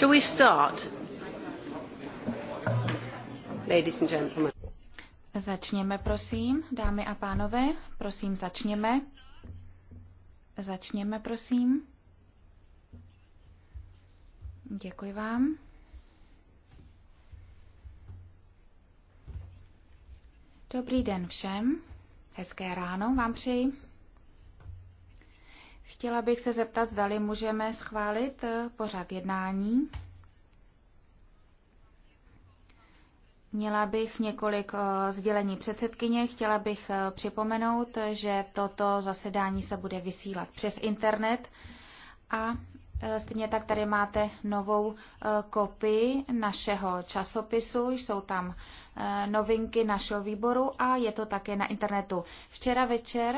Shall we start? Ladies and gentlemen. Začněme, prosím, dámy a pánové. Prosím, začněme. Začněme, prosím. Děkuji vám. Dobrý den všem. Hezké ráno vám přeji. Chtěla bych se zeptat, zdali můžeme schválit eh, pořad jednání. Měla bych několik eh, sdělení předsedkyně. Chtěla bych eh, připomenout, že toto zasedání se bude vysílat přes internet a Stejně tak tady máte novou kopii našeho časopisu, jsou tam novinky našeho výboru a je to také na internetu. Včera večer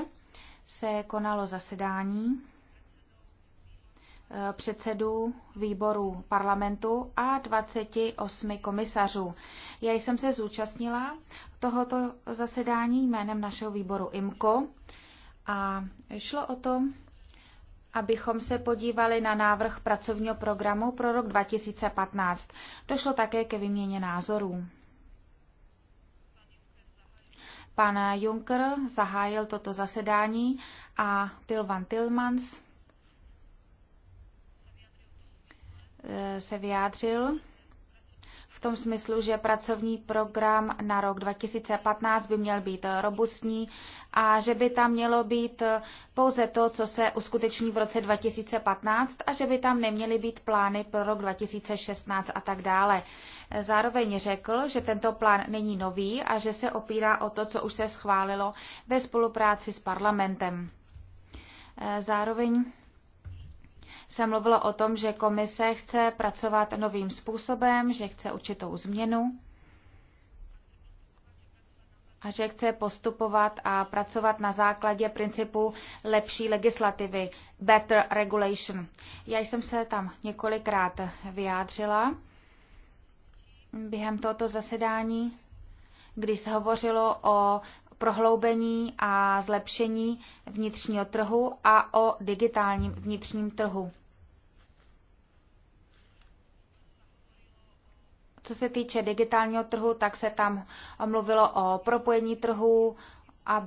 se konalo zasedání eh, předsedů výboru parlamentu a 28 komisařů. Já jsem se zúčastnila tohoto zasedání jménem našeho výboru IMKO a šlo o to, abychom se podívali na návrh pracovního programu pro rok 2015. Došlo také ke výměně názorů. Pan Juncker zahájil toto zasedání a Tilvan Tilmans eh, se vyjádřil tom smyslu, že pracovní program na rok 2015 by měl být robustní a že by tam mělo být pouze to, co se uskuteční v roce 2015 a že by tam neměly být plány pro rok 2016 a tak dále. Zároveň řekl, že tento plán není nový a že se opírá o to, co už se schválilo ve spolupráci s parlamentem. Zároveň se mluvilo o tom, že komise chce pracovat novým způsobem, že chce určitou změnu a že chce postupovat a pracovat na základě principu lepší legislativy, better regulation. Já jsem se tam několikrát vyjádřila během tohoto zasedání, kdy se hovořilo o prohloubení a zlepšení vnitřního trhu a o digitálním vnitřním trhu. Co se týče digitálního trhu, tak se tam mluvilo o propojení trhu a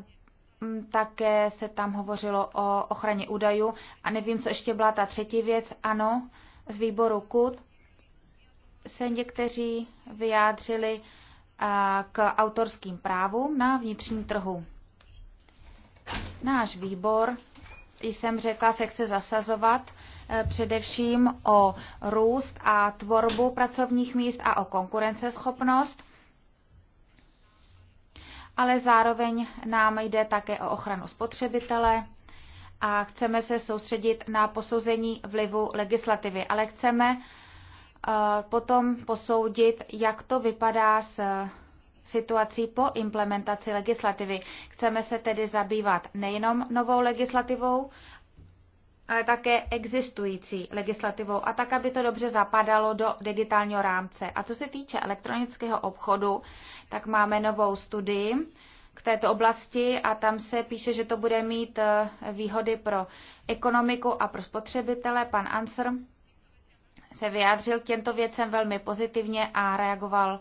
mm, také se tam hovořilo o ochraně údajů. A nevím, co ještě byla ta třetí věc. Ano, z výboru KUD se někteří vyjádřili k autorským právům na vnitřním trhu. Náš výbor, jsem řekla, se chce zasazovat Eh, především o růst a tvorbu pracovních míst a o konkurenceschopnost, ale zároveň nám jde také o ochranu spotřebitele a chceme se soustředit na posouzení vlivu legislativy, ale chceme eh, potom posoudit, jak to vypadá s situací po implementaci legislativy. Chceme se tedy zabývat nejenom novou legislativou, ale také existující legislativou a tak, aby to dobře zapadalo do digitálního rámce. A co se týče elektronického obchodu, tak máme novou studii k této oblasti a tam se píše, že to bude mít eh, výhody pro ekonomiku a pro spotřebitele. Pan Answer se vyjádřil k těmto věcem velmi pozitivně a reagoval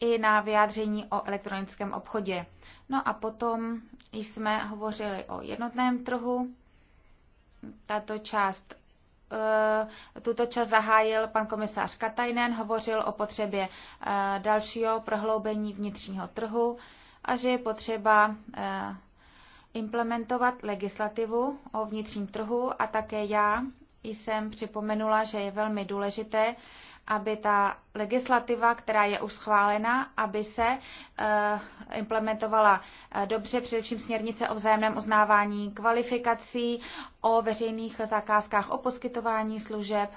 i na vyjádření o elektronickém obchodě. No a potom jsme hovořili o jednotném trhu tato část eh, tuto čas zahájil pan komisář Katajnen, hovořil o potřebě eh, dalšího prohloubení vnitřního trhu a že je potřeba eh, implementovat legislativu o vnitřním trhu a také já jsem připomenula, že je velmi důležité, aby ta legislativa, která je už schválena, aby se eh, implementovala eh, dobře, především směrnice o vzájemném uznávání kvalifikací, o veřejných zakázkách, o poskytování služeb.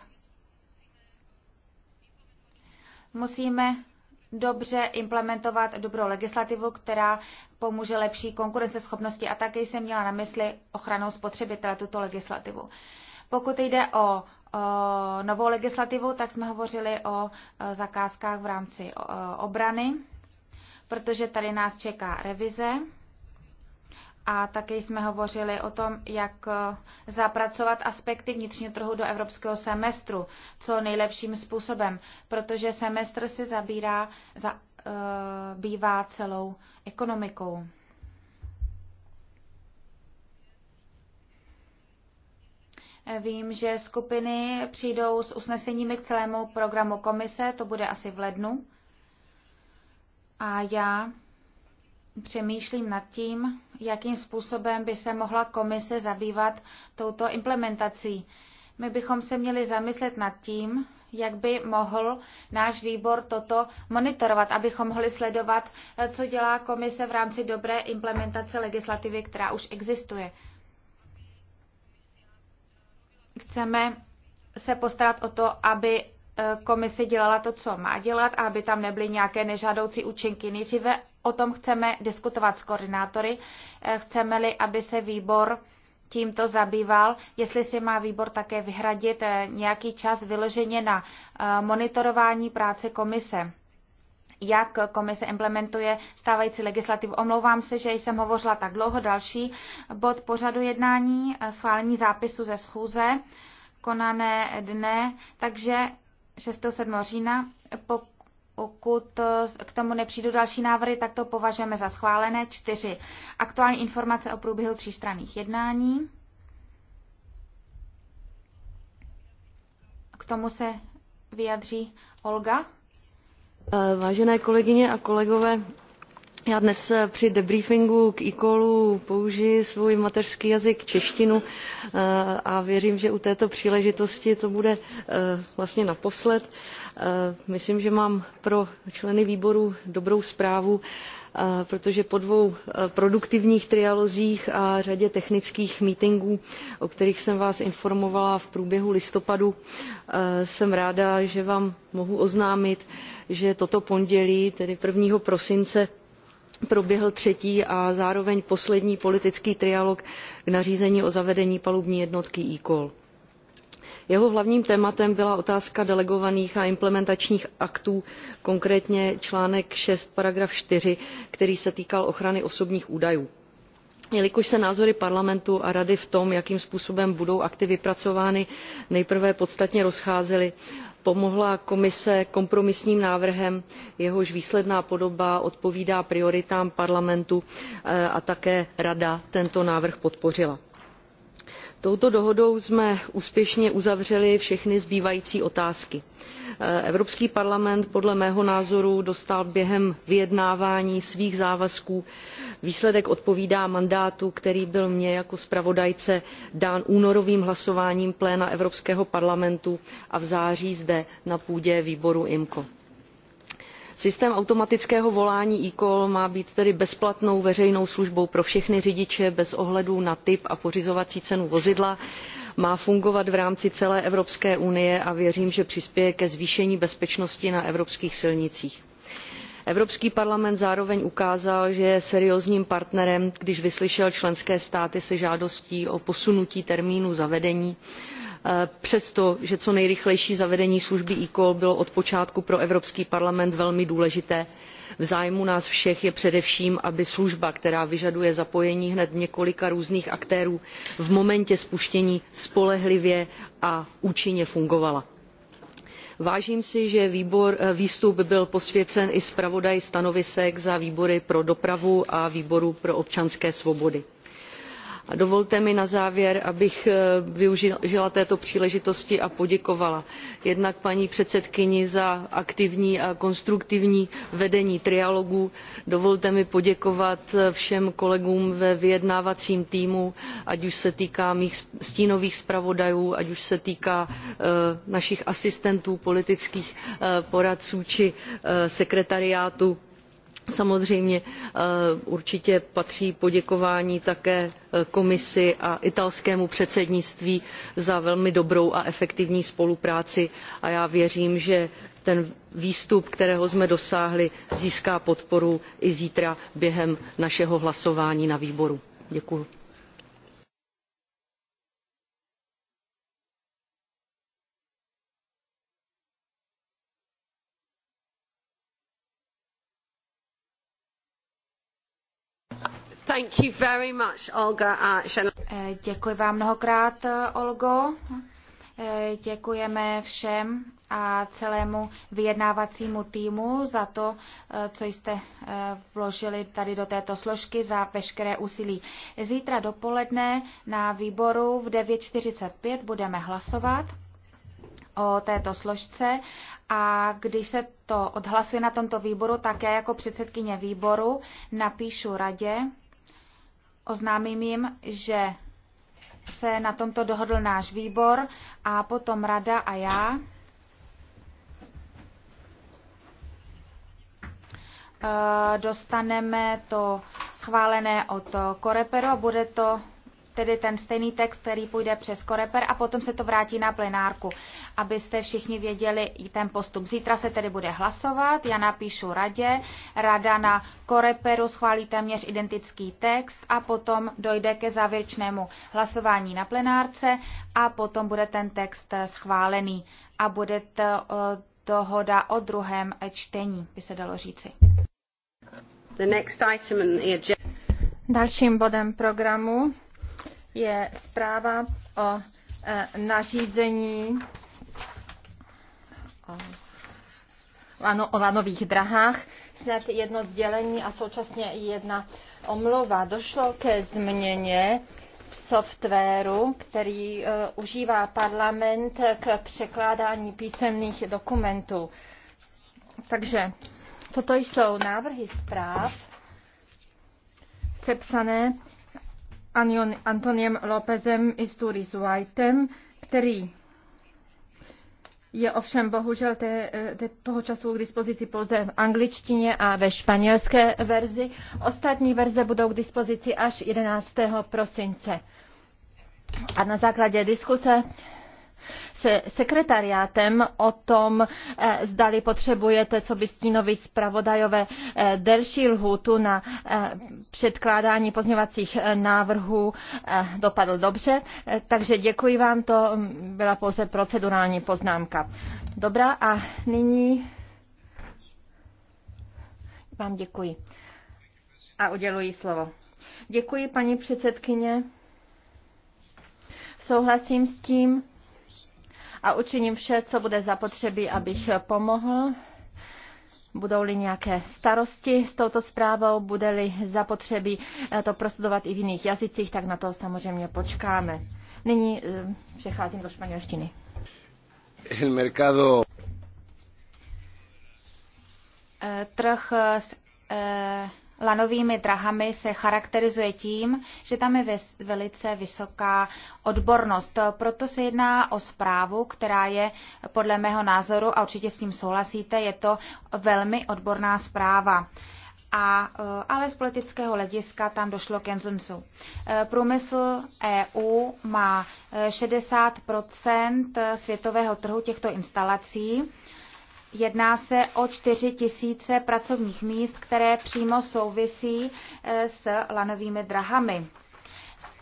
Musíme dobře implementovat dobrou legislativu, která pomůže lepší konkurenceschopnosti a také jsem měla na mysli ochranou spotřebitele tuto legislativu. Pokud jde o novou legislativu, tak jsme hovořili o zakázkách v rámci obrany, protože tady nás čeká revize. A také jsme hovořili o tom, jak zapracovat aspekty vnitřního trhu do evropského semestru co nejlepším způsobem, protože semestr si zabírá, za, bývá celou ekonomikou. Vím, že skupiny přijdou s usneseními k celému programu komise, to bude asi v lednu. A já přemýšlím nad tím, jakým způsobem by se mohla komise zabývat touto implementací. My bychom se měli zamyslet nad tím, jak by mohl náš výbor toto monitorovat, abychom mohli sledovat, co dělá komise v rámci dobré implementace legislativy, která už existuje chceme se postarat o to, aby e, komise dělala to, co má dělat aby tam nebyly nějaké nežádoucí účinky. Nejdříve o tom chceme diskutovat s koordinátory. E, chceme-li, aby se výbor tímto zabýval, jestli si má výbor také vyhradit e, nějaký čas vyloženě na monitorování práce komise jak komise implementuje stávající legislativu. Omlouvám se, že jsem hovořila tak dlouho. Další bod pořadu jednání, eh, schválení zápisu ze schůze konané dne, takže 6. 7. října. Pokud eh, k tomu nepřijdu další návrhy, tak to považujeme za schválené. čtyři. Aktuální informace o průběhu třístranných jednání. K tomu se vyjadří Olga. Eh, vážené kolegyně a kolegové, já dnes eh, při debriefingu k e-callu použiji svůj mateřský jazyk češtinu eh, a věřím, že u této příležitosti to bude vlastně naposled. Myslím, že mám pro členy výboru dobrou zprávu Eh, protože po dvou eh, produktivních trialozích a řadě technických mítinků o kterých jsem vás informovala v průběhu listopadu eh, jsem ráda že vám mohu oznámit že toto pondělí tedy. one prosince proběhl třetí a zároveň poslední politický trialog k nařízení o zavedení palubní jednotky ecall jeho hlavním tématem byla otázka delegovaných a implementačních aktů konkrétně článek six paragraf four který se týkal ochrany osobních údajů jelikož se názory parlamentu a rady v tom jakým způsobem budou akty vypracovány nejprve podstatně rozcházely pomohla komise kompromisním návrhem jehož výsledná podoba odpovídá prioritám parlamentu eh, a také rada tento návrh podpořila touto dohodou jsme úspěšně uzavřeli všechny zbývající otázky. Eh, evropský parlament podle mého názoru dostal během vyjednávání svých závazků výsledek odpovídá mandátu který byl mně jako zpravodajce dán únorovým hlasováním pléna evropského parlamentu a v září zde na půdě výboru imco systém automatického volání ecall má být tedy bezplatnou veřejnou službou pro všechny řidiče bez ohledu na typ a pořizovací cenu vozidla má fungovat v rámci celé evropské unie a věřím že přispěje ke zvýšení bezpečnosti na evropských silnicích evropský parlament zároveň ukázal že je seriózním partnerem když vyslyšel členské státy se žádostí o posunutí termínu zavedení systému. Eh, přesto že co nejrychlejší zavedení služby ecall bylo od počátku pro evropský parlament velmi důležité v zájmu nás všech je především aby služba která vyžaduje zapojení hned několika různých aktérů v momentě spuštění spolehlivě a účinně fungovala vážím si že eh, výstup byl posvěcen i zpravodaji stanovisek za výbory pro dopravu a výboru pro občanské svobody a dovolte mi na závěr, abych eh, využila této příležitosti a poděkovala jednak paní předsedkyni za aktivní a konstruktivní vedení trialogů. Dovolte mi poděkovat eh, všem kolegům ve vyjednávacím týmu, ať už se týká mých stínových zpravodajů, ať už se týká eh, našich asistentů, politických poradců či sekretariátu Samozřejmě eh, určitě patří poděkování také eh, komisi a italskému předsednictví za velmi dobrou a efektivní spolupráci a já věřím, že ten výstup, kterého jsme dosáhli, získá podporu i zítra během našeho hlasování na výboru. Děkuji. Uh, eh, děkuji vám mnohokrát, eh, Olgo. Eh, děkujeme všem a celému vyjednávacímu týmu za to, co jste vložili tady do této složky, za veškeré úsilí. Zítra dopoledne na výboru v 9.45 budeme hlasovat o této složce a když se to odhlasuje na tomto výboru, tak já jako předsedkyně výboru napíšu radě, Oznámím jim, že se na tomto dohodl náš výbor a potom rada a já. Eh, dostaneme to schválené od Korepero a bude to tedy ten stejný text, který půjde přes koreper a potom se to vrátí na plenárku, abyste všichni věděli i ten postup. Zítra se tedy bude hlasovat, já napíšu radě, rada na koreperu schválí téměř identický text a potom dojde ke závěrečnému hlasování na plenárce a potom bude ten text schválený a bude to eh, dohoda o druhém čtení, by se dalo říci. The next item in the agenda. Dalším bodem programu je zpráva o e, nařízení o, lano, o lanových drahách, snad jedno sdělení a současně jedna omluva. Došlo ke změně v softwaru, který e, užívá parlament k překládání písemných dokumentů. Takže toto jsou návrhy zpráv sepsané Antoniem Lópezem Isturis Whiteem, který je ovšem bohužel te, te toho času k dispozici pouze v angličtině a ve španělské verzi. Ostatní verze budou k dispozici až 11. prosince. A na základě diskuse se sekretariátem o tom, eh, zdali potřebujete, co by stínovi zpravodajové, eh, delší lhůtu na eh, předkládání pozměvacích návrhů dopadl dobře. Takže děkuji vám, to mm, byla pouze procedurální poznámka. Dobrá, a nyní vám děkuji a uděluji slovo. Děkuji, paní předsedkyně. Souhlasím s tím, a učiním vše, co bude zapotřebí, abych pomohl. Budou-li nějaké starosti s touto zprávou, bude-li zapotřebí eh, to prostudovat i v jiných jazycích, tak na to samozřejmě počkáme. Nyní eh, přecházím do španělštiny. El mercado... Eh, trh s lanovými drahami se charakterizuje tím, že tam je velice vysoká odbornost. Proto se jedná o zprávu, která je podle mého názoru, a určitě s tím souhlasíte, je to velmi odborná zpráva. A, e, ale z politického hlediska tam došlo k Jensensu. E, průmysl EU má 60 e, světového trhu těchto instalací Jedná se o 4 tisíce pracovních míst, které přímo souvisí e, s lanovými drahami.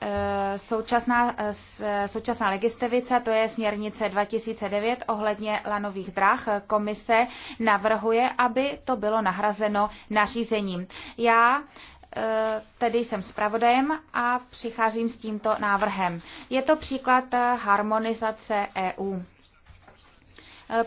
E, současná, e, současná legislativa, to je směrnice 2009 ohledně lanových drah, komise navrhuje, aby to bylo nahrazeno nařízením. Já tedy jsem zpravodajem a přicházím s tímto návrhem. Je to příklad harmonizace EU.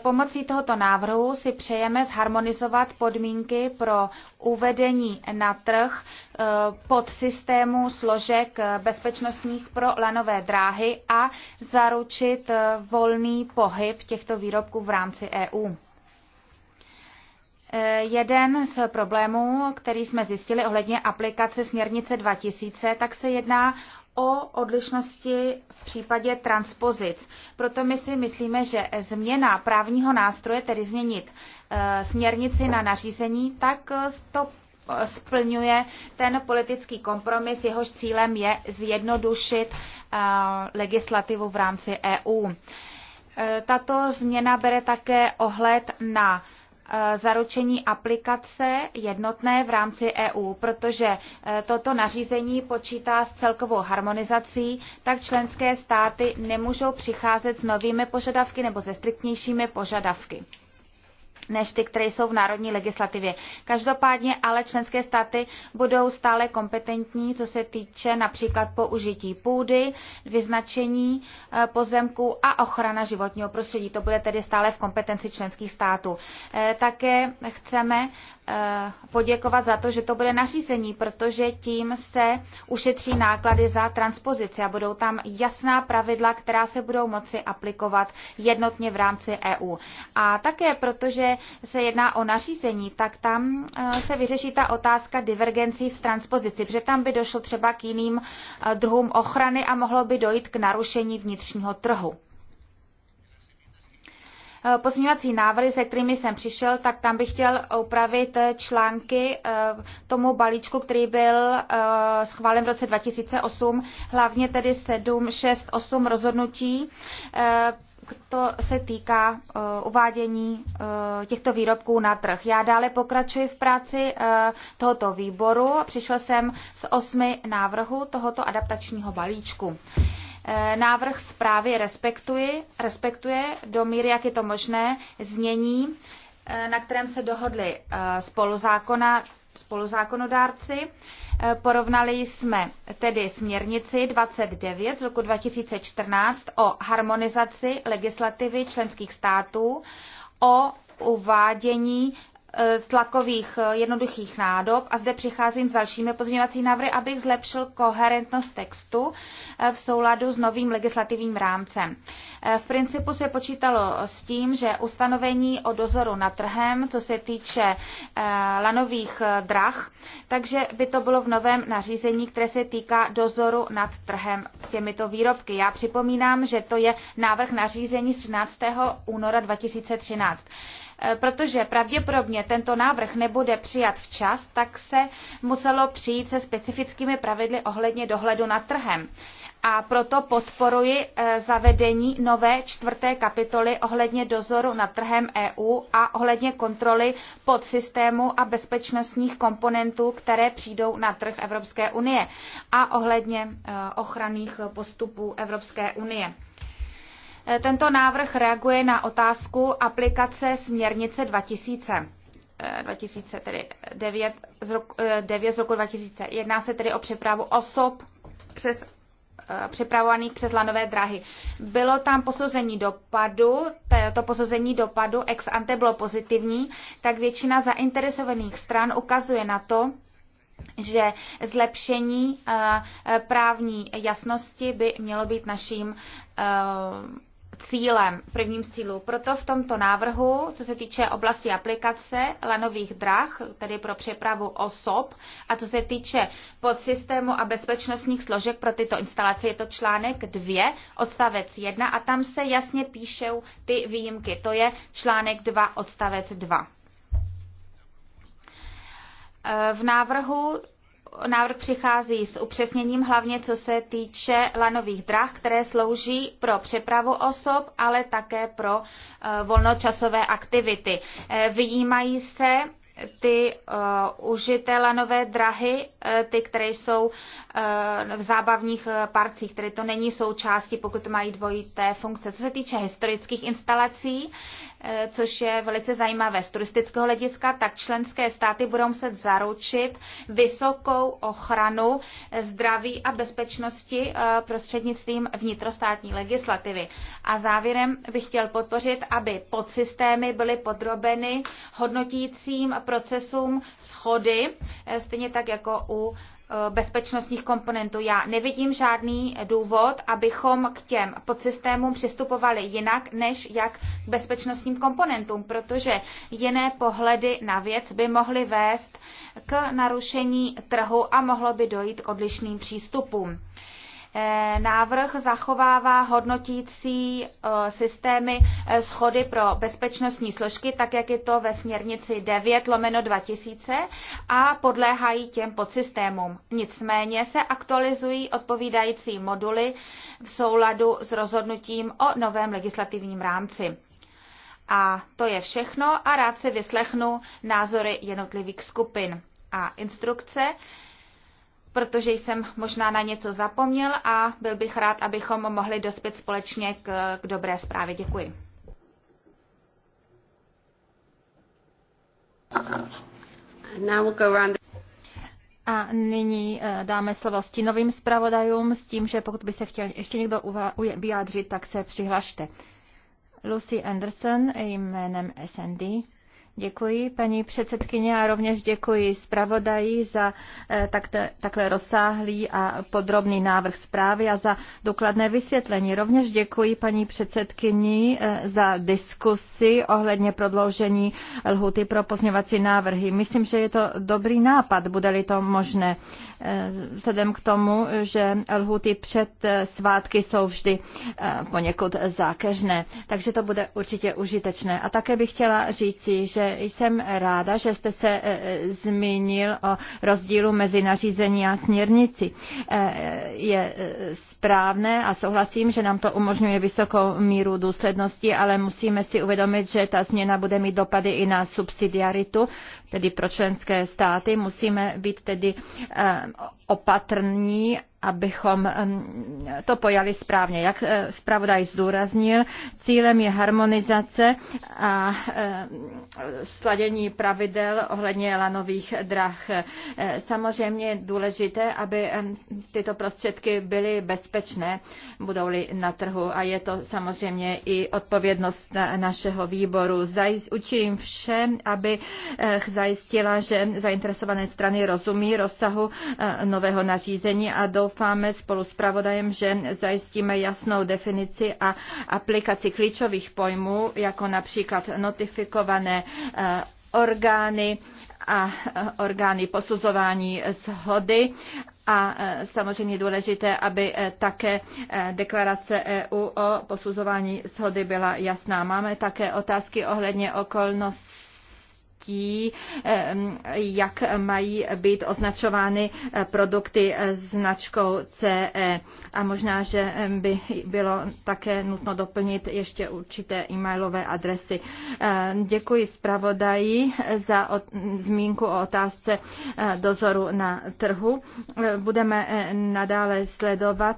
Pomocí tohoto návrhu si přejeme zharmonizovat podmínky pro uvedení na trh eh, pod systému složek bezpečnostních pro lanové dráhy a zaručit eh, volný pohyb těchto výrobků v rámci EU. Eh, jeden z problémů, který jsme zjistili ohledně aplikace směrnice 2000, tak se jedná o odlišnosti v případě transpozic. Proto my si myslíme, že změna právního nástroje, tedy změnit eh, směrnici na nařízení, tak eh, to eh, splňuje ten politický kompromis, jehož cílem je zjednodušit legislativu v rámci EU. Tato změna bere také ohled na Eh, zaručení aplikace jednotné v rámci EU, protože eh, toto nařízení počítá s celkovou harmonizací, tak členské státy nemůžou přicházet s novými požadavky nebo se striktnějšími požadavky než ty, které jsou v národní legislativě. Každopádně ale členské státy budou stále kompetentní, co se týče například použití půdy, vyznačení eh, pozemků a ochrana životního prostředí. To bude tedy stále v kompetenci členských států. Eh, také chceme eh, poděkovat za to, že to bude nařízení, protože tím se ušetří náklady za transpozici a budou tam jasná pravidla, která se budou moci aplikovat jednotně v rámci EU. A také protože se jedná o nařízení, tak tam eh, se vyřeší ta otázka divergencí v transpozici, protože tam by došlo třeba k jiným eh, druhům ochrany a mohlo by dojít k narušení vnitřního trhu eh, pozměňovací návrhy, se kterými jsem přišel, tak tam bych chtěl upravit články tomu balíčku, který byl schválen v roce 2008, hlavně tedy 7, 6, 8 rozhodnutí to se týká uh, uvádění uh, těchto výrobků na trh. Já dále pokračuji v práci uh, tohoto výboru. Přišel jsem s osmi návrhů tohoto adaptačního balíčku. Návrh zprávy respektuje, respektuje do míry, jak je to možné, znění, na kterém se dohodli spoluzákona, spoluzákonodárci. Eh, porovnali jsme tedy směrnici 29 z roku 2014 o harmonizaci legislativy členských států o uvádění Eh, tlakových eh, jednoduchých nádob a zde přicházím s dalšími pozměňovací návrhy, abych zlepšil koherentnost textu eh, v souladu s novým legislativním rámcem. V principu se počítalo s tím, že ustanovení o dozoru nad trhem, co se týče lanových drah, takže by to bylo v novém nařízení, které se týká dozoru nad trhem s těmito výrobky. Já připomínám, že to je návrh nařízení z 13. února 2013. Eh, protože pravděpodobně tento návrh nebude přijat včas, tak se muselo přijít se specifickými pravidly ohledně dohledu nad trhem a proto podporuji eh, zavedení nové čtvrté kapitoly ohledně dozoru nad trhem EU a ohledně kontroly podsystému a bezpečnostních komponentů, které přijdou na trh Evropské unie a ohledně eh, ochranných postupů Evropské unie. Eh, tento návrh reaguje na otázku aplikace směrnice 2000. 2009 eh, eh, z roku, 9 z roku 2000. Jedná se tedy o přepravu osob přes přepravovaných přes lanové dráhy. Bylo tam posouzení dopadu, to posouzení dopadu ex ante bylo pozitivní, tak většina zainteresovaných stran ukazuje na to, že zlepšení právní jasnosti by mělo být naším cílem, prvním z cílů. Proto v tomto návrhu, co se týče oblasti aplikace lanových drah, tedy pro přepravu osob, a co se týče podsystému a bezpečnostních složek pro tyto instalace, je to článek 2, odstavec 1, a tam se jasně píšou ty výjimky. To je článek 2, odstavec 2. E, v návrhu návrh přichází s upřesněním, hlavně co se týče lanových drah, které slouží pro přepravu osob, ale také pro eh, volnočasové aktivity. Eh, vyjímají se ty uh, užité lanové drahy, ty, které jsou uh, v zábavních parcích, které to není součástí, pokud mají dvojité funkce. Co se týče historických instalací, Eh, což je velice zajímavé z turistického hlediska, tak členské státy budou muset zaručit vysokou ochranu eh, zdraví a bezpečnosti eh, prostřednictvím vnitrostátní legislativy. A závěrem bych chtěl podpořit, aby podsystémy byly podrobeny hodnotícím procesům schody, stejně tak jako u Eh, bezpečnostních komponentů. Já nevidím žádný důvod, abychom k těm podsystémům přistupovali jinak, než jak k bezpečnostním komponentům, protože jiné pohledy na věc by mohly vést k narušení trhu a mohlo by dojít k odlišným přístupům. Eh, návrh zachovává hodnotící eh, systémy eh, schody pro bezpečnostní složky, tak jak je to ve směrnici 9 lomeno 2000 a podléhají těm podsystémům. Nicméně se aktualizují odpovídající moduly v souladu s rozhodnutím o novém legislativním rámci. A to je všechno a rád si vyslechnu názory jednotlivých skupin a instrukce protože jsem možná na něco zapomněl a byl bych rád, abychom mohli dospět společně k, k dobré zprávě. Děkuji. A nyní eh, dáme slovo stínovým zpravodajům s tím, že pokud by se chtěl ještě někdo vyjádřit, tak se přihlašte. Lucy Anderson jménem SND. Děkuji paní předsedkyně a rovněž děkuji zpravodaji za eh, takto, takhle rozsáhlý a podrobný návrh zprávy a za důkladné vysvětlení. Rovněž děkuji paní předsedkyni eh, za diskusi ohledně prodloužení lhuty pro pozměvací návrhy. Myslím, že je to dobrý nápad, bude-li to možné, eh, vzhledem k tomu, že lhuty před svátky jsou vždy poněkud zákeřné. Takže to bude určitě užitečné. A také bych chtěla říci, že jsem ráda, že jste se e, e, zmínil o rozdílu mezi nařízení a směrnici. E, je správné a souhlasím, že nám to umožňuje vysokou míru důslednosti, ale musíme si uvědomit, že ta změna bude mít dopady i na subsidiaritu, tedy pro členské státy. Musíme být tedy opatrní abychom to pojali správně. Jak eh, zpravodaj zdůraznil, cílem je harmonizace a eh, sladění pravidel ohledně lanových drah. Eh, samozřejmě je důležité, aby tyto prostředky byly bezpečné, budou-li na trhu a je to samozřejmě i odpovědnost našeho výboru. Učím vše, aby zajistila, že zainteresované strany rozumí rozsahu nového nařízení a doufám, doufáme spolu s pravodajem, že zajistíme jasnou definici a aplikaci klíčových pojmů, jako například notifikované eh, orgány a eh, orgány posuzování shody a eh, samozřejmě důležité, aby také deklarace EU o posuzování shody byla jasná. Máme také otázky ohledně okolností platí, jak mají být označovány eh, produkty eh, značkou CE. A možná, že by bylo také nutno doplnit ještě určité e-mailové adresy. Eh, děkuji zpravodaji za zmínku o otázce dozoru na trhu. Budeme nadále sledovat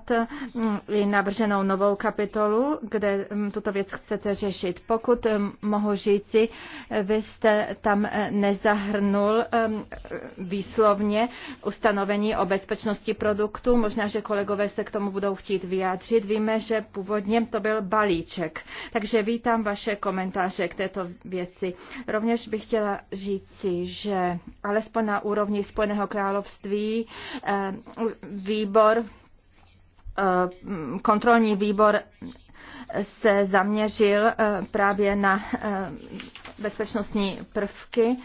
mm, i navrženou novou kapitolu, kde mm, tuto věc chcete řešit. Pokud mohu říci, vy jste tam tam eh, nezahrnul ehm, výslovně ustanovení o bezpečnosti produktu. Možná, že kolegové se k tomu budou chtít vyjádřit. Víme, že původně to byl balíček. Takže vítám vaše komentáře k této věci. Rovněž bych chtěla říci, že alespoň na úrovni Spojeného království eh, výbor eh, kontrolní výbor se zaměřil eh, právě na eh, bezpečnostní prvky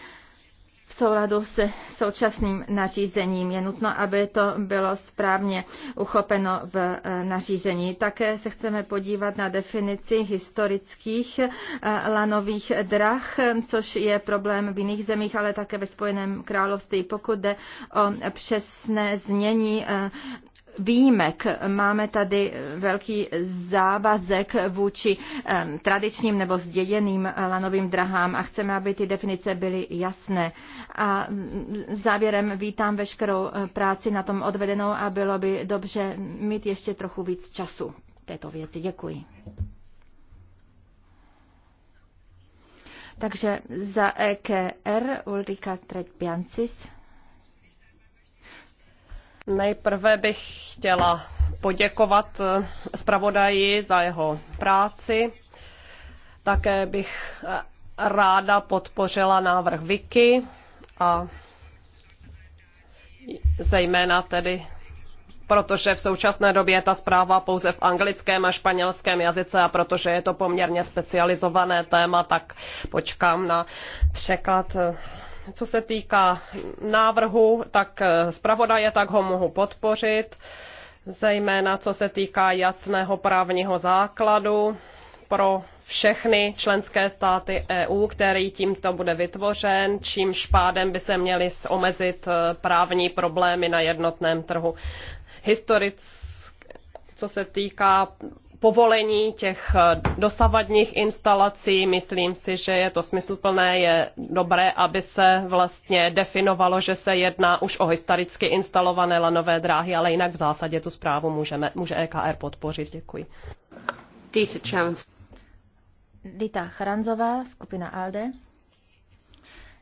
v souladu s současným nařízením. Je nutno, aby to bylo správně uchopeno v eh, nařízení. Také se chceme podívat na definici historických lanových drah, což je problém v jiných zemích, ale také ve Spojeném království. Pokud jde o přesné znění výjimek. Máme tady velký závazek vůči tradičním nebo zděděným lanovým drahám a chceme, aby ty definice byly jasné. A závěrem vítám veškerou eh, práci na tom odvedenou a bylo by dobře mít ještě trochu víc času této věci. Děkuji. Takže za EKR Ulrika Tretbiancis. Nejprve bych chtěla poděkovat eh, zpravodaji za jeho práci. Také bych eh, ráda podpořila návrh Vicky a zejména tedy protože v současné době je ta zpráva pouze v anglickém a španělském jazyce a protože je to poměrně specializované téma, tak počkám na překlad co se týká návrhu, tak eh, zpravodaje, tak ho mohu podpořit, zejména co se týká jasného právního základu pro všechny členské státy EU, který tímto bude vytvořen, čím špádem by se měly omezit eh, právní problémy na jednotném trhu. Historic, co se týká povolení těch eh, dosavadních instalací. Myslím si, že je to smysluplné, je dobré, aby se vlastně definovalo, že se jedná už o historicky instalované lanové dráhy, ale jinak v zásadě tu zprávu můžeme, může EKR podpořit. Děkuji. Dita Charanzová, skupina ALDE.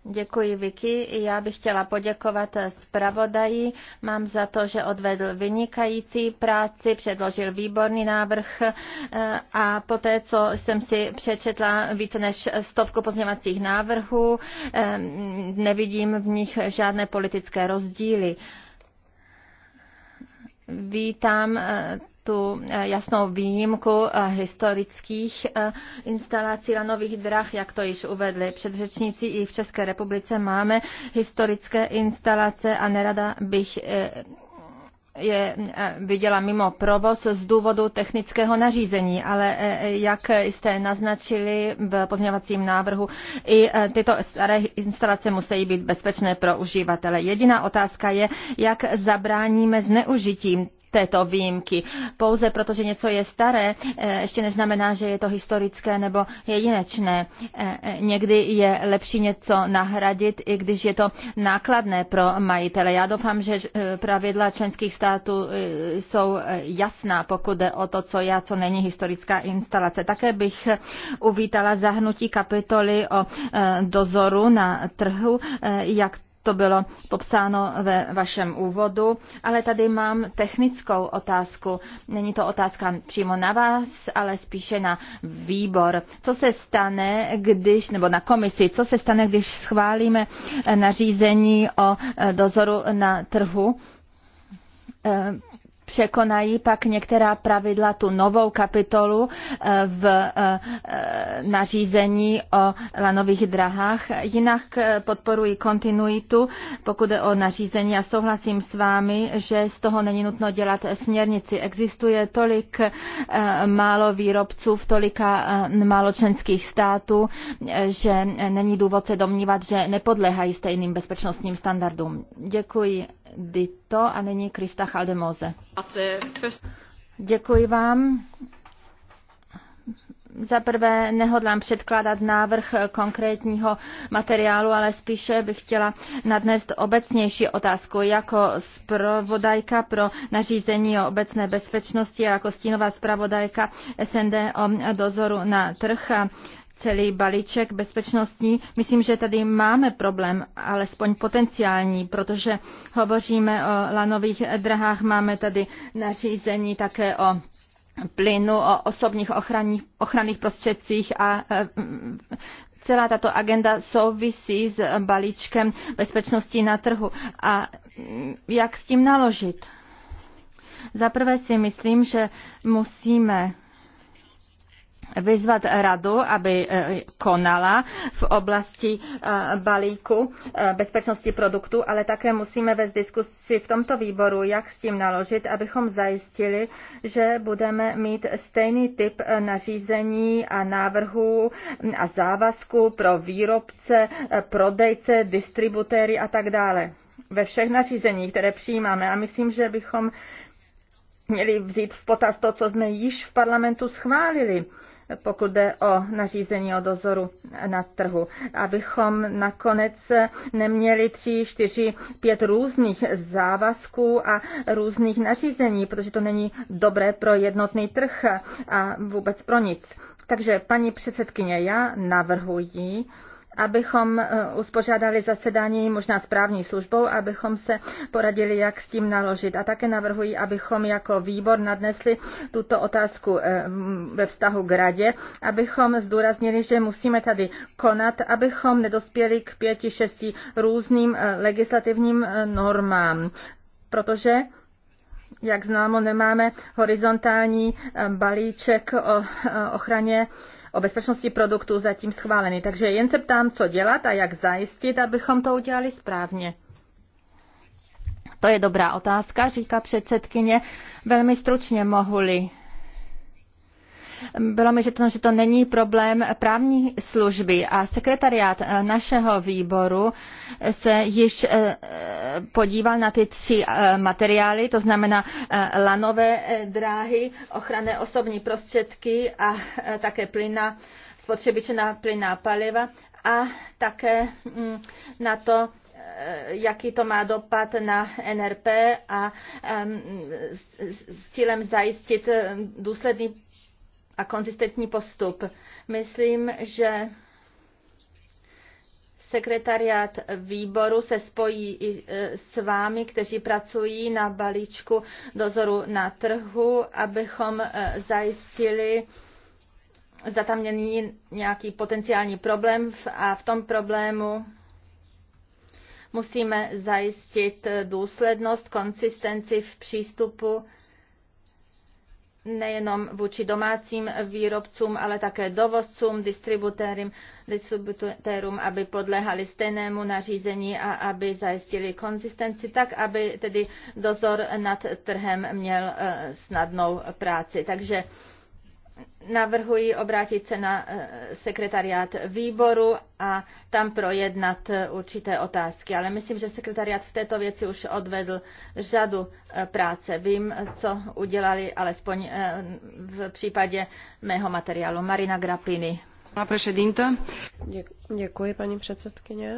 Děkuji, Vicky. Já bych chtěla poděkovat zpravodaji. Mám za to, že odvedl vynikající práci, předložil výborný návrh eh, a poté, co jsem si přečetla více než stovku pozměvacích návrhů, eh, nevidím v nich žádné politické rozdíly. Vítám eh, tu eh, jasnou výjimku eh, historických eh, instalací lanových drah, jak to již uvedli předřečníci. I v České republice máme historické instalace a nerada bych je viděla mimo provoz z důvodu technického nařízení, ale jak jste naznačili v pozměňovacím návrhu, i tyto staré instalace musí být bezpečné pro uživatele. Jediná otázka je, jak zabráníme zneužitím této výjimky. Pouze protože něco je staré, eh, ještě neznamená, že je to historické nebo jedinečné. Eh, eh, někdy je lepší něco nahradit, i když je to nákladné pro majitele. Já doufám, že pravidla členských států jsou jasná, pokud jde o to, co já, co není historická instalace. Také bych uvítala zahnutí kapitoly o dozoru na trhu, jak to bylo popsáno ve vašem úvodu, ale tady mám technickou otázku. Není to otázka přímo na vás, ale spíše na výbor. Co se stane, když, nebo na komisi, co se stane, když schválíme nařízení o dozoru na trhu? Eh, překonají pak některá pravidla tu novou kapitolu eh, v eh, eh, nařízení o lanových drahách. Jinak podporuji kontinuitu, pokud je o nařízení a souhlasím s vámi, že z toho není nutno dělat směrnici. Existuje tolik málo výrobců v tolika málo členských států, že není důvod se domnívat, že nepodléhají stejným bezpečnostním standardům. Děkuji, Dit to a nyní Krista Chaldemose. Děkuji vám. Za prvé nehodlám předkládat návrh konkrétního materiálu, ale spíše bych chtěla nadnést obecnější otázku. Jako zpravodajka pro nařízení o obecné bezpečnosti a jako stínová zpravodajka SND o dozoru na trh a celý balíček bezpečnostní. Myslím, že tady máme problém, alespoň potenciální, protože hovoříme o lanových drahách, máme tady nařízení také o plynu, o osobních ochranných, ochranných prostředcích a e, celá tato agenda souvisí s balíčkem bezpečnosti na trhu. A jak s tím naložit? Za prvé si myslím, že musíme vyzvat radu, aby e, konala v oblasti e, balíku e, bezpečnosti produktů, ale také musíme vést diskusi v tomto výboru, jak s tím naložit, abychom zajistili, že budeme mít stejný typ nařízení a návrhů a závazků pro výrobce, prodejce, distributéry a tak dále ve všech nařízeních, které přijímáme. A myslím, že bychom měli vzít v potaz to, co jsme již v parlamentu schválili pokud jde o nařízení o dozoru na trhu, abychom nakonec neměli tři, čtyři, pět různých závazků a různých nařízení, protože to není dobré pro jednotný trh a vůbec pro nic. Takže paní předsedkyně, já navrhuji, abychom eh, uspořádali zasedání možná správní službou, abychom se poradili, jak s tím naložit. A také navrhuji, abychom jako výbor nadnesli tuto otázku eh, ve vztahu k radě, abychom zdůraznili, že musíme tady konat, abychom nedospěli k pěti, šesti různým eh, legislativním normám. Protože jak známo, nemáme horizontální balíček o ochraně o bezpečnosti produktů zatím schválený. Takže jen se ptám, co dělat a jak zajistit, abychom to udělali správně. To je dobrá otázka, říká předsedkyně. Velmi stručně mohu-li bylo mi řečeno, že to není problém právní služby a sekretariát eh, našeho výboru eh, se již eh, podíval na ty tři materiály, to znamená lanové dráhy, ochranné osobní prostředky a také plyna, spotřebiče na plyná paliva a také mm, na to, jaký to má dopad na NRP a s cílem zajistit důsledný a konzistentní postup. Myslím, že sekretariát výboru se spojí i e, s vámi, kteří pracují na balíčku dozoru na trhu, abychom e, zajistili, zda tam není nějaký potenciální problém a v tom problému musíme zajistit důslednost, konsistenci v přístupu nejenom vůči domácím výrobcům, ale také dovozcům, distributérům, aby podléhali stejnému nařízení a aby zajistili konzistenci, tak aby tedy dozor nad trhem měl eh, snadnou práci. Takže navrhuji obrátit se na eh, sekretariát výboru a tam projednat eh, určité otázky. Ale myslím, že sekretariát v této věci už odvedl řadu eh, práce. Vím, co udělali, alespoň v případě mého materiálu. Marina Grapini. Děkuji, paní předsedkyně.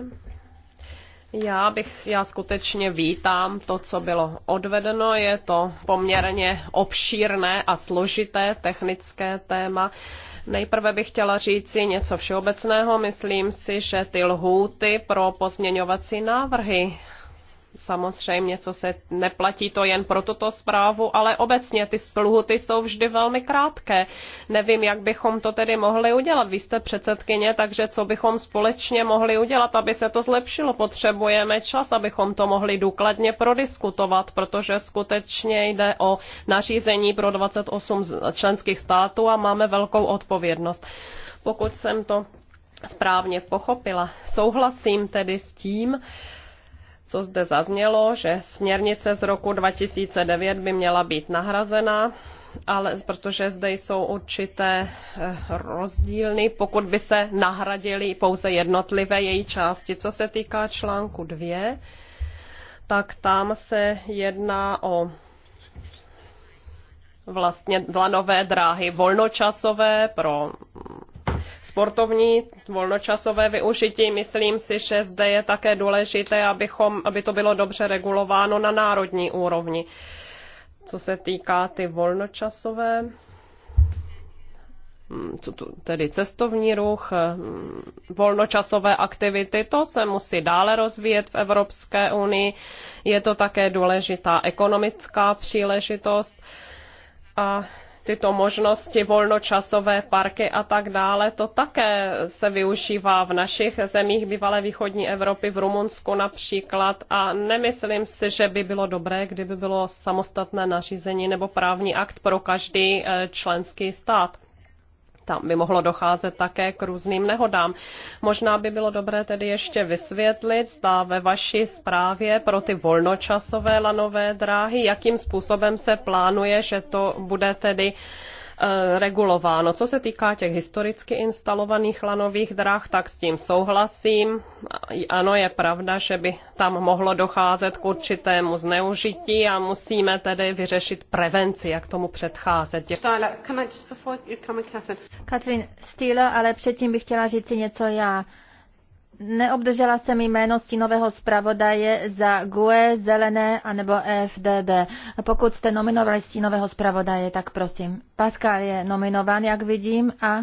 Já bych, já skutečně vítám to, co bylo odvedeno. Je to poměrně obšírné a složité technické téma. Nejprve bych chtěla říci něco všeobecného. Myslím si, že ty lhůty pro pozměňovací návrhy Samozřejmě, co se neplatí to jen pro tuto zprávu, ale obecně ty spluhuty jsou vždy velmi krátké. Nevím, jak bychom to tedy mohli udělat. Vy jste předsedkyně, takže co bychom společně mohli udělat, aby se to zlepšilo. Potřebujeme čas, abychom to mohli důkladně prodiskutovat, protože skutečně jde o nařízení pro 28 členských států a máme velkou odpovědnost. Pokud jsem to správně pochopila, souhlasím tedy s tím, co zde zaznělo, že směrnice z roku 2009 by měla být nahrazena, ale protože zde jsou určité eh, rozdílny, pokud by se nahradily pouze jednotlivé její části. Co se týká článku 2, tak tam se jedná o vlastně dva nové dráhy volnočasové pro sportovní volnočasové využití. Myslím si, že zde je také důležité, abychom, aby to bylo dobře regulováno na národní úrovni. Co se týká ty volnočasové, mm, co tu, tedy cestovní ruch, mm, volnočasové aktivity, to se musí dále rozvíjet v Evropské unii. Je to také důležitá ekonomická příležitost a tyto možnosti, volnočasové parky a tak dále, to také se využívá v našich zemích bývalé východní Evropy, v Rumunsku například a nemyslím si, že by bylo dobré, kdyby bylo samostatné nařízení nebo právní akt pro každý eh, členský stát tam by mohlo docházet také k různým nehodám. Možná by bylo dobré tedy ještě vysvětlit, zda ve vaší zprávě pro ty volnočasové lanové dráhy, jakým způsobem se plánuje, že to bude tedy uh, Eh, regulováno. Co se týká těch historicky instalovaných lanových drah, tak s tím souhlasím. Ano, je pravda, že by tam mohlo docházet k určitému zneužití a musíme tedy vyřešit prevenci, jak tomu předcházet. Katrin Stýle, ale předtím bych chtěla říct si něco já. Neobdržela jsem jméno stínového zpravodaje za GUE, Zelené nebo FDD. Pokud jste nominovali stínového zpravodaje, tak prosím. Pascal je nominován, jak vidím, a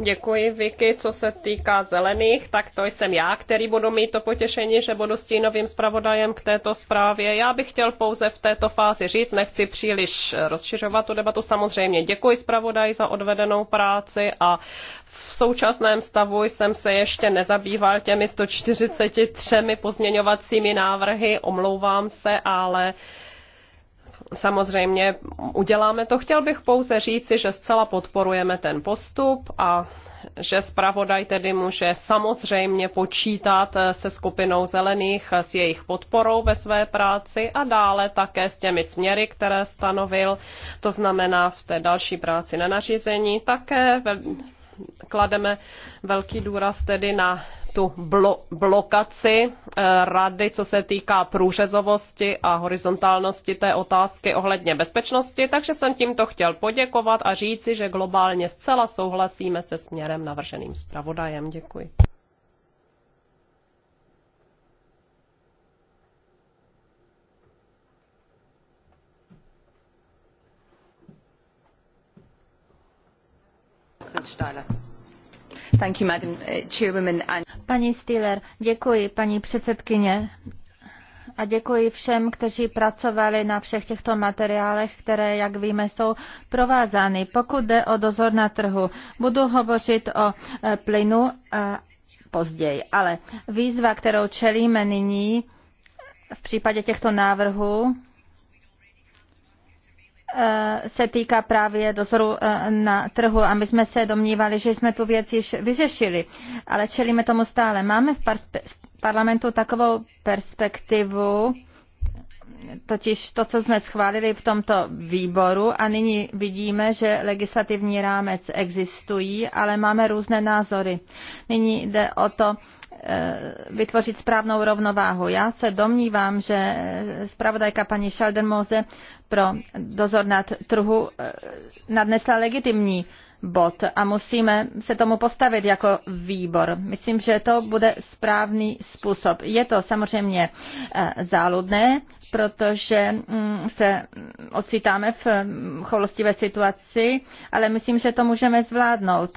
Děkuji, Vicky. Co se týká zelených, tak to jsem já, který budu mít to potěšení, že budu stínovým zpravodajem k této zprávě. Já bych chtěl pouze v této fázi říct, nechci příliš eh, rozšiřovat tu debatu. Samozřejmě děkuji zpravodaj za odvedenou práci a v současném stavu jsem se ještě nezabýval těmi 143 pozměňovacími návrhy, omlouvám se, ale samozřejmě uděláme to. Chtěl bych pouze říci, že zcela podporujeme ten postup a že zpravodaj tedy může samozřejmě počítat eh, se skupinou zelených, eh, s jejich podporou ve své práci a dále také s těmi směry, které stanovil, to znamená v té další práci na nařízení, také ve klademe velký důraz tedy na tu blo- blokaci eh, rady, co se týká průřezovosti a horizontálnosti té otázky ohledně bezpečnosti, takže jsem tímto chtěl poděkovat a říci, že globálně zcela souhlasíme se směrem navrženým zpravodajem. Děkuji. Uh, paní Stiller, děkuji, paní předsedkyně. A děkuji všem, kteří pracovali na všech těchto materiálech, které, jak víme, jsou provázány. Pokud jde o dozor na trhu, budu hovořit o eh, plynu eh, později, ale výzva, kterou čelíme nyní v případě těchto návrhů, Eh, se týká právě dozoru eh, na trhu a my jsme se domnívali, že jsme tu věc již vyřešili, ale čelíme tomu stále. Máme v parlamentu takovou perspektivu, totiž to, co jsme schválili v tomto výboru a nyní vidíme, že legislativní rámec existují, ale máme různé názory. Nyní jde o to, eh, vytvořit správnou rovnováhu. Já se domnívám, že zpravodajka paní Šaldenmoze pro dozor nad trhu eh, nadnesla legitimní bod a musíme se tomu postavit jako výbor. Myslím, že to bude správný způsob. Je to samozřejmě eh, záludné, protože mm, se mm, ocitáme v mm, choulostivé situaci, ale myslím, že to můžeme zvládnout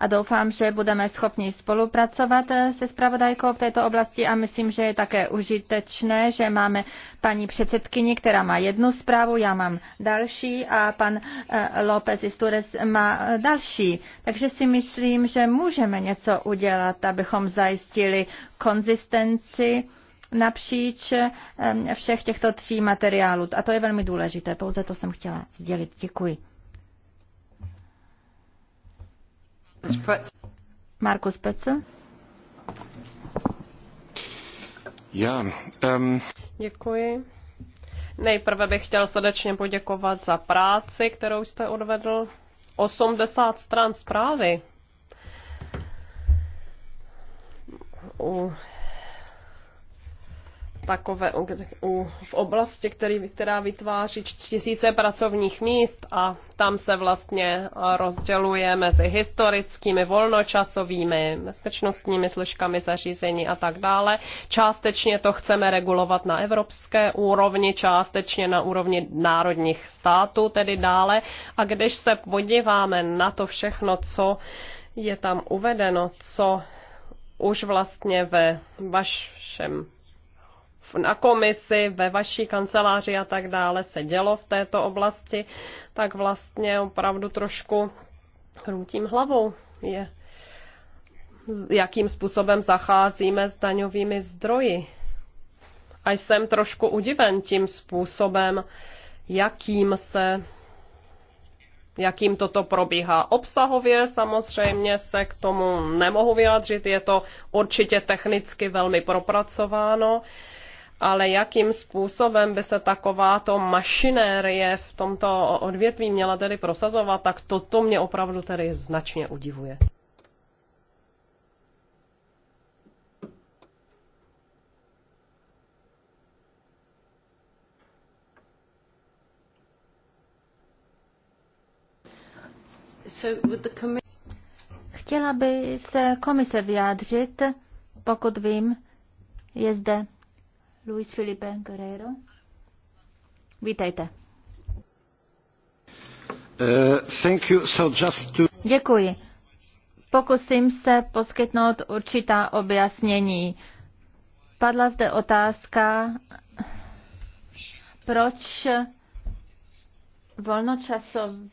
a doufám, že budeme schopni spolupracovat eh, se spravodajkou v této oblasti a myslím, že je také užitečné, že máme paní předsedkyni, která má jednu zprávu, já mám další a pan eh, López Istures má eh, další. Takže si myslím, že můžeme něco udělat, abychom zajistili konzistenci napříč všech těchto tří materiálů. A to je velmi důležité. Pouze to jsem chtěla sdělit. Děkuji. Markus Petze. Já, um... Děkuji. Nejprve bych chtěl srdečně poděkovat za práci, kterou jste odvedl. 80 stran zprávy. U takové, u, v oblasti, který, která vytváří tisíce pracovních míst a tam se vlastně rozděluje mezi historickými, volnočasovými, bezpečnostními složkami zařízení a tak dále. Částečně to chceme regulovat na evropské úrovni, částečně na úrovni národních států, tedy dále. A když se podíváme na to všechno, co je tam uvedeno, co už vlastně ve vašem na komisi, ve vaší kanceláři a tak dále se dělo v této oblasti, tak vlastně opravdu trošku hrutím hlavou je, jakým způsobem zacházíme s daňovými zdroji. A jsem trošku udiven tím způsobem, jakým se jakým toto probíhá obsahově. Samozřejmě se k tomu nemohu vyjádřit, je to určitě technicky velmi propracováno ale jakým způsobem by se takováto mašinérie v tomto odvětví měla tedy prosazovat, tak toto mě opravdu tedy značně udivuje. Chtěla by se komise vyjádřit, pokud vím, je zde Luis Felipe Guerrero. Vítejte. Uh, thank you. So just to... Děkuji. Pokusím se poskytnout určitá objasnění. Padla zde otázka, proč volnočasové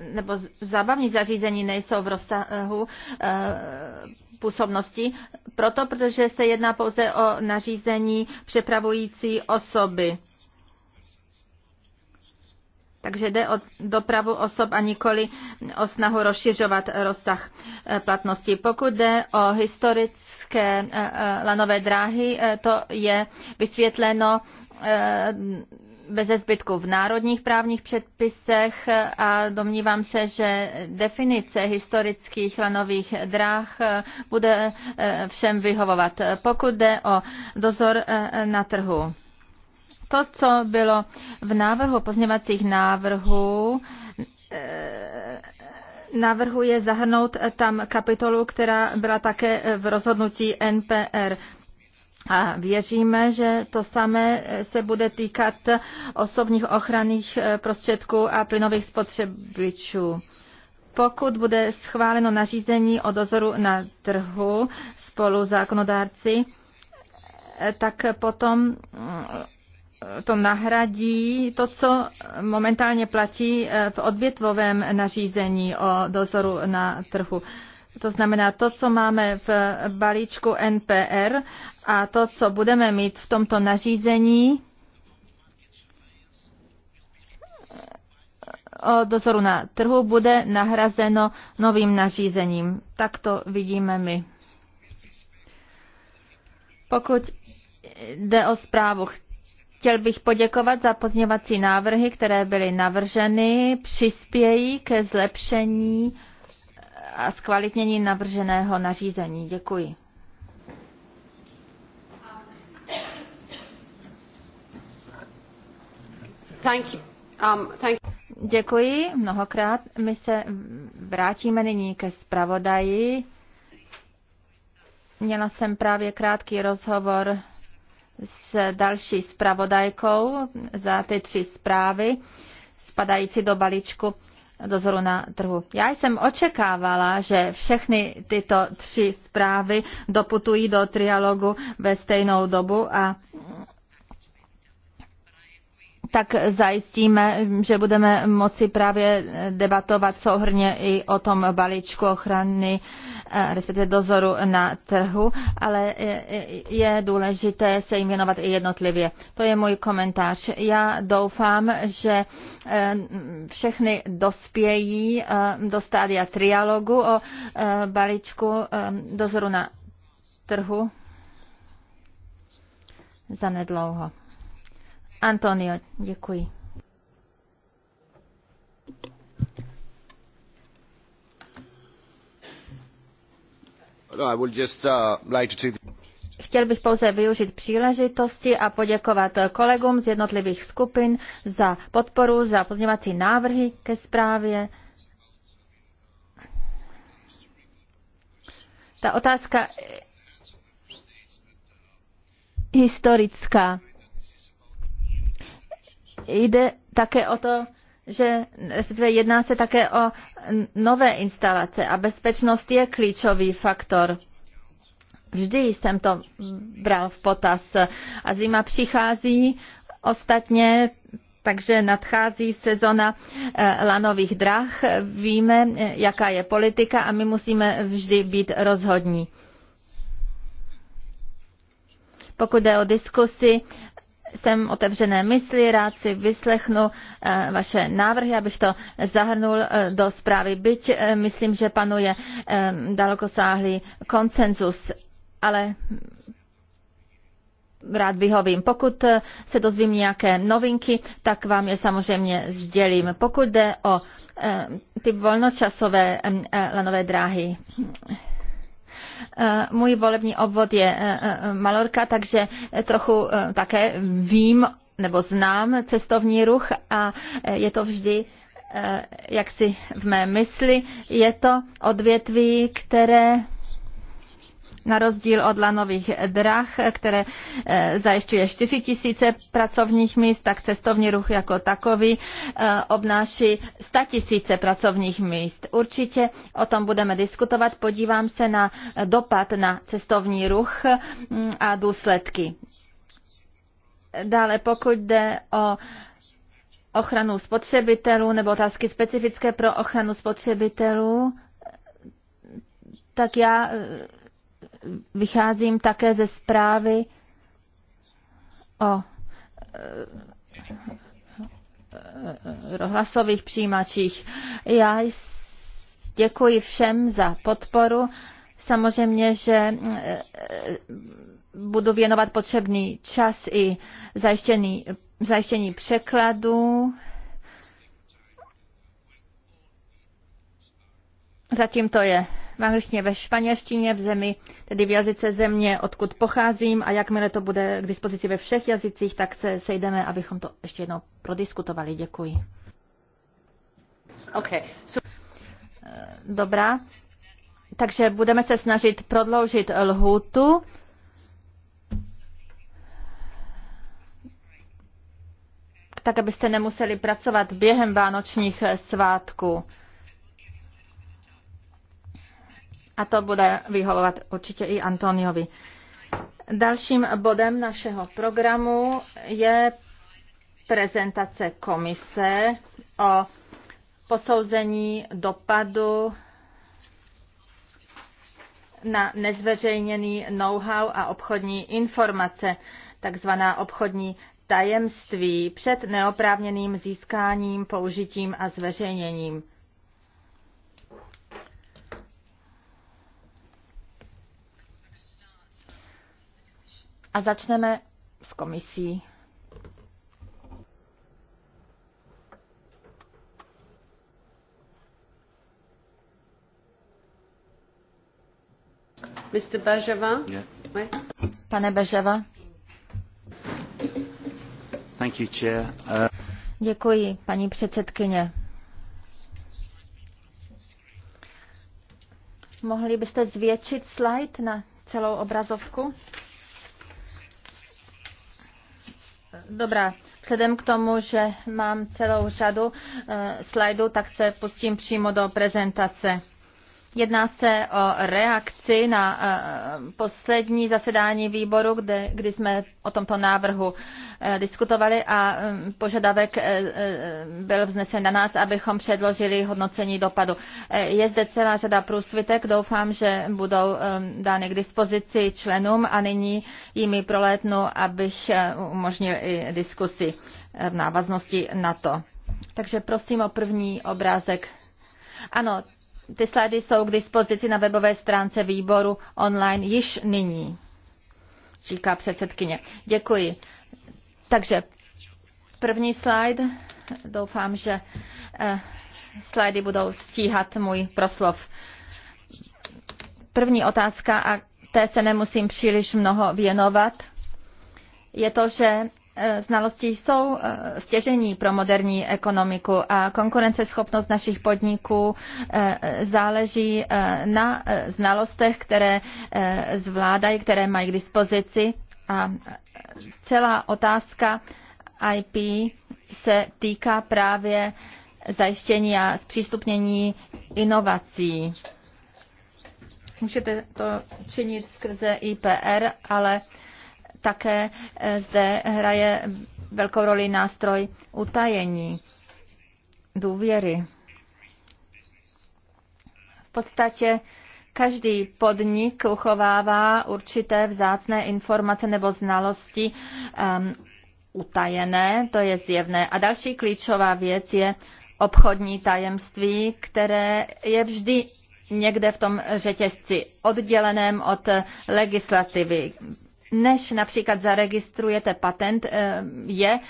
nebo zábavní zařízení nejsou v rozsahu eh, působnosti, proto protože se jedná pouze o nařízení přepravující osoby. Takže jde o dopravu osob a nikoli o snahu rozšiřovat rozsah eh, platnosti. Pokud jde o historické eh, lanové dráhy, to je vysvětleno bez zbytku v národních právních předpisech a domnívám se, že definice historických lanových dráh bude eh, všem vyhovovat. Pokud jde o dozor eh, na trhu. To, co bylo v návrhu pozněvacích návrhů, eh, navrhuje zahrnout tam kapitolu, která byla také v rozhodnutí NPR. A věříme, že to samé se bude týkat osobních ochranných eh, prostředků a plynových spotřebičů. Pokud bude schváleno nařízení o dozoru na trhu spolu zákonodárci, eh, tak potom mm, to nahradí to, co momentálně platí eh, v odbětvovém nařízení o dozoru na trhu. To znamená, to, co máme v balíčku NPR a to, co budeme mít v tomto nařízení o dozoru na trhu, bude nahrazeno novým nařízením. Tak to vidíme my. Pokud jde o zprávu, Chtěl bych poděkovat za pozněvací návrhy, které byly navrženy, přispějí ke zlepšení a zkvalitnění navrženého nařízení. Děkuji. Thank you. Um, thank you. Děkuji mnohokrát. My se vrátíme nyní ke zpravodaji. Měla jsem právě krátký rozhovor s další zpravodajkou za ty tři zprávy spadající do balíčku dozoru na trhu. Já jsem očekávala, že všechny tyto tři zprávy doputují do trialogu ve stejnou dobu a tak zajistíme, že budeme moci právě debatovat souhrně i o tom balíčku ochrany, eh, respektive dozoru na trhu, ale je důležité se jim věnovat i jednotlivě. To je můj komentář. Já doufám, že eh, všechny dospějí eh, do stádia trialogu o balíčku dozoru na trhu zanedlouho. Antonio, děkuji. No, uh, Chtěl bych pouze využít příležitosti a poděkovat kolegům z jednotlivých skupin za podporu, za pozněvací návrhy ke zprávě. Ta otázka historická. Jde také o to, že respektive jedná se také o nové instalace a bezpečnost je klíčový faktor. Vždy jsem to bral v potaz a zima přichází ostatně, takže nadchází sezona eh, lanových drah. Víme, eh, jaká je politika a my musíme vždy být rozhodní. Pokud jde o diskusi jsem otevřené mysli, rád si vyslechnu eh, vaše návrhy, abych to zahrnul eh, do zprávy. Byť eh, myslím, že panuje dalekosáhlý konsenzus, ale rád vyhovím. Pokud se dozvím nějaké novinky, tak vám je samozřejmě sdělím. Pokud jde o ty volnočasové lanové dráhy, Eh, můj volební obvod je eh, eh, Malorka, takže trochu také vím nebo znám cestovní ruch a je to vždy jak si v mé mysli, je to odvětví, které na rozdíl od lanových drah, které eh, zajišťuje 4 tisíce pracovních míst, tak cestovní ruch jako takový eh, obnáší 100 tisíce pracovních míst. Určitě o tom budeme diskutovat. Podívám se na dopad na cestovní ruch mm, a důsledky. Dále pokud jde o ochranu spotřebitelů nebo otázky specifické pro ochranu spotřebitelů, tak já eh, Vycházím také ze zprávy o eh, rohlasových přijímačích. Já děkuji všem za podporu. Samozřejmě, že eh, budu věnovat potřebný čas i zajištění, zajištění překladů. Zatím to je v angličtině, ve španělštině, v zemi, tedy v jazyce země, odkud pocházím a jakmile to bude k dispozici ve všech jazycích, tak se sejdeme, abychom to ještě jednou prodiskutovali. Děkuji. Okay. So... Dobrá. Takže budeme se snažit prodloužit lhůtu. tak abyste nemuseli pracovat během vánočních svátků. A to bude vyhovovat určitě i Antoniovi. Dalším bodem našeho programu je prezentace komise o posouzení dopadu na nezveřejněný know-how a obchodní informace, takzvaná obchodní tajemství před neoprávněným získáním, použitím a zveřejněním. A začneme s komisí. Mr. Bajava? Yeah. Pane Bajava? Thank you, chair. Uh... Děkuji, paní předsedkyně. Mohli byste zvětšit slide na celou obrazovku? Dobrá, vzhledem k tomu, že mám celou řadu eh, slajdů, tak se pustím přímo do prezentace. Jedná se o reakci na eh, poslední zasedání výboru, kde, kdy jsme o tomto návrhu eh, diskutovali a mm, požadavek eh, byl vznesen na nás, abychom předložili hodnocení dopadu. Je zde celá řada průsvitek, doufám, že budou dány k dispozici členům a nyní jimi prolétnu, abych umožnil i diskusi v návaznosti na to. Takže prosím o první obrázek. Ano, ty slajdy jsou k dispozici na webové stránce výboru online již nyní, říká předsedkyně. Děkuji. Takže první slide. Doufám, že eh, slajdy budou stíhat můj proslov. První otázka, a té se nemusím příliš mnoho věnovat, je to, že Eh, znalosti jsou eh, stěžení pro moderní ekonomiku a konkurenceschopnost našich podniků eh, záleží na znalostech, které zvládají, které mají k dispozici a celá otázka IP se týká právě zajištění a zpřístupnění inovací. Můžete to činit skrze IPR, ale uh, také eh, zde hraje velkou roli nástroj utajení, důvěry. V podstatě Každý podnik uchovává určité vzácné informace nebo znalosti um, utajené, to je zjevné. A další klíčová věc je obchodní tajemství, které je vždy někde v tom řetězci odděleném od legislativy než například zaregistrujete patent, eh, je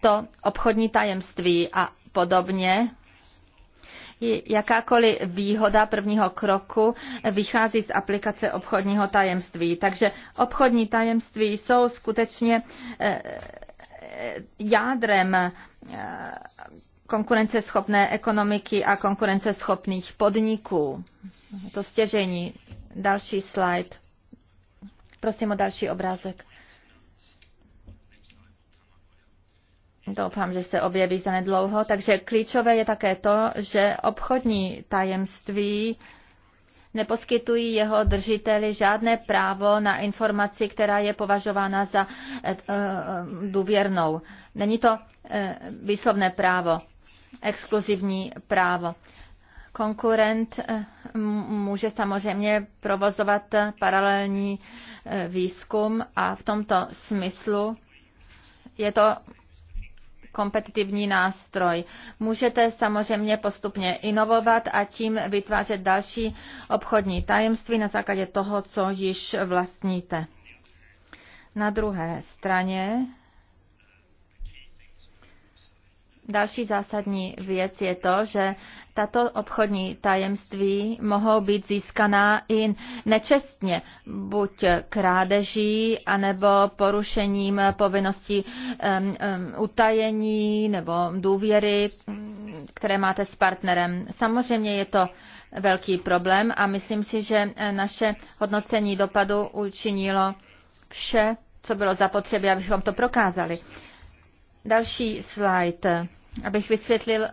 to obchodní tajemství a podobně. Jakákoliv výhoda prvního kroku vychází z aplikace obchodního tajemství. Takže obchodní tajemství jsou skutečně eh, eh, jádrem konkurenceschopné ekonomiky a konkurenceschopných podniků. To stěžení. Další slide. Prosím o další obrázek. Doufám, že se objeví za nedlouho. Takže klíčové je také to, že obchodní tajemství neposkytují jeho držiteli žádné právo na informaci, která je považována za eh, eh, důvěrnou. Není to eh, výslovné právo, exkluzivní právo. Konkurent může samozřejmě provozovat paralelní Eh, výzkum a v tomto smyslu je to kompetitivní nástroj. Můžete samozřejmě postupně inovovat a tím vytvářet další obchodní tajemství na základě toho, co již vlastníte. Na druhé straně Další zásadní věc je to, že tato obchodní tajemství mohou být získaná i nečestně, buď krádeží, anebo porušením povinnosti um, um, utajení nebo důvěry, které máte s partnerem. Samozřejmě je to velký problém a myslím si, že naše hodnocení dopadu učinilo vše, co bylo zapotřebí, abychom to prokázali. Další slide, abych vysvětlil,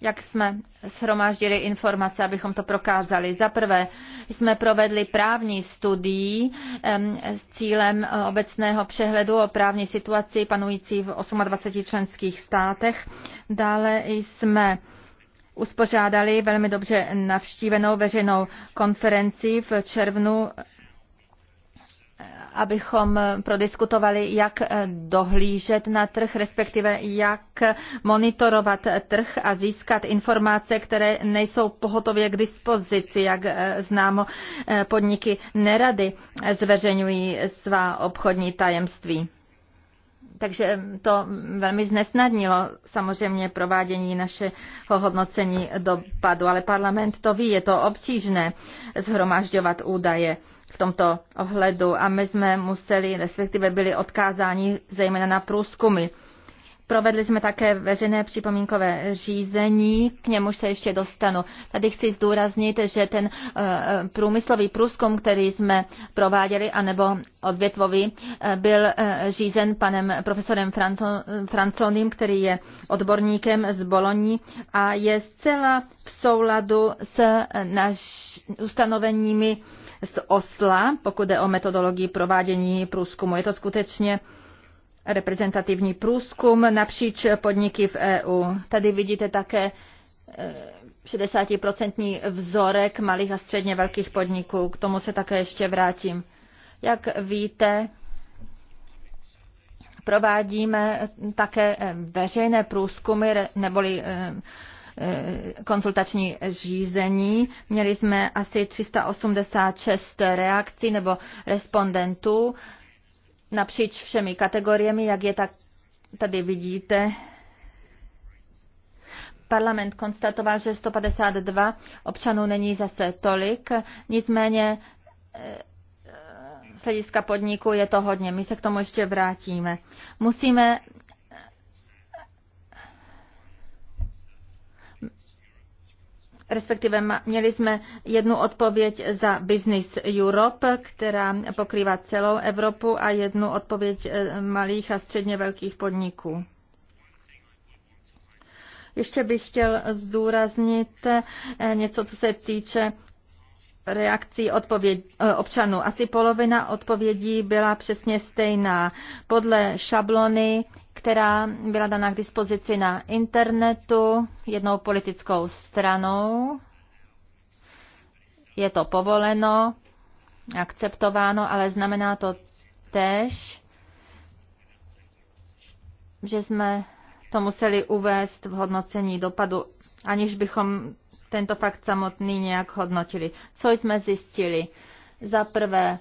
jak jsme shromáždili informace, abychom to prokázali. Za prvé jsme provedli právní studii s cílem eh, obecného přehledu o právní situaci panující v 28 členských státech. Dále jsme uspořádali velmi dobře navštívenou veřejnou konferenci v červnu abychom prodiskutovali, jak dohlížet na trh, respektive jak monitorovat trh a získat informace, které nejsou pohotově k dispozici, jak známo podniky nerady zveřejňují svá obchodní tajemství. Takže to velmi znesnadnilo samozřejmě provádění našeho hodnocení dopadu, ale parlament to ví, je to obtížné zhromažďovat údaje v tomto ohledu a my jsme museli, respektive byli odkázáni zejména na průzkumy Provedli jsme také veřejné připomínkové řízení, k němuž se ještě dostanu. Tady chci zdůraznit, že ten eh, průmyslový průzkum, který jsme prováděli, anebo odvětvový, eh, byl eh, řízen panem profesorem Francónim, který je odborníkem z Boloní a je zcela v souladu s naš, ustanoveními z OSLA, pokud jde o metodologii provádění průzkumu. Je to skutečně reprezentativní průzkum napříč podniky v EU. Tady vidíte také 60% eh, vzorek malých a středně velkých podniků. K tomu se také ještě vrátím. Jak víte, provádíme také eh, veřejné průzkumy neboli eh, konzultační řízení. Měli jsme asi 386 reakcí nebo respondentů napříč všemi kategoriemi, jak je tak tady vidíte. Parlament konstatoval, že 152 občanů není zase tolik, nicméně eh, z hlediska podniku je to hodně. My se k tomu ještě vrátíme. Musíme respektive měli jsme jednu odpověď za Business Europe, která pokrývá celou Evropu a jednu odpověď eh, malých a středně velkých podniků. Ještě bych chtěl zdůraznit eh, něco, co se týče reakcí odpověd, eh, občanů. Asi polovina odpovědí byla přesně stejná. Podle šablony která byla dana k dispozici na internetu jednou politickou stranou. Je to povoleno, akceptováno, ale znamená to tež, že jsme to museli uvést v hodnocení dopadu, aniž bychom tento fakt samotný nějak hodnotili. Co jsme zjistili? Za prvé,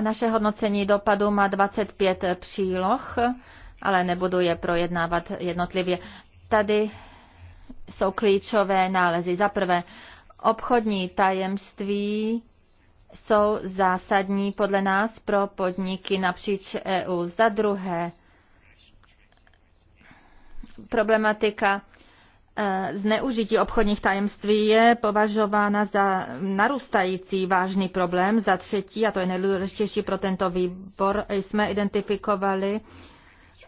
Naše hodnocení dopadu má 25 příloh, ale nebudu je projednávat jednotlivě. Tady jsou klíčové nálezy. Za prvé, obchodní tajemství jsou zásadní podle nás pro podniky napříč EU. Za druhé, problematika Eh, zneužití obchodních tajemství je považována za narůstající vážný problém. Za třetí, a to je nejdůležitější pro tento výbor, jsme identifikovali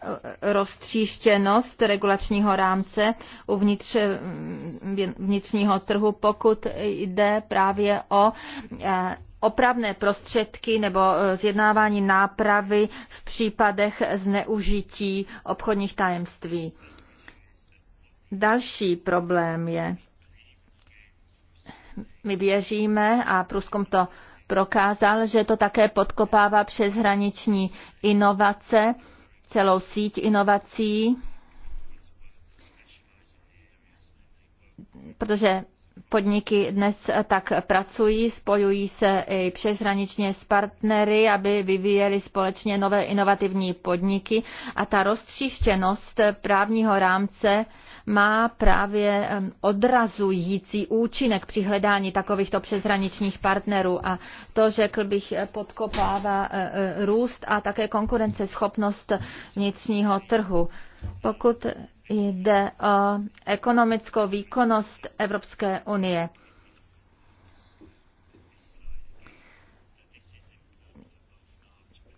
eh, roztříštěnost regulačního rámce uvnitř eh, vnitřního trhu, pokud jde právě o opravné prostředky nebo zjednávání nápravy v případech zneužití obchodních tajemství. Další problém je, my věříme a průzkum to prokázal, že to také podkopává přeshraniční inovace, celou síť inovací, protože podniky dnes tak pracují, spojují se i přeshraničně s partnery, aby vyvíjeli společně nové inovativní podniky a ta roztříštěnost právního rámce má právě odrazující účinek při hledání takovýchto přeshraničních partnerů a to, řekl bych, eh, podkopává eh, eh, růst a také konkurenceschopnost vnitřního trhu. Pokud jde o ekonomickou výkonnost Evropské unie,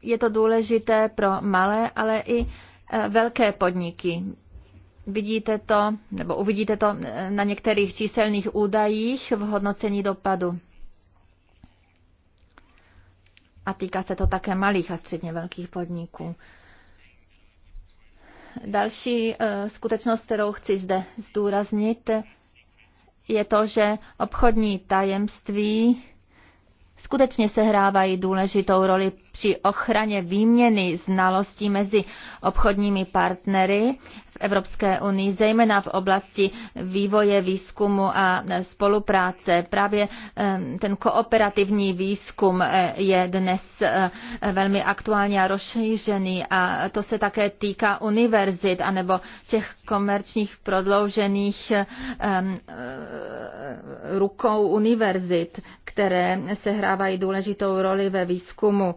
je to důležité pro malé, ale i velké podniky. Vidíte to, nebo uvidíte to eh, na některých číselných údajích v hodnocení dopadu. A týká se to také malých a středně velkých podniků. Další eh, skutečnost, kterou chci zde zdůraznit, je to, že obchodní tajemství skutečně sehrávají důležitou roli při ochraně výměny znalostí mezi obchodními partnery v Evropské unii, zejména v oblasti vývoje, výzkumu a spolupráce. Právě ten kooperativní výzkum eh, je dnes eh, velmi aktuálně a rozšířený a to se také týká univerzit anebo těch komerčních prodloužených eh, rukou univerzit, které sehrávají důležitou roli ve výzkumu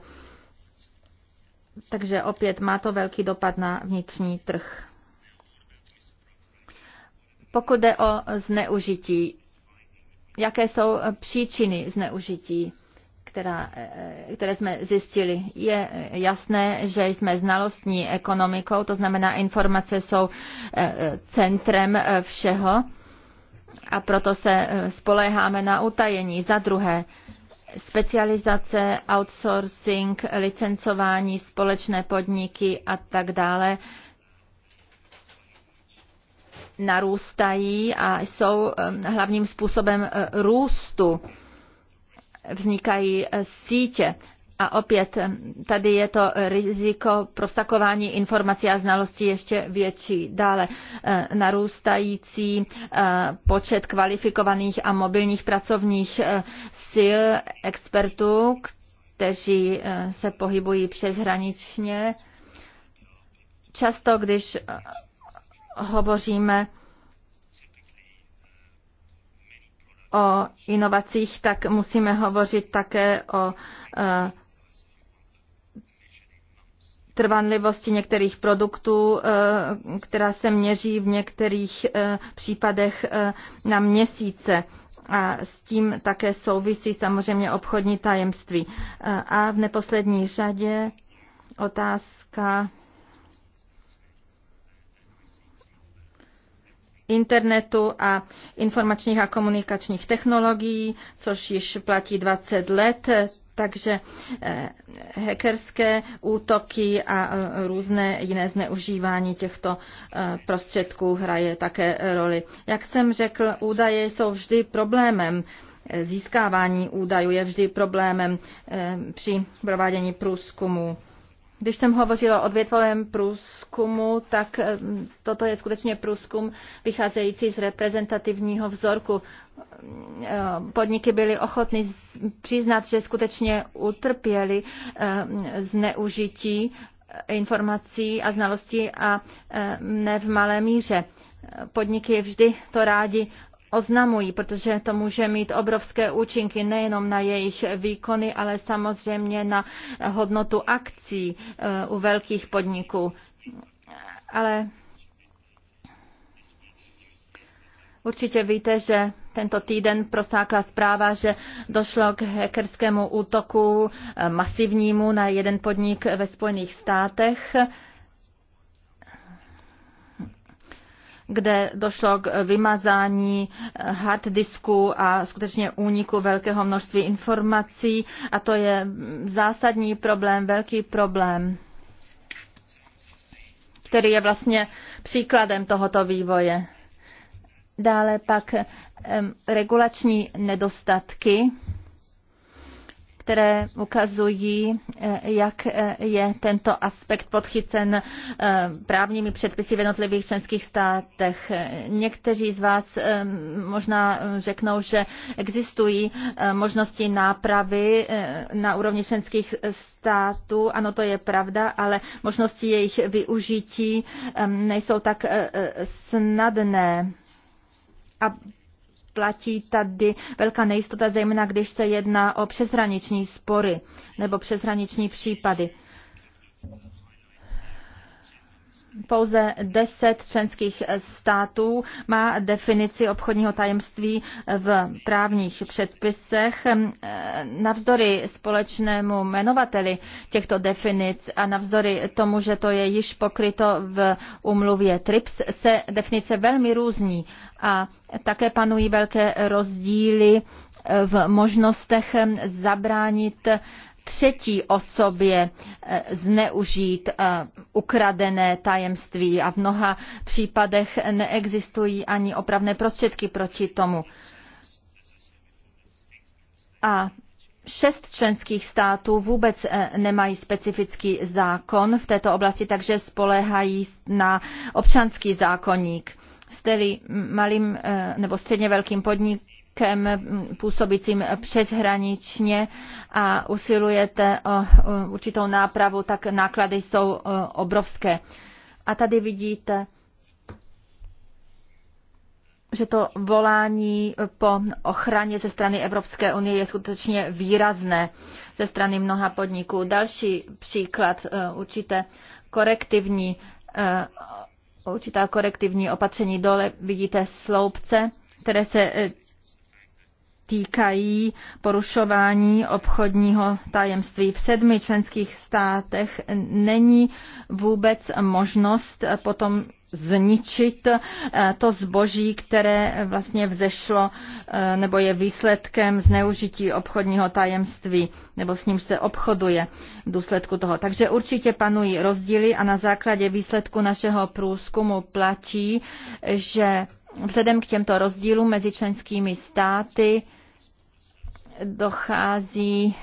takže opět má to velký dopad na vnitřní trh. Pokud jde o zneužití, jaké jsou příčiny zneužití, která, eh, které jsme zjistili? Je jasné, že jsme znalostní ekonomikou, to znamená, informace jsou eh, centrem eh, všeho a proto se spoléháme na utajení. Za druhé, specializace, outsourcing, licencování, společné podniky a tak dále narůstají a jsou hlavním způsobem eh, růstu. Vznikají eh, sítě a opět, tady je to riziko prosakování informací a znalostí ještě větší. Dále e, narůstající e, počet kvalifikovaných a mobilních pracovních e, sil expertů, kteří se pohybují přeshraničně. Často, když hovoříme o inovacích, tak musíme hovořit také o trvanlivosti některých produktů, eh, která se měří v některých eh, případech eh, na měsíce. A s tím také souvisí samozřejmě obchodní tajemství. A v neposlední řadě otázka internetu a informačních a komunikačních technologií, což již platí 20 let. Takže eh, hackerské útoky a eh, různé jiné zneužívání těchto eh, prostředků hraje také roli. Jak jsem řekl, údaje jsou vždy problémem. Získávání údajů je vždy problémem při provádění průzkumu když jsem hovořila o větvovém průzkumu, tak eh, toto je skutečně průzkum vycházející z reprezentativního vzorku. Eh, podniky byly ochotny přiznat, že skutečně utrpěli eh, zneužití informací a znalostí a ne v malé míře. Podniky vždy to rádi oznamují, protože to může mít obrovské účinky nejenom na jejich výkony, ale samozřejmě na hodnotu akcí eh, u velkých podniků. Ale určitě víte, že tento týden prosákla zpráva, že došlo k hackerskému útoku eh, masivnímu na jeden podnik ve Spojených státech. kde došlo k vymazání eh, hard disku a skutečně úniku velkého množství informací a to je mm, zásadní problém, velký problém který je vlastně příkladem tohoto vývoje. Dále pak eh, regulační nedostatky které ukazují, eh, jak eh, je tento aspekt podchycen eh, právními předpisy v jednotlivých členských státech. Někteří z vás možná řeknou, že existují možnosti nápravy na úrovni členských států. Ano, to je pravda, ale možnosti jejich využití nejsou tak snadné. A platí tady velká nejistota, zejména když se jedná o přeshraniční spory nebo přeshraniční případy. pouze deset členských států má definici obchodního tajemství v právních předpisech. Navzdory společnému jmenovateli těchto definic a navzdory tomu, že to je již pokryto v umluvě TRIPS, se definice velmi různí a také panují velké rozdíly v možnostech zabránit třetí osobě eh, zneužít eh, ukradené tajemství a v mnoha případech neexistují ani opravné prostředky proti tomu. A šest členských států vůbec eh, nemají specifický zákon v této oblasti, takže spolehají na občanský zákonník. Jste-li malým nebo středně velkým podnik, podnikem působícím přeshraničně a usilujete o určitou nápravu, tak náklady jsou obrovské. A tady vidíte, že to volání po ochraně ze strany Evropské unie je skutečně výrazné ze strany mnoha podniků. Další příklad e, určité korektivní, e, určitá korektivní opatření. Dole vidíte sloupce, které se e, týkají porušování obchodního tajemství. V sedmi členských státech není vůbec možnost potom zničit eh, to zboží, které vlastně vzešlo eh, nebo je výsledkem zneužití obchodního tajemství nebo s ním se obchoduje v důsledku toho. Takže určitě panují rozdíly a na základě výsledku našeho průzkumu platí, že vzhledem k těmto rozdílům mezi členskými státy dochází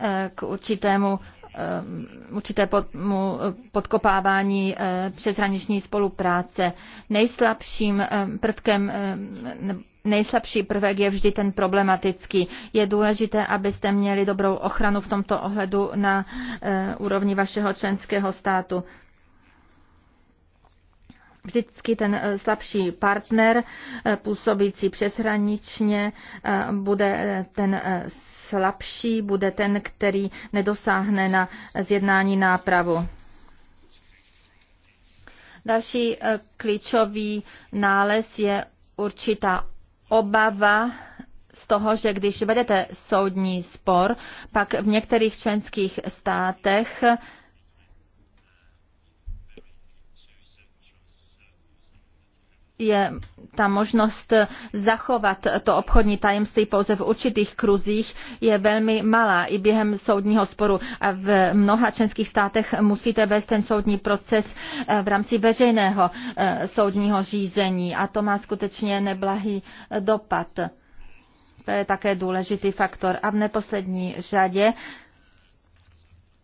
eh, k určitému eh, určité podkopávání eh, přeshraniční spolupráce. Nejslabším prvkem nejslabší prvek je vždy ten problematický. Je důležité, abyste měli dobrou ochranu v tomto ohledu na úrovni vašeho členského státu vždycky ten eh, slabší partner eh, působící přeshraničně eh, bude ten slabší, bude ten, který nedosáhne na zjednání nápravu. Další klíčový nález je určitá obava z toho, že když vedete soudní spor, pak v některých členských státech je ta možnost zachovat to obchodní tajemství pouze v určitých kruzích je velmi malá i během soudního sporu. A v mnoha členských státech musíte vést ten soudní proces eh, v rámci veřejného eh, soudního řízení a to má skutečně neblahý eh, dopad. To je také důležitý faktor. A v neposlední řadě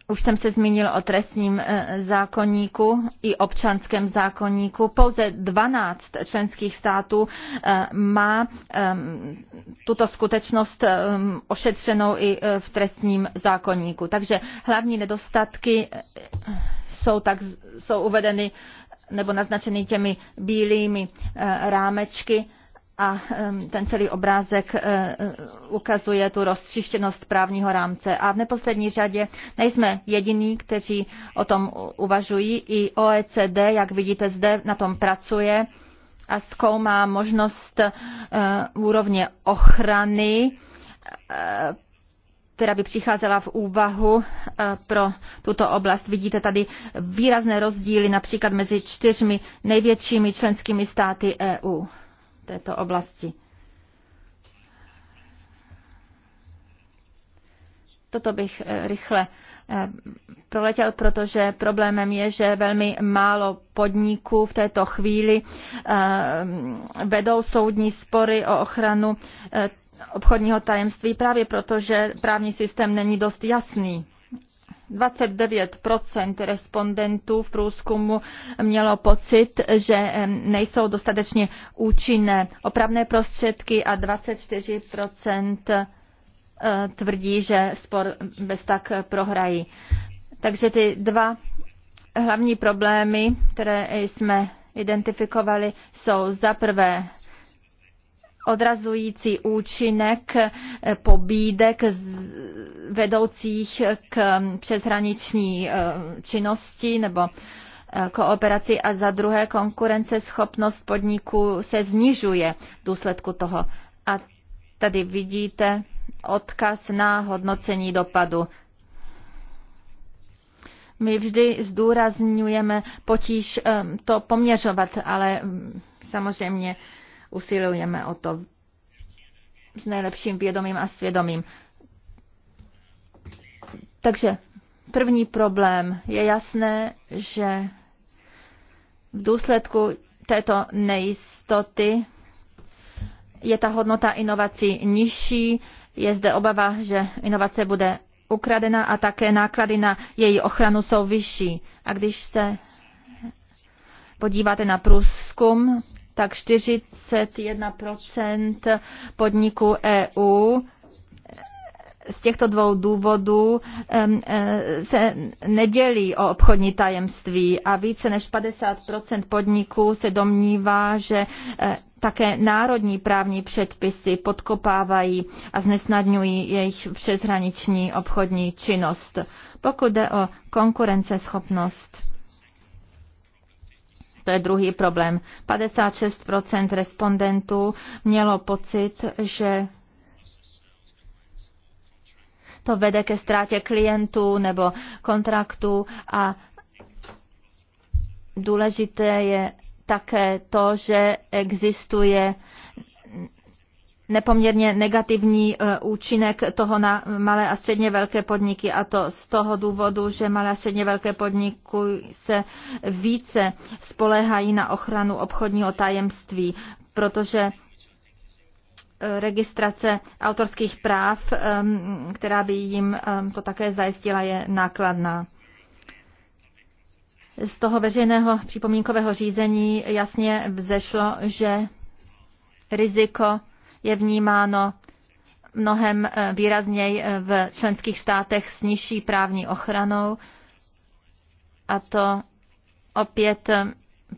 už jsem se zmínil o trestním eh, zákonníku i občanském zákonníku. Pouze 12 členských států eh, má ehm, tuto skutečnost ehm, ošetřenou i eh, v trestním zákonníku. Takže hlavní nedostatky jsou, tak, jsou uvedeny nebo naznačeny těmi bílými rámečky a ten celý obrázek eh, eh, ukazuje tu roztřištěnost právního rámce. A v neposlední řadě nejsme jediní, kteří o tom uvažují. I OECD, jak vidíte zde, na tom pracuje a zkoumá možnost eh, úrovně ochrany která by přicházela v úvahu pro tuto oblast. Vidíte tady výrazné rozdíly například mezi čtyřmi největšími členskými státy EU této oblasti. Toto bych eh, rychle eh, proletěl, protože problémem je, že velmi málo podniků v této chvíli eh, vedou soudní spory o ochranu obchodního tajemství právě proto, že právní systém není dost jasný. 29 respondentů v průzkumu mělo pocit, že nejsou dostatečně účinné opravné prostředky a 24 eh, tvrdí, že spor bez tak prohrají. Takže ty dva hlavní problémy, které jsme identifikovali, jsou za prvé odrazující účinek eh, pobídek vedoucích k mm, přeshraniční eh, činnosti nebo eh, kooperaci a za druhé konkurenceschopnost podniků se znižuje v důsledku toho. A tady vidíte odkaz na hodnocení dopadu. My vždy zdůrazňujeme potíž to poměřovat, ale mm, samozřejmě usilujeme o to s nejlepším vědomím a svědomím. Takže první problém. Je jasné, že v důsledku této nejistoty je ta hodnota inovací nižší, je zde obava, že inovace bude ukradena a také náklady na její ochranu jsou vyšší. A když se podíváte na průzkum tak 41% podniků EU z těchto dvou důvodů e, se nedělí o obchodní tajemství a více než 50 podniků se domnívá, že e, také národní právní předpisy podkopávají a znesnadňují jejich přeshraniční obchodní činnost. Pokud jde o konkurenceschopnost, to je druhý problém. 56 respondentů mělo pocit, že to vede ke ztrátě klientů nebo kontraktů a důležité je také to, že existuje nepoměrně negativní eh, účinek toho na malé a středně velké podniky a to z toho důvodu, že malé a středně velké podniky se více spolehají na ochranu obchodního tajemství, protože eh, registrace autorských práv, ehm, která by jim ehm, to také zajistila, je nákladná. Z toho veřejného připomínkového řízení jasně vzešlo, že riziko je vnímáno mnohem eh, výrazněji eh, v členských státech s nižší právní ochranou a to opět eh,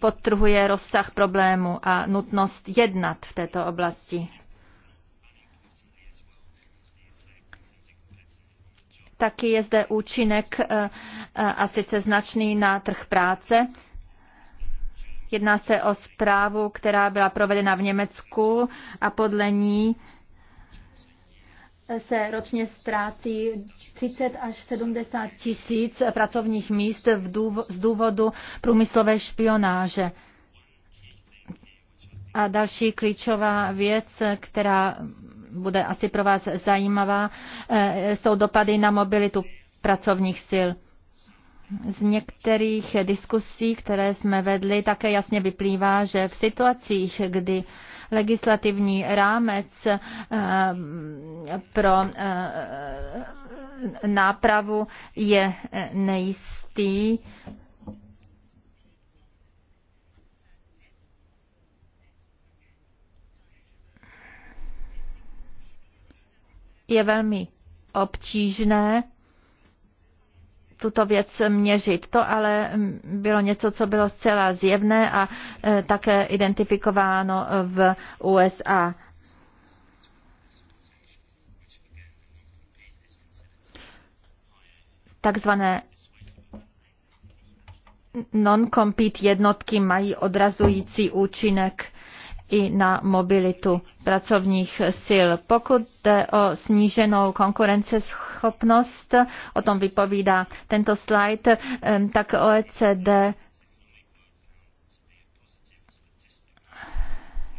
podtrhuje rozsah problému a nutnost jednat v této oblasti. Taky je zde účinek a sice značný na trh práce, Jedná se o zprávu, která byla provedena v Německu a podle ní se ročně ztrácí 30 až 70 tisíc pracovních míst v důvo, z důvodu průmyslové špionáže. A další klíčová věc, která bude asi pro vás zajímavá, eh, jsou dopady na mobilitu pracovních sil. Z některých diskusí, které jsme vedli, také jasně vyplývá, že v situacích, kdy legislativní rámec eh, pro eh, nápravu je eh, nejistý, je velmi obtížné tuto věc měřit. To ale bylo něco, co bylo zcela zjevné a e, také identifikováno v USA. Takzvané non-compete jednotky mají odrazující účinek i na mobilitu pracovních sil. Pokud jde o sníženou konkurenceschopnost, o tom vypovídá tento slide, tak OECD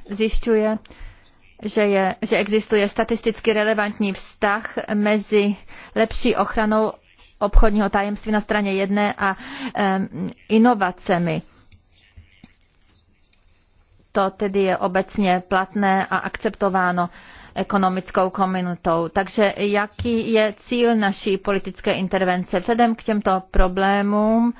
zjišťuje, že, je, že existuje statisticky relevantní vztah mezi lepší ochranou obchodního tajemství na straně jedné a um, inovacemi to tedy je obecně platné a akceptováno ekonomickou komunitou. Takže jaký je cíl naší politické intervence? Vzhledem k těmto problémům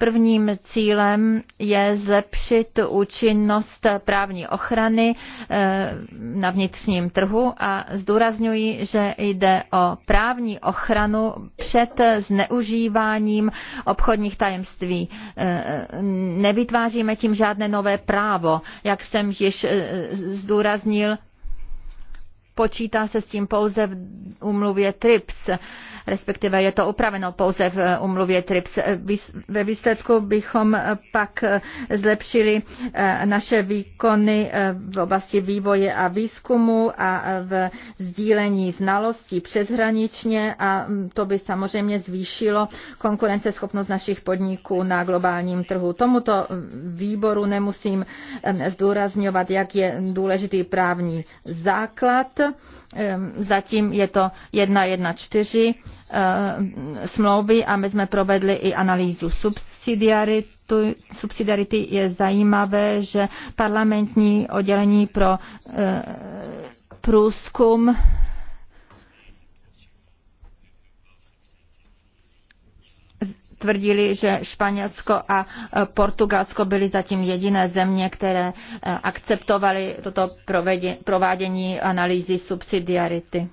Prvním cílem je zlepšit účinnost právní ochrany eh, na vnitřním trhu a zdůrazňuji, že jde o právní ochranu před zneužíváním obchodních tajemství. Eh, nevytváříme tím žádné nové právo. Jak jsem již eh, zdůraznil, počítá se s tím pouze v umluvě TRIPS, respektive je to upraveno pouze v umluvě TRIPS. Ve výsledku bychom pak zlepšili eh, naše výkony eh, v oblasti vývoje a výzkumu a eh, v sdílení znalostí přeshraničně a mm, to by samozřejmě zvýšilo konkurenceschopnost našich podniků na globálním trhu. Tomuto mm, výboru nemusím mm, zdůrazňovat, jak je důležitý právní základ Ehm, zatím je to 1.1.4 ehm, smlouvy a my jsme provedli i analýzu subsidiarity subsidiarity je zajímavé, že parlamentní oddělení pro eh, průzkum tvrdili, že Španělsko a e, Portugalsko byly zatím jediné země, které e, akceptovaly toto provádění analýzy subsidiarity.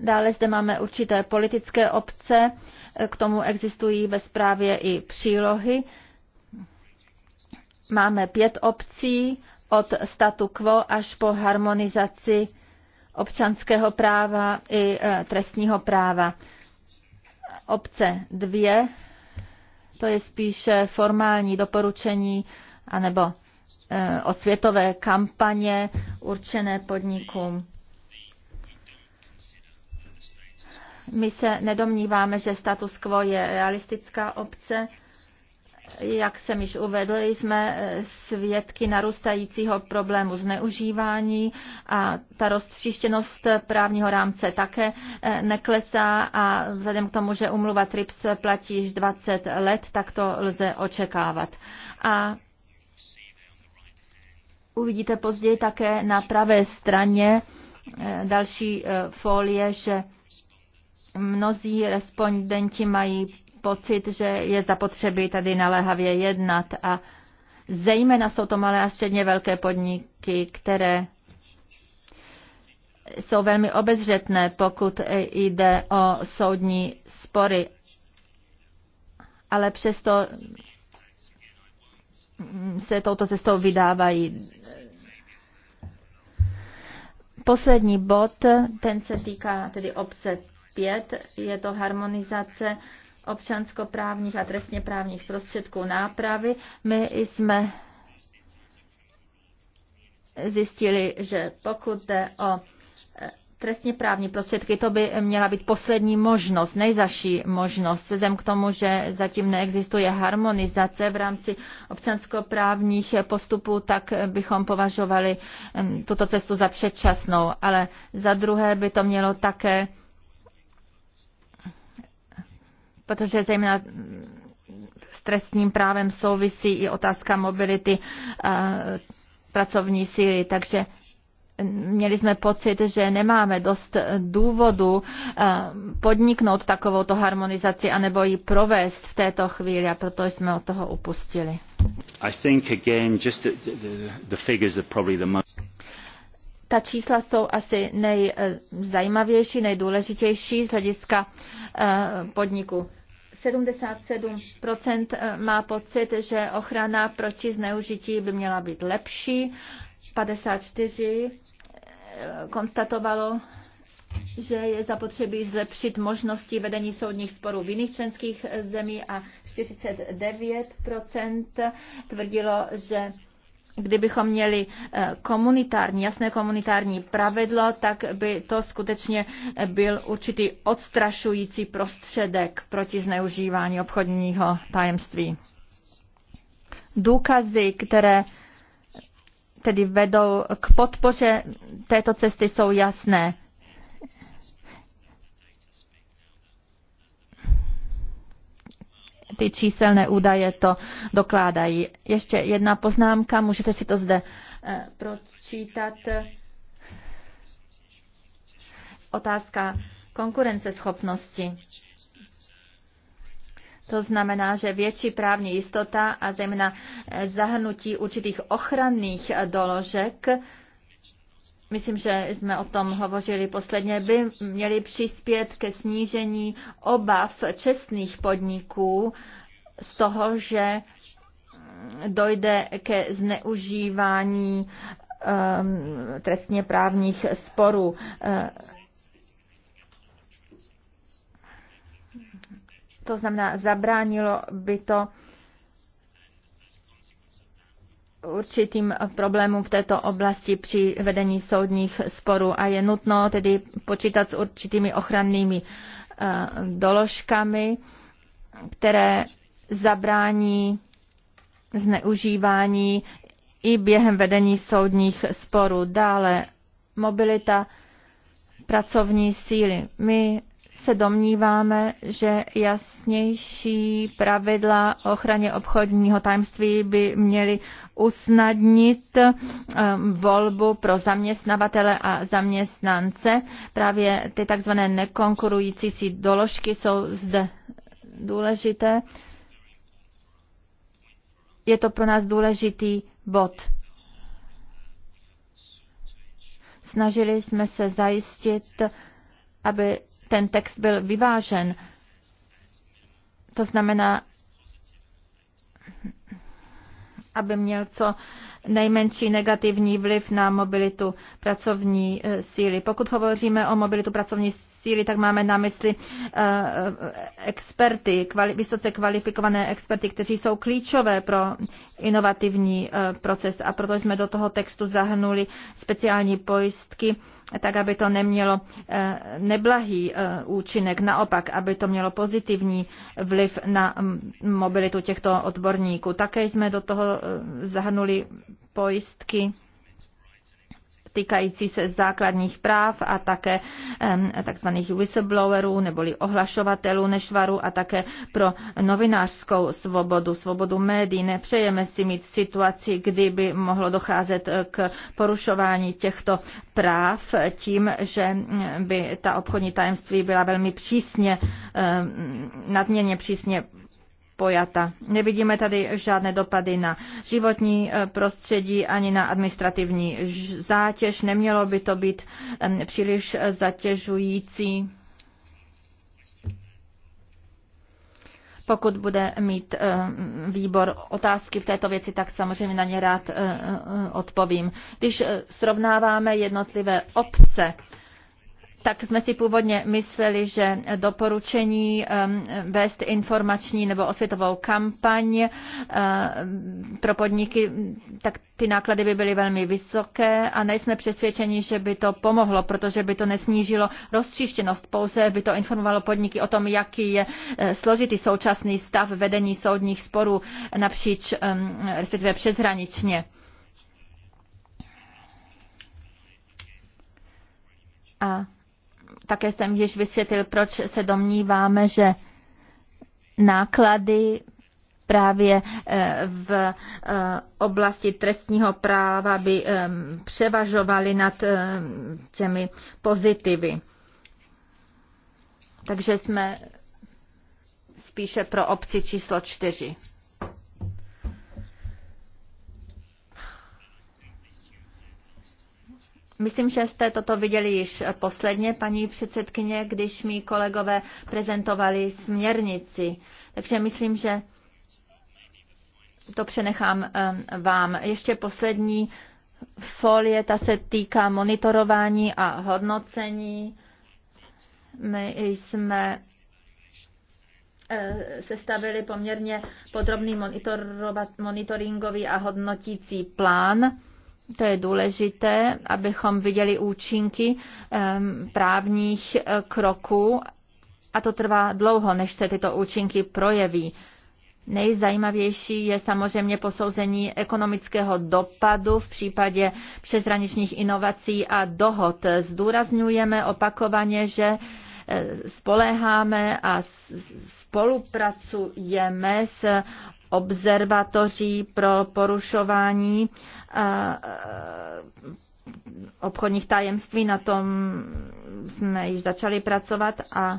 Dále zde máme určité politické obce, e, k tomu existují ve zprávě i přílohy. Máme pět obcí od statu quo až po harmonizaci občanského práva i trestního práva obce dvě. to je spíše formální doporučení anebo eh, osvětové kampaně určené podnikům. My se nedomníváme, že status quo je realistická obce. Jak jsem již uvedl, jsme e, svědky narůstajícího problému zneužívání a ta roztříštěnost právního rámce také e, neklesá a vzhledem k tomu, že umluva TRIPS platí již 20 let, tak to lze očekávat. A uvidíte později také na pravé straně e, další folie, že mnozí respondenti mají pocit, že je zapotřebí tady naléhavě jednat a zejména jsou to malé a středně velké podniky, které jsou velmi obezřetné, pokud jde o soudní spory. Ale přesto se touto cestou vydávají. Poslední bod, ten se týká tedy obce 5, je to harmonizace občanskoprávních a trestně právních prostředků nápravy. My jsme zjistili, že pokud jde o e, trestně právní prostředky, to by měla být poslední možnost, nejzaší možnost, vzhledem k tomu, že zatím neexistuje harmonizace v rámci občanskoprávních postupů, tak bychom považovali tuto cestu za předčasnou. Ale za druhé by to mělo také protože zejména s trestním právem souvisí i otázka mobility eh, pracovní síly, takže měli jsme pocit, že nemáme dost důvodu eh, podniknout takovouto harmonizaci anebo ji provést v této chvíli a proto jsme od toho upustili. Ta čísla jsou asi nejzajímavější, nejdůležitější z hlediska eh, podniku. 77% eh, má pocit, že ochrana proti zneužití by měla být lepší. 54 eh, konstatovalo, že je zapotřebí zlepšit možnosti vedení soudních sporů v jiných členských zemí a 49% tvrdilo, že kdybychom měli eh, komunitární, jasné komunitární pravidlo, tak by to skutečně eh, byl určitý odstrašující prostředek proti zneužívání obchodního tajemství. Důkazy, které eh, tedy vedou k podpoře této cesty, jsou jasné. ty číselné údaje to dokládají. Ještě jedna poznámka, můžete si to zde eh, pročítat. Otázka konkurenceschopnosti. To znamená, že větší právní jistota a zejména eh, zahrnutí určitých ochranných doložek myslím, že jsme o tom hovořili posledně, by měli přispět ke snížení obav čestných podniků z toho, že dojde ke zneužívání um, trestně právních sporů. Eh, to znamená, zabránilo by to určitým problémům v této oblasti při vedení soudních sporů a je nutno tedy počítat s určitými ochrannými eh, doložkami, které zabrání zneužívání i během vedení soudních sporů. Dále mobilita pracovní síly. My se domníváme, že jasnější pravidla o ochraně obchodního tajemství by měly usnadnit ehm, volbu pro zaměstnavatele a zaměstnance. Právě ty takzvané nekonkurující si doložky jsou zde důležité. Je to pro nás důležitý bod. Snažili jsme se zajistit aby ten text byl vyvážen. To znamená, aby měl co nejmenší negativní vliv na mobilitu pracovní eh, síly. Pokud hovoříme o mobilitu pracovní síly, tak máme na mysli eh, eh, experty, kvali, vysoce kvalifikované experty, kteří jsou klíčové pro inovativní eh, proces a proto jsme do toho textu zahrnuli speciální pojistky, tak aby to nemělo neblahý účinek, naopak, aby to mělo pozitivní vliv na mm, mobilitu těchto odborníků. Také jsme do toho zahrnuli pojistky týkající se základních práv a také tzv. whistleblowerů neboli ohlašovatelů nešvaru a také pro novinářskou svobodu, svobodu médií. Nepřejeme si mít situaci, kdy by mohlo docházet k porušování těchto práv tím, že by ta obchodní tajemství byla velmi přísně, nadměrně přísně pojata. Nevidíme tady žádné dopady na životní eh, prostředí ani na administrativní zátěž. Nemělo by to být příliš eh, zatěžující. Pokud bude mít eh, výbor otázky v této věci, tak samozřejmě na ně rád odpovím. Když srovnáváme jednotlivé obce, tak jsme si původně mysleli, že doporučení ehm, vést informační nebo osvětovou kampaň ehm, pro podniky, tak ty náklady by byly velmi vysoké a nejsme přesvědčeni, že by to pomohlo, protože by to nesnížilo rozčištěnost, pouze by to informovalo podniky o tom, jaký je eh, složitý současný stav vedení soudních sporů napříč, ehm, respektive přeshraničně. A také jsem již vysvětlil, proč se domníváme, že náklady právě eh, v eh, oblasti trestního práva by eh, převažovaly nad těmi pozitivy. Takže jsme spíše pro obci číslo čtyři. Myslím, že jste toto viděli již posledně, paní předsedkyně, když mi kolegové prezentovali směrnici. Takže myslím, že to přenechám vám. Ještě poslední folie, ta se týká monitorování a hodnocení. My jsme eh, sestavili poměrně podrobný monitoringový a hodnotící plán to je důležité, abychom viděli účinky ehm, právních eh, kroků a to trvá dlouho, než se tyto účinky projeví. Nejzajímavější je samozřejmě posouzení ekonomického dopadu v případě přeshraničních inovací a dohod. Zdůrazňujeme opakovaně, že eh, spoléháme a spolupracujeme s observatoří pro porušování eh, obchodních tajemství. Na tom jsme již začali pracovat a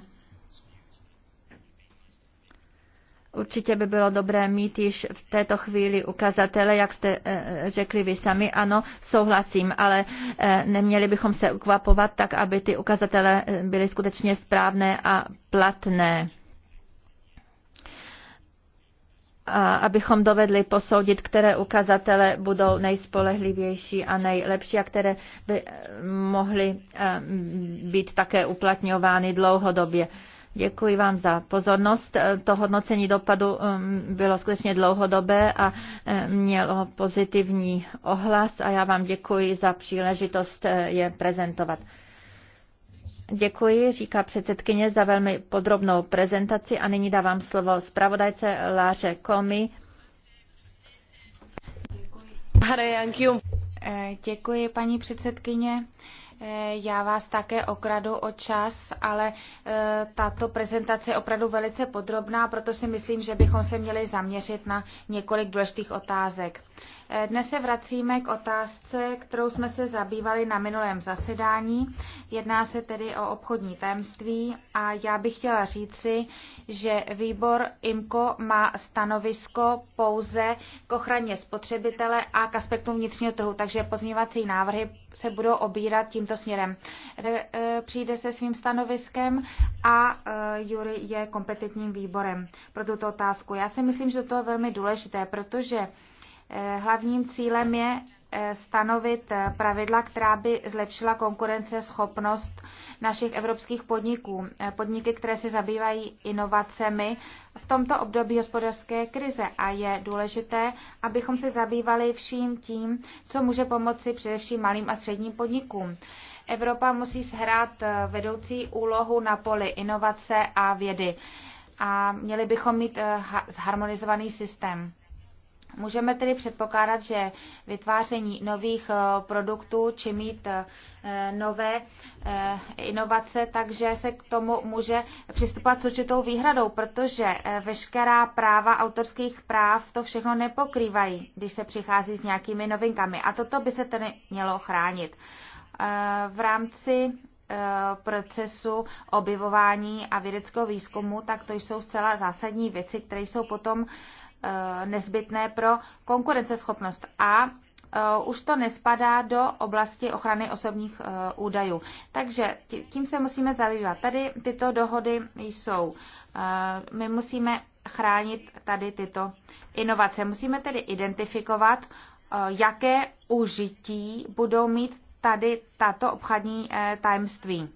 Určitě by bylo dobré mít již v této chvíli ukazatele, jak jste eh, řekli vy sami. Ano, souhlasím, ale eh, neměli bychom se ukvapovat tak, aby ty ukazatele byly skutečně správné a platné a abychom dovedli posoudit, které ukazatele budou nejspolehlivější a nejlepší a které by eh, mohly eh, být také uplatňovány dlouhodobě. Děkuji vám za pozornost. Eh, to hodnocení dopadu bylo skutečně dlouhodobé a mělo pozitivní ohlas a já vám děkuji za příležitost je prezentovat. Děkuji, říká předsedkyně, za velmi podrobnou prezentaci a nyní dávám slovo zpravodajce Láře Komi. Děkuji. paní předsedkyně. Já vás také okradu o čas, ale eh, tato prezentace je opravdu velice podrobná, proto si myslím, že bychom se měli zaměřit na několik důležitých otázek. Dnes se vracíme k otázce, kterou jsme se zabývali na minulém zasedání. Jedná se tedy o obchodní tajemství a já bych chtěla říci, že výbor IMCO má stanovisko pouze k ochraně spotřebitele a k aspektu vnitřního trhu, takže pozměňovací návrhy se budou obírat tímto směrem. E, přijde se svým stanoviskem a e, Jury je kompetentním výborem pro tuto otázku. Já si myslím, že to je velmi důležité, protože Eh, hlavním cílem je eh, stanovit eh, pravidla, která by zlepšila konkurenceschopnost našich evropských podniků. Podniky, které se zabývají inovacemi v tomto období hospodářské krize a je důležité, abychom se zabývali vším tím, co může pomoci především malým a středním podnikům. Evropa musí shrát vedoucí úlohu na poli inovace a vědy a měli bychom mít zharmonizovaný systém. Můžeme tedy předpokládat, že vytváření nových eh, produktů či mít eh, nové eh, inovace, takže se k tomu může přistupovat s určitou výhradou, protože veškerá práva autorských práv to všechno nepokrývají, když se přichází s nějakými novinkami. A toto by se tedy mělo chránit. V rámci procesu objevování a vědeckého výzkumu, tak to jsou zcela zásadní věci, které jsou potom Eh, nezbytné pro konkurenceschopnost. A eh, už to nespadá do oblasti ochrany osobních eh, údajů. Takže tím se musíme zabývat. Tady tyto dohody jsou. My musíme chránit tady tyto inovace. Musíme tedy identifikovat, jaké užití budou mít tady tato obchodní tajemství.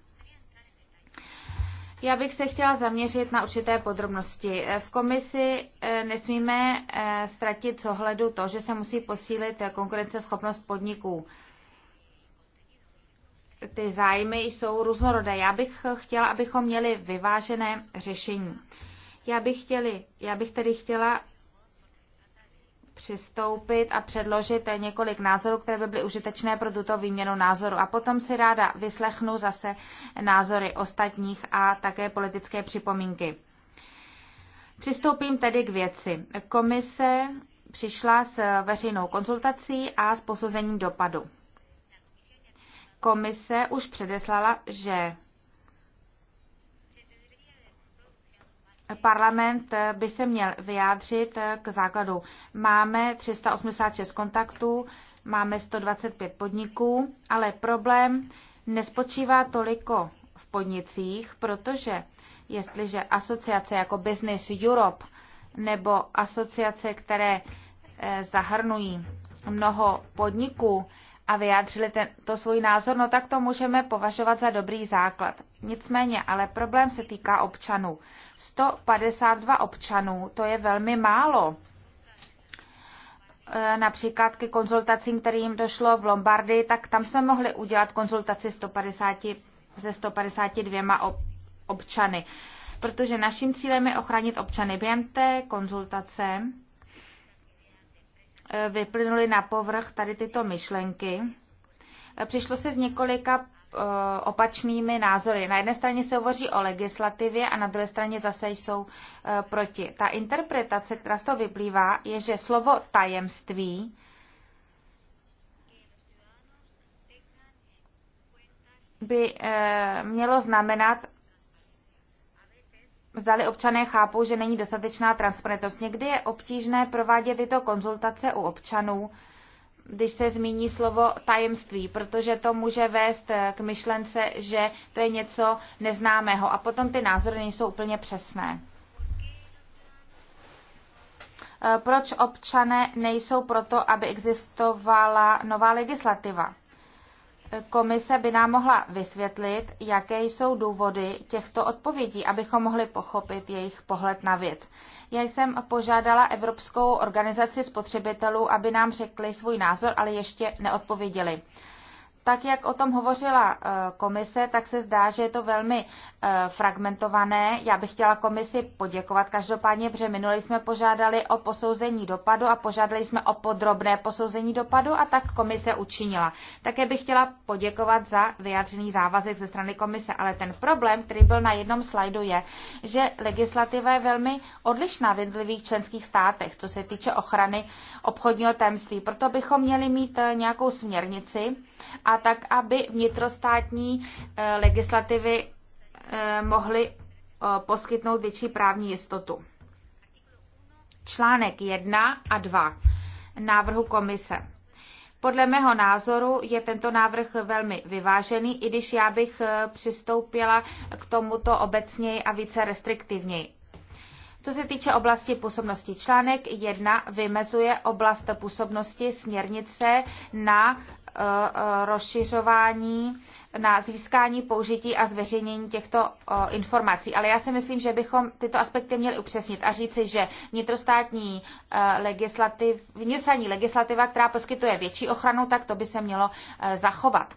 Já bych se chtěla zaměřit na určité podrobnosti. Eh, v komisi eh, nesmíme eh, ztratit z ohledu to, že se musí posílit konkurenceschopnost podniků. Ty zájmy jsou různorodé. Já bych chtěla, abychom měli vyvážené řešení. Já bych, chtěli, já bych tedy chtěla přistoupit a předložit několik názorů, které by byly užitečné pro tuto výměnu názoru. A potom si ráda vyslechnu zase názory ostatních a také politické připomínky. Přistoupím tedy k věci. Komise přišla s veřejnou konzultací a s posouzením dopadu. Komise už předeslala, že Parlament by se měl vyjádřit k základu. Máme 386 kontaktů, máme 125 podniků, ale problém nespočívá toliko v podnicích, protože jestliže asociace jako Business Europe nebo asociace, které eh, zahrnují mnoho podniků, a vyjádřili ten to svůj názor, no tak to můžeme považovat za dobrý základ. Nicméně, ale problém se týká občanů. 152 občanů, to je velmi málo. E, například ke konzultacím, kterým došlo v Lombardii, tak tam jsme mohli udělat konzultaci 150, se 152 občany. Protože naším cílem je ochránit občany během té konzultace. Eh, vyplynuly na povrch tady tyto myšlenky. Eh, přišlo se s několika eh, opačnými názory. Na jedné straně se hovoří o legislativě a na druhé straně zase jsou proti. Ta interpretace, která z toho vyplývá, je, že slovo tajemství by mělo znamenat, zdali občané chápou, že není dostatečná transparentnost. Někdy je obtížné provádět tyto konzultace u občanů, když se zmíní slovo tajemství, protože to může vést eh, k myšlence, že to je něco neznámého a potom ty názory nejsou úplně přesné. Eh, proč občané nejsou proto, aby existovala nová legislativa? Komise by nám mohla vysvětlit, jaké jsou důvody těchto odpovědí, abychom mohli pochopit jejich pohled na věc. Já jsem požádala Evropskou organizaci spotřebitelů, aby nám řekli svůj názor, ale ještě neodpověděli tak jak o tom hovořila eh, komise, tak se zdá, že je to velmi eh, fragmentované. Já bych chtěla komisi poděkovat každopádně, protože minule jsme požádali o posouzení dopadu a požádali jsme o podrobné posouzení dopadu a tak komise učinila. Také bych chtěla poděkovat za vyjádřený závazek ze strany komise, ale ten problém, který byl na jednom slajdu, je, že legislativa je velmi odlišná v jednotlivých členských státech, co se týče ochrany obchodního tajemství. Proto bychom měli mít eh, nějakou směrnici a a tak, aby vnitrostátní eh, legislativy eh, mohly eh, poskytnout větší právní jistotu. Článek 1 a 2 návrhu komise. Podle mého názoru je tento návrh velmi vyvážený, i když já bych přistoupila k tomuto obecněji a více restriktivněji. Co se týče oblasti působnosti, článek 1 vymezuje oblast působnosti směrnice na Eh, rozšiřování na získání, použití a zveřejnění těchto eh, informací. Ale já si myslím, že bychom tyto aspekty měli upřesnit a říci, že vnitrostátní eh, legislativ, vnitrostátní legislativa, která poskytuje větší ochranu, tak to by se mělo zachovat.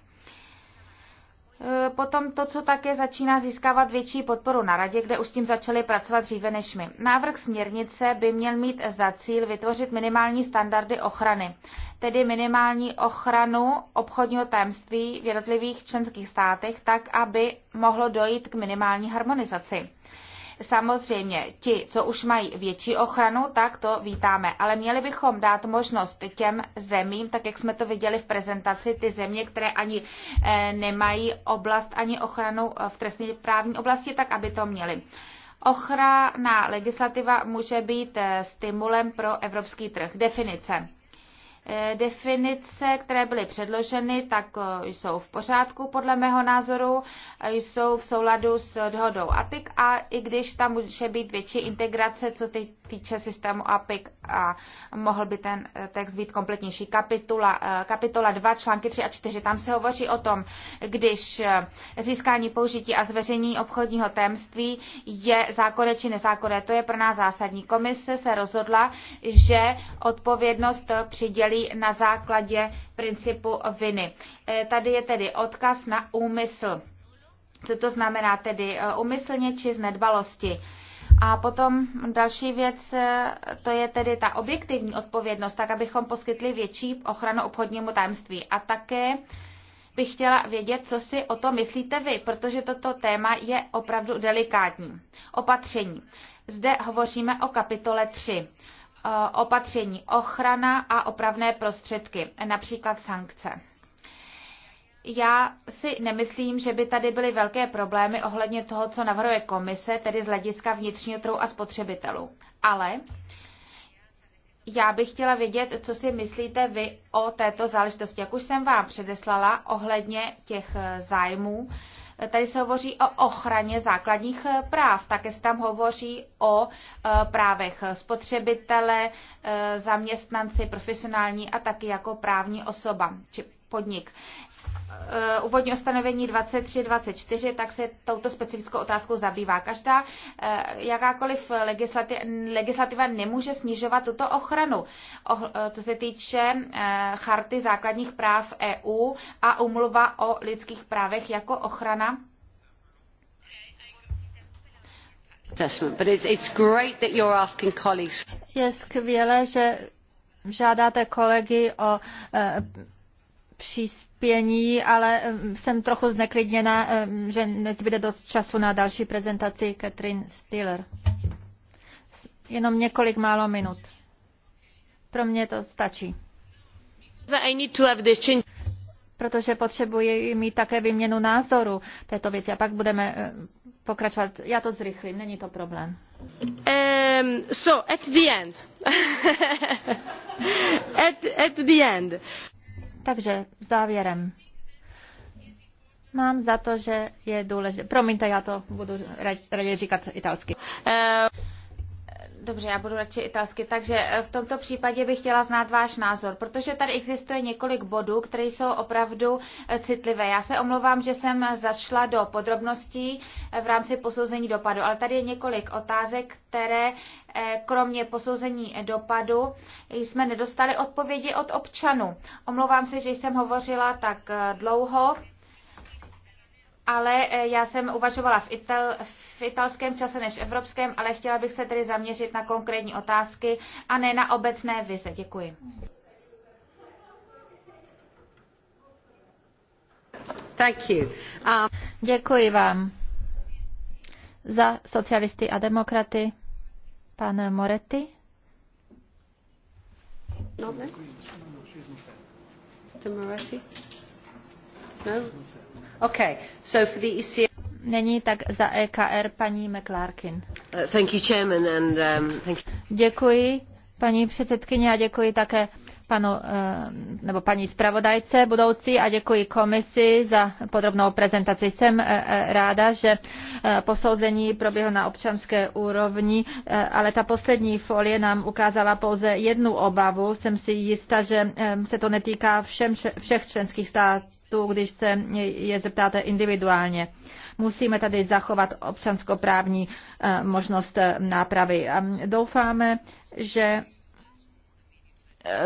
Eh, potom to, co také začíná získávat větší podporu na radě, kde už s tím začali pracovat dříve než my. Návrh směrnice by měl mít za cíl vytvořit minimální standardy ochrany, tedy minimální ochranu obchodního tajemství v jednotlivých členských státech, tak aby mohlo dojít k minimální harmonizaci. Samozřejmě ti, co už mají větší ochranu, tak to vítáme, ale měli bychom dát možnost těm zemím, tak jak jsme to viděli v prezentaci, ty země, které ani eh, nemají oblast ani ochranu eh, v trestní právní oblasti, tak aby to měli. Ochrana legislativa může být eh, stimulem pro evropský trh. Definice. Eh, definice, které byly předloženy, tak eh, jsou v pořádku podle mého názoru, eh, jsou v souladu s dohodou APIC a i když tam může být větší integrace, co týče systému APIC a mohl by ten eh, text být kompletnější. Kapitula, eh, kapitola 2, články 3 a 4, tam se hovoří o tom, když eh, získání použití a zveřejnění obchodního témství je zákonné či nezákonné. To je pro nás zásadní. Komise se rozhodla, že odpovědnost přidělí na základě principu viny. Tady je tedy odkaz na úmysl. Co to znamená tedy umyslně či z nedbalosti? A potom další věc, to je tedy ta objektivní odpovědnost, tak abychom poskytli větší ochranu obchodnímu tajemství. A také bych chtěla vědět, co si o tom myslíte vy, protože toto téma je opravdu delikátní. Opatření. Zde hovoříme o kapitole 3. Opatření ochrana a opravné prostředky, například sankce já si nemyslím, že by tady byly velké problémy ohledně toho, co navrhuje komise, tedy z hlediska vnitřního trhu a spotřebitelů. Ale já bych chtěla vědět, co si myslíte vy o této záležitosti. Jak už jsem vám předeslala ohledně těch zájmů, tady se hovoří o ochraně základních práv, také se tam hovoří o e, právech spotřebitele, e, zaměstnanci, profesionální a taky jako právní osoba či podnik. Eh, úvodní ustanovení 23-24, tak se touto specifickou otázkou zabývá. Každá eh, jakákoliv legislativa nemůže snižovat tuto ochranu, eh, co se týče charty základních práv EU a umluva o lidských právech jako ochrana je skvělé, že žádáte kolegy o příspění, ale mm, jsem trochu zneklidněna, mm, že nezbyde dost času na další prezentaci Katrin Stiller. Jenom několik málo minut. Pro mě to stačí. Protože potřebuji mít také výměnu názoru této věci a pak budeme eh, pokračovat. Já to zrychlím, není to problém. Um, so, at the end. at, at the end. Takže závěrem. Mám za to, že je důležité. Promiňte, já to budu raději říkat italsky. Eh, Dobře, já budu radši italsky. Takže eh, v tomto případě bych chtěla znát váš názor, protože tady existuje několik bodů, které jsou opravdu eh, citlivé. Já se omlouvám, že jsem eh, zašla do podrobností v rámci posouzení dopadu, ale tady je několik otázek, které kromě posouzení dopadu jsme nedostali odpovědi od občanů. Omlouvám se, že jsem hovořila tak dlouho ale e, já jsem uvažovala v, ital, v italském čase než evropském, ale chtěla bych se tedy zaměřit na konkrétní otázky a ne na obecné vize. Děkuji. Thank you. Um... Děkuji vám. Za socialisty a demokraty pan Moretti. No, Mr. Moretti? No? E Není tak za EKR paní McClarkin. Um, děkuji, paní předsedkyně, a děkuji také panu eh, nebo paní zpravodajce budoucí a děkuji komisi za podrobnou prezentaci. Jsem eh, eh, ráda, že posouzení proběhlo na občanské úrovni, ale ta poslední folie nám ukázala pouze jednu obavu. Jsem si jistá, že se to netýká všem, všech členských států, když se je zeptáte individuálně musíme tady zachovat občanskoprávní možnost nápravy. A doufáme, že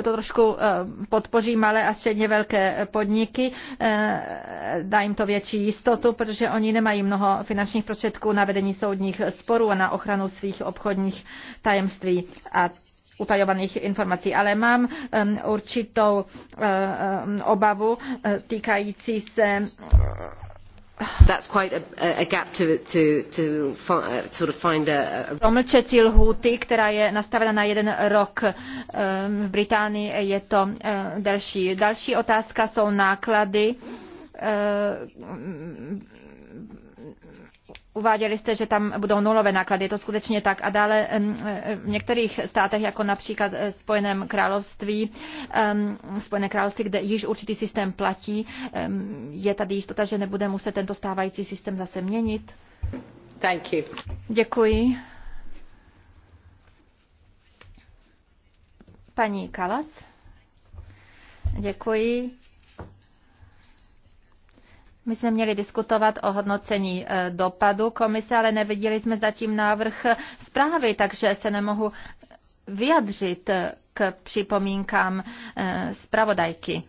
to trošku eh, podpoří malé a středně velké podniky, eh, dá jim to větší jistotu, protože oni nemají mnoho finančních prostředků na vedení soudních sporů a na ochranu svých obchodních tajemství a utajovaných informací. Ale mám určitou eh, obavu týkající se That's quite a, a gap to, to, to uh, sort of find a... Promlčecí lhůty, která je nastavena na jeden rok um, v Británii, je to uh, další. Další otázka jsou náklady uh, Uváděli jste, že tam budou nulové náklady, je to skutečně tak. A dále v některých státech, jako například eh, Spojeném království, Spojené království, kde již určitý systém platí, je tady jistota, že nebude muset tento stávající systém zase měnit? Thank you. Děkuji. Paní Kalas. Děkuji. My jsme měli diskutovat o hodnocení e, dopadu komise, ale neviděli jsme zatím návrh zprávy, takže se nemohu vyjadřit e, k připomínkám e, zpravodajky.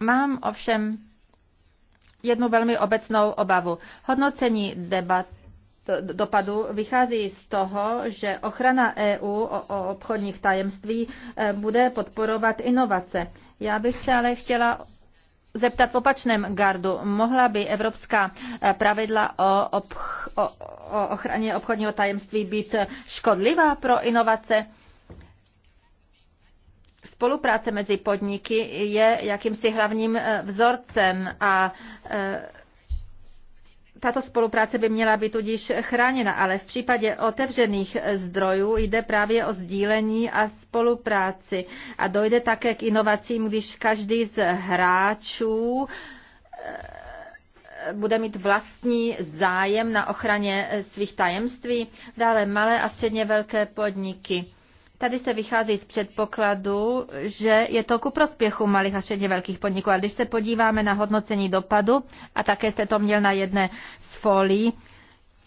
Mám ovšem jednu velmi obecnou obavu. Hodnocení debat dopadu vychází z toho, že ochrana EU o obchodních tajemství bude podporovat inovace. Já bych se ale chtěla zeptat v opačném gardu. Mohla by evropská eh, pravidla o, obch, o, o ochraně obchodního tajemství být škodlivá pro inovace? Spolupráce mezi podniky je jakýmsi hlavním eh, vzorcem a eh, tato spolupráce by měla být tudíž chráněna, ale v případě otevřených zdrojů jde právě o sdílení a spolupráci a dojde také k inovacím, když každý z hráčů eh, bude mít vlastní zájem na ochraně svých tajemství. Dále malé a středně velké podniky. Tady se vychází z předpokladu, že je to ku prospěchu malých a středně velkých podniků. A když se podíváme na hodnocení dopadu, a také jste to měl na jedné z folí,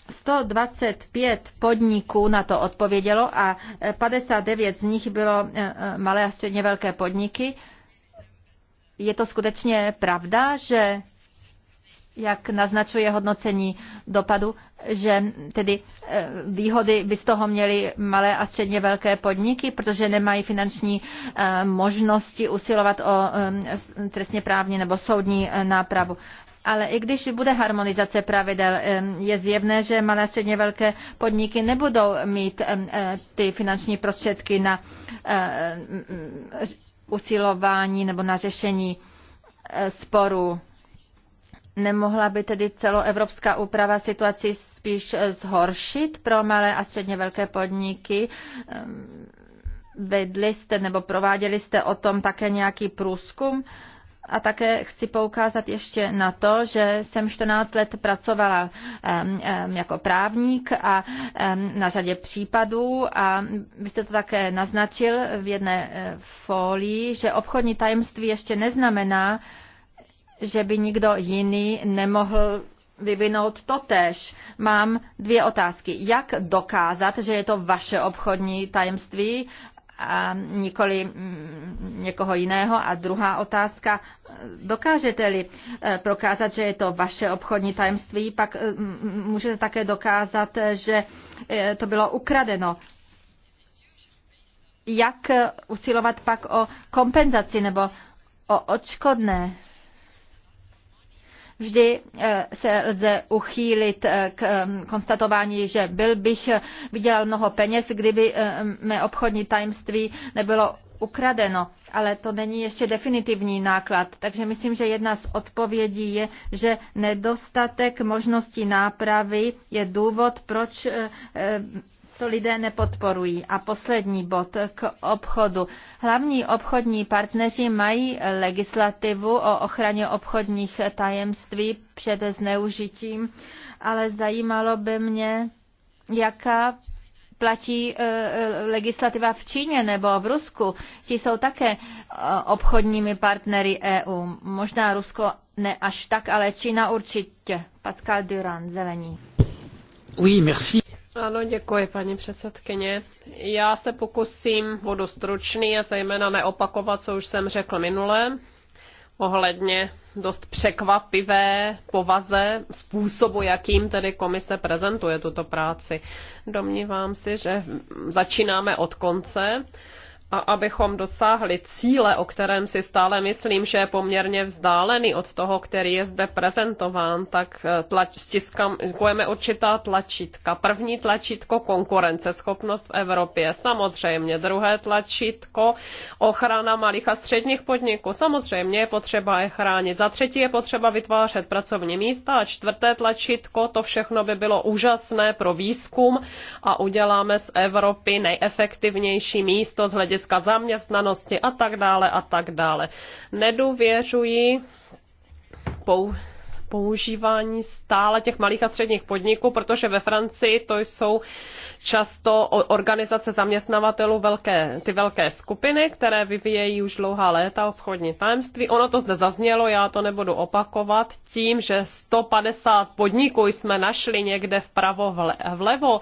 125 podniků na to odpovědělo a 59 z nich bylo eh, eh, malé a středně velké podniky. Je to skutečně pravda, že jak naznačuje hodnocení dopadu, že tedy eh, výhody by z toho měly malé a středně velké podniky, protože nemají finanční eh, možnosti usilovat o eh, trestně právní nebo soudní nápravu. Ale i když bude harmonizace pravidel, je zjevné, že malé a středně velké podniky nebudou mít ty finanční prostředky na usilování nebo na řešení sporů Nemohla by tedy celoevropská úprava situaci spíš zhoršit pro malé a středně velké podniky? Ehm, vedli jste nebo prováděli jste o tom také nějaký průzkum? A také chci poukázat ještě na to, že jsem 14 let pracovala ehm, ehm, jako právník a na řadě případů a vy jste to také naznačil v jedné eh, folii, že obchodní tajemství ještě neznamená, že by nikdo jiný nemohl vyvinout tež. Mám dvě otázky. Jak dokázat, že je to vaše obchodní tajemství a nikoli mm, někoho jiného? A druhá otázka, dokážete-li eh, prokázat, že je to vaše obchodní tajemství, pak eh, můžete také dokázat, že eh, to bylo ukradeno jak usilovat pak o kompenzaci nebo o odškodné. Vždy eh, se lze uchýlit eh, k eh, konstatování, že byl bych vydělal mnoho peněz, kdyby mé obchodní tajemství nebylo ukradeno, ale to není ještě definitivní náklad. Takže myslím, že jedna z odpovědí je, že nedostatek možností nápravy je důvod, proč to lidé nepodporují. A poslední bod k obchodu. Hlavní obchodní partneři mají legislativu o ochraně obchodních tajemství před zneužitím, ale zajímalo by mě, jaká platí e, e, legislativa v Číně nebo v Rusku. Ti jsou také e, obchodními partnery EU. Možná Rusko ne až tak, ale Čína určitě. Pascal Durand, zelení. Oui, merci. Ano, děkuji, paní předsedkyně. Já se pokusím, budu stručný a zejména neopakovat, co už jsem řekl minule, ohledně dost překvapivé povaze způsobu, jakým tedy komise prezentuje tuto práci. Domnívám si, že začínáme od konce a abychom dosáhli cíle, o kterém si stále myslím, že je poměrně vzdálený od toho, který je zde prezentován, tak eh, tlač, stiskám, kujeme určitá tlačítka. První tlačítko konkurenceschopnost v Evropě, samozřejmě. Druhé tlačítko ochrana malých a středních podniků, samozřejmě je potřeba je chránit. Za třetí je potřeba vytvářet pracovní místa a čtvrté tlačítko, to všechno by bylo úžasné pro výzkum a uděláme z Evropy nejefektivnější místo z hlediska hlediska zaměstnanosti a tak dále a tak dále. Nedůvěřují pou, používání stále těch malých a středních podniků, protože ve Francii to jsou často organizace zaměstnavatelů, velké, ty velké skupiny, které vyvíjejí už dlouhá léta obchodní tajemství. Ono to zde zaznělo, já to nebudu opakovat. Tím, že 150 podniků jsme našli někde vpravo vlevo,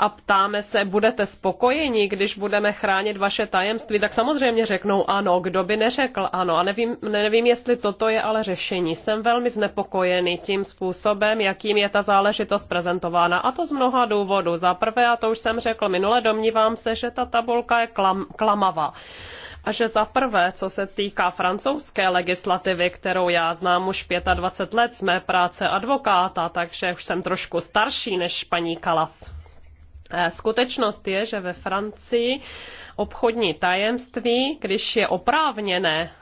a ptáme se, budete spokojeni, když budeme chránit vaše tajemství, tak samozřejmě řeknou ano, kdo by neřekl ano. A nevím, nevím, jestli toto je ale řešení. Jsem velmi znepokojený tím způsobem, jakým je ta záležitost prezentována. A to z mnoha důvodů. Za prvé, a to už jsem řekl minule, domnívám se, že ta tabulka je klam, klamavá a že za prvé, co se týká francouzské legislativy, kterou já znám už 25 let z mé práce advokáta, takže už jsem trošku starší než paní Kalas. Eh, skutečnost je, že ve Francii obchodní tajemství, když je oprávněné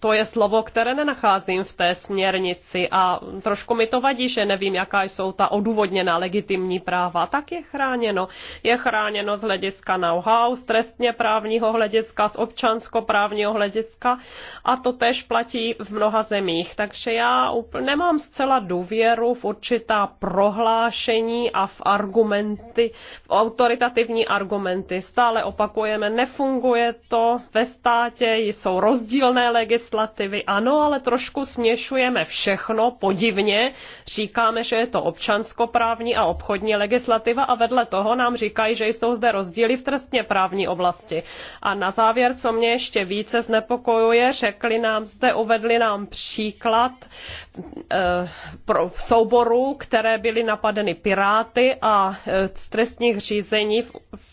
to je slovo, které nenacházím v té směrnici a trošku mi to vadí, že nevím, jaká jsou ta odůvodněná legitimní práva. Tak je chráněno. Je chráněno z hlediska know-how, z trestně právního hlediska, z občanskoprávního hlediska a to tež platí v mnoha zemích. Takže já úplně nemám zcela důvěru v určitá prohlášení a v argumenty, v autoritativní argumenty. Stále opakujeme, nefunguje to ve státě, jsou rozdílné legislativy, legislativy. Ano, ale trošku směšujeme všechno podivně. Říkáme, že je to občanskoprávní a obchodní legislativa a vedle toho nám říkají, že jsou zde rozdíly v trestně právní oblasti. A na závěr, co mě ještě více znepokojuje, řekli nám zde, uvedli nám příklad e, pro souborů, které byly napadeny piráty a e, z trestních řízení v, v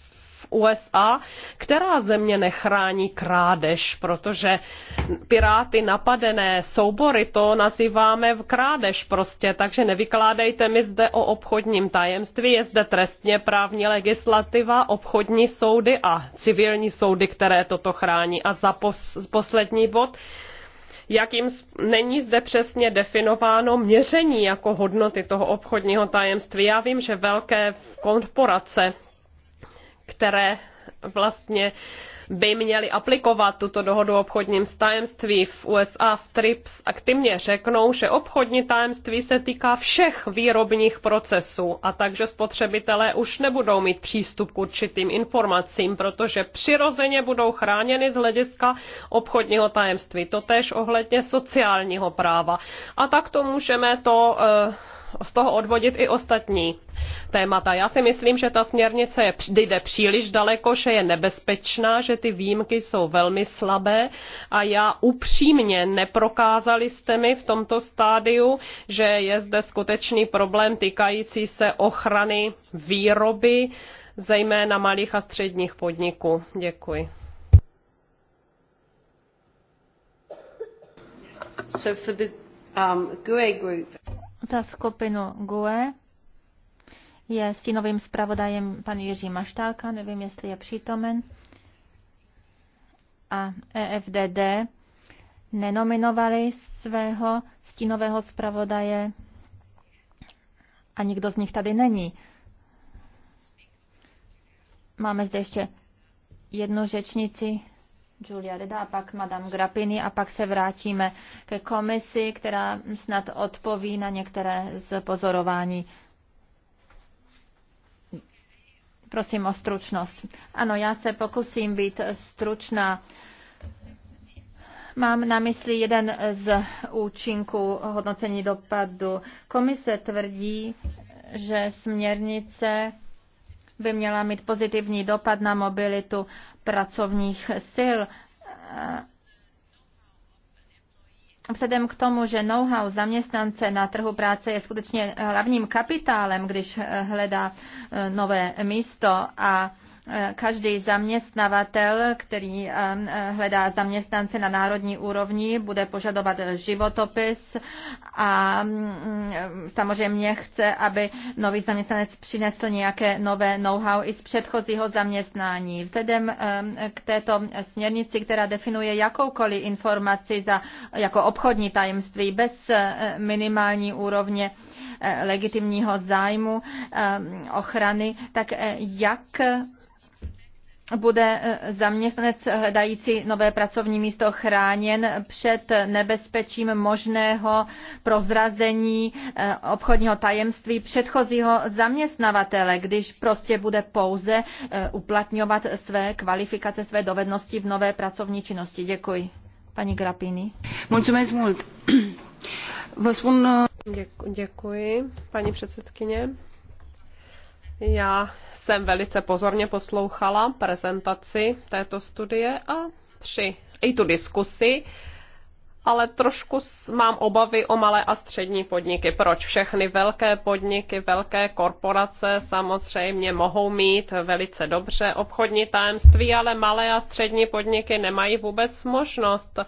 USA, která země nechrání krádež, protože piráty napadené soubory, to nazýváme v krádež prostě, takže nevykládejte mi zde o obchodním tajemství, je zde trestně právní legislativa, obchodní soudy a civilní soudy, které toto chrání. A za pos- poslední bod, jakým není zde přesně definováno měření jako hodnoty toho obchodního tajemství. Já vím, že velké korporace které vlastně by měli aplikovat tuto dohodu o obchodním tajemství v USA v TRIPS aktivně řeknou, že obchodní tajemství se týká všech výrobních procesů a takže spotřebitelé už nebudou mít přístup k určitým informacím, protože přirozeně budou chráněny z hlediska obchodního tajemství, totéž ohledně sociálního práva. A tak to můžeme to uh, z toho odvodit i ostatní témata. Já si myslím, že ta směrnice je, jde příliš daleko, že je nebezpečná, že ty výjimky jsou velmi slabé a já upřímně neprokázali jste mi v tomto stádiu, že je zde skutečný problém týkající se ochrany výroby, zejména malých a středních podniků. Děkuji. So for the um, GUE group. Za skupinu GUE je stínovým zpravodajem pan Jiří Maštálka, nevím, jestli je přítomen. A EFDD nenominovali svého stínového zpravodaje a nikdo z nich tady není. Máme zde ještě jednu řečnici Julia Reda a pak Madame Grapini a pak se vrátíme ke komisi, která snad odpoví na některé z pozorování. Prosím o stručnost. Ano, já se pokusím být stručná. Mám na mysli jeden z účinků hodnocení dopadu. Komise tvrdí, že směrnice by měla mít pozitivní dopad na mobilitu pracovních sil. Vzhledem k tomu, že know-how zaměstnance na trhu práce je skutečně hlavním kapitálem, když hledá eh, nové místo a Eh, každý zaměstnavatel, který eh, hledá zaměstnance na národní úrovni, bude požadovat životopis a mm, samozřejmě chce, aby nový zaměstnanec přinesl nějaké nové know-how i z předchozího zaměstnání. Vzhledem eh, k této směrnici, která definuje jakoukoliv informaci za, jako obchodní tajemství bez minimální úrovně legitimního zájmu ochrany, tak jak bude e, zaměstnanec hledající nové pracovní místo chráněn před nebezpečím možného prozrazení e, obchodního tajemství předchozího zaměstnavatele, když prostě bude pouze e, uplatňovat své kvalifikace, své dovednosti v nové pracovní činnosti. Děkuji. Paní Grapini. Mulțumesc mult. Vă spun... Děkuji, paní předsedkyně. Já jsem velice pozorně poslouchala prezentaci této studie a při i tu diskusi, ale trošku mám obavy o malé a střední podniky. Proč všechny velké podniky, velké korporace samozřejmě mohou mít velice dobře obchodní tajemství, ale malé a střední podniky nemají vůbec možnost uh,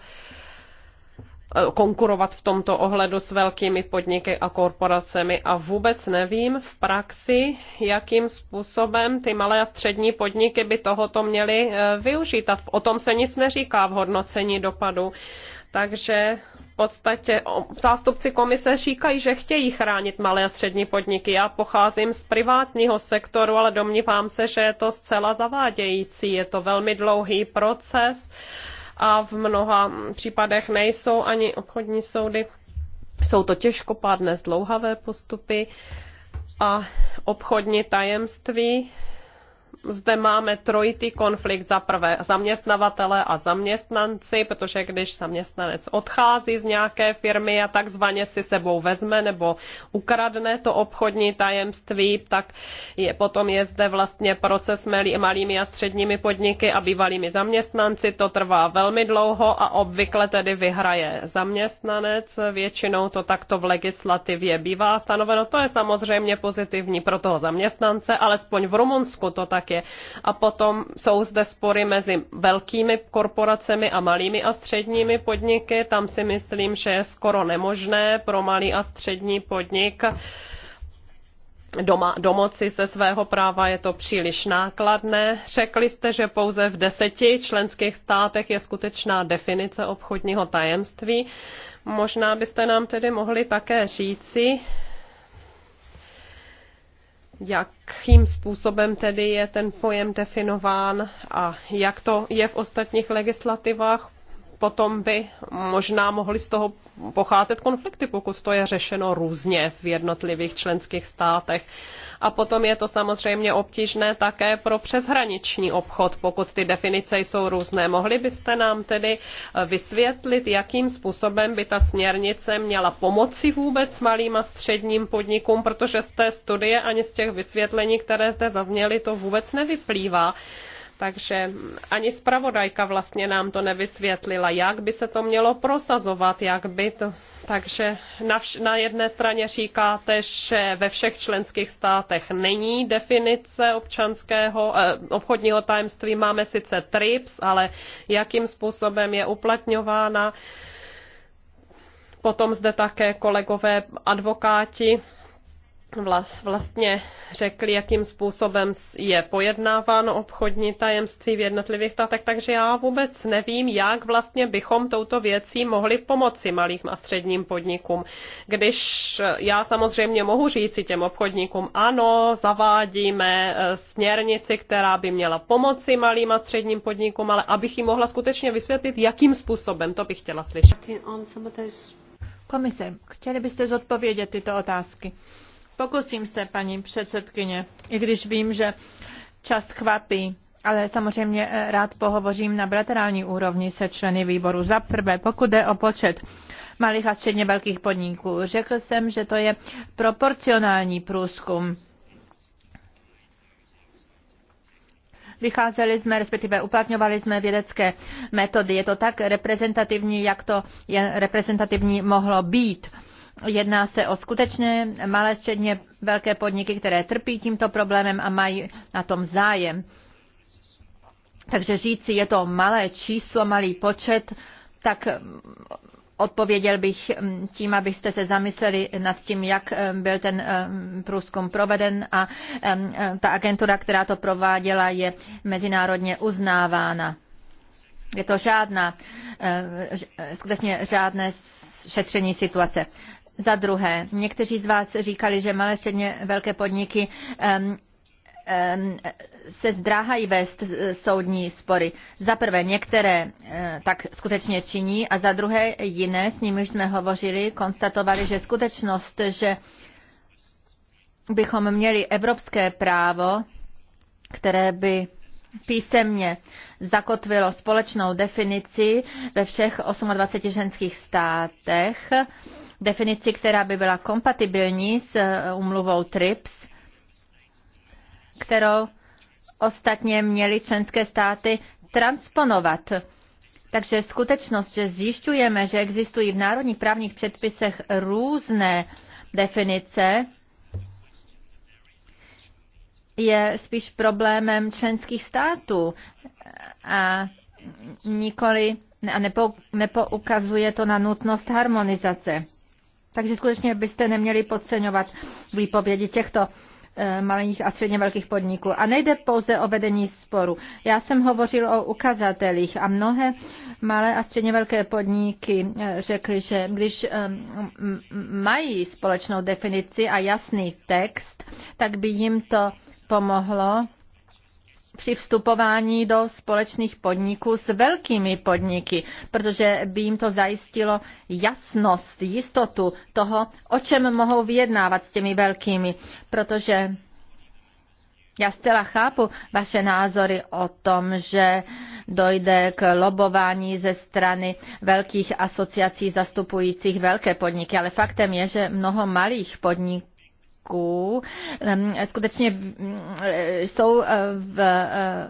Eh, konkurovat v tomto ohledu s velkými podniky a korporacemi a vůbec nevím v praxi, jakým způsobem ty malé a střední podniky by tohoto měly eh, využít. A o tom se nic neříká v hodnocení dopadu. Takže v podstatě zástupci komise říkají, že chtějí chránit malé a střední podniky. Já pocházím z privátního sektoru, ale domnívám se, že je to zcela zavádějící. Je to velmi dlouhý proces a v mnoha případech nejsou ani obchodní soudy. Jsou to těžkopádné, zdlouhavé postupy a obchodní tajemství zde máme trojitý konflikt za prvé zaměstnavatele a zaměstnanci, protože když zaměstnanec odchází z nějaké firmy a takzvaně si sebou vezme nebo ukradne to obchodní tajemství, tak je, potom je zde vlastně proces mezi malými a středními podniky a bývalými zaměstnanci. To trvá velmi dlouho a obvykle tedy vyhraje zaměstnanec. Většinou to takto v legislativě bývá stanoveno. To je samozřejmě pozitivní pro toho zaměstnance, alespoň v Rumunsku to tak světě. A potom jsou zde spory mezi velkými korporacemi a malými a středními podniky. Tam si myslím, že je skoro nemožné pro malý a střední podnik doma, domoci se svého práva je to příliš nákladné. Řekli jste, že pouze v deseti členských státech je skutečná definice obchodního tajemství. Možná byste nám tedy mohli také říci, jakým způsobem tedy je ten pojem definován a jak to je v ostatních legislativách potom by možná mohly z toho pocházet konflikty, pokud to je řešeno různě v jednotlivých členských státech. A potom je to samozřejmě obtížné také pro přeshraniční obchod, pokud ty definice jsou různé. Mohli byste nám tedy eh, vysvětlit, jakým způsobem by ta směrnice měla pomoci vůbec malým a středním podnikům, protože z té studie ani z těch vysvětlení, které zde zazněly, to vůbec nevyplývá. Takže ani zpravodajka vlastně nám to nevysvětlila, jak by se to mělo prosazovat, jak by to... Takže na, vš- na jedné straně říkáte, že ve všech členských státech není definice občanského eh, obchodního tajemství. Máme sice TRIPS, ale jakým způsobem je uplatňována. Potom zde také kolegové advokáti vlastně řekli, jakým způsobem je pojednáváno obchodní tajemství v jednotlivých státech, takže já vůbec nevím, jak vlastně bychom touto věcí mohli pomoci malým a středním podnikům. Když já samozřejmě mohu říci těm obchodníkům, ano, zavádíme eh, směrnici, která by měla pomoci malým a středním podnikům, ale abych jim mohla skutečně vysvětlit, jakým způsobem, to bych chtěla slyšet. Komise, chtěli byste zodpovědět tyto otázky? Pokusím se, paní předsedkyně, i když vím, že čas kvapí, ale samozřejmě eh, rád pohovořím na bilaterální úrovni se členy výboru. Za prvé, pokud jde o počet malých a středně velkých podniků, řekl jsem, že to je proporcionální průzkum. vycházeli jsme, respektive uplatňovali jsme vědecké metody. Je to tak reprezentativní, jak to je reprezentativní mohlo být. Jedná se o skutečné malé, středně velké podniky, které trpí tímto problémem a mají na tom zájem. Takže říci, je to malé číslo, malý počet, tak odpověděl bych tím, abyste se zamysleli nad tím, jak eh, byl ten eh, průzkum proveden a eh, ta agentura, která to prováděla, je mezinárodně uznávána. Je to žádná, skutečně žádné šetření situace. Za druhé, někteří z vás říkali, že malé středně velké podniky se zdráhají vést soudní spory. Za prvé, některé eh, tak skutečně činí a za druhé jiné, s nimiž jsme hovořili, konstatovali, že skutečnost, že bychom měli evropské právo, které by písemně zakotvilo společnou definici ve všech 28 ženských státech, definici, která by byla kompatibilní s eh, umluvou TRIPS, kterou ostatně měly členské státy transponovat. Takže skutečnost, že zjišťujeme, že existují v národních právních předpisech různé definice, je spíš problémem členských států a nikoli a nepo, nepoukazuje to na nutnost harmonizace. Takže skutečně byste neměli podceňovat výpovědi těchto eh, malých a středně velkých podniků. A nejde pouze o vedení sporu. Já jsem hovořil o ukazatelích a mnohé malé a středně velké podniky eh, řekly, že když eh, mají společnou definici a jasný text, tak by jim to pomohlo při vstupování do společných podniků s velkými podniky, protože by jim to zajistilo jasnost, jistotu toho, o čem mohou vyjednávat s těmi velkými, protože já zcela chápu vaše názory o tom, že dojde k lobování ze strany velkých asociací zastupujících velké podniky, ale faktem je, že mnoho malých podniků Česku skutečně jsou eh, v eh,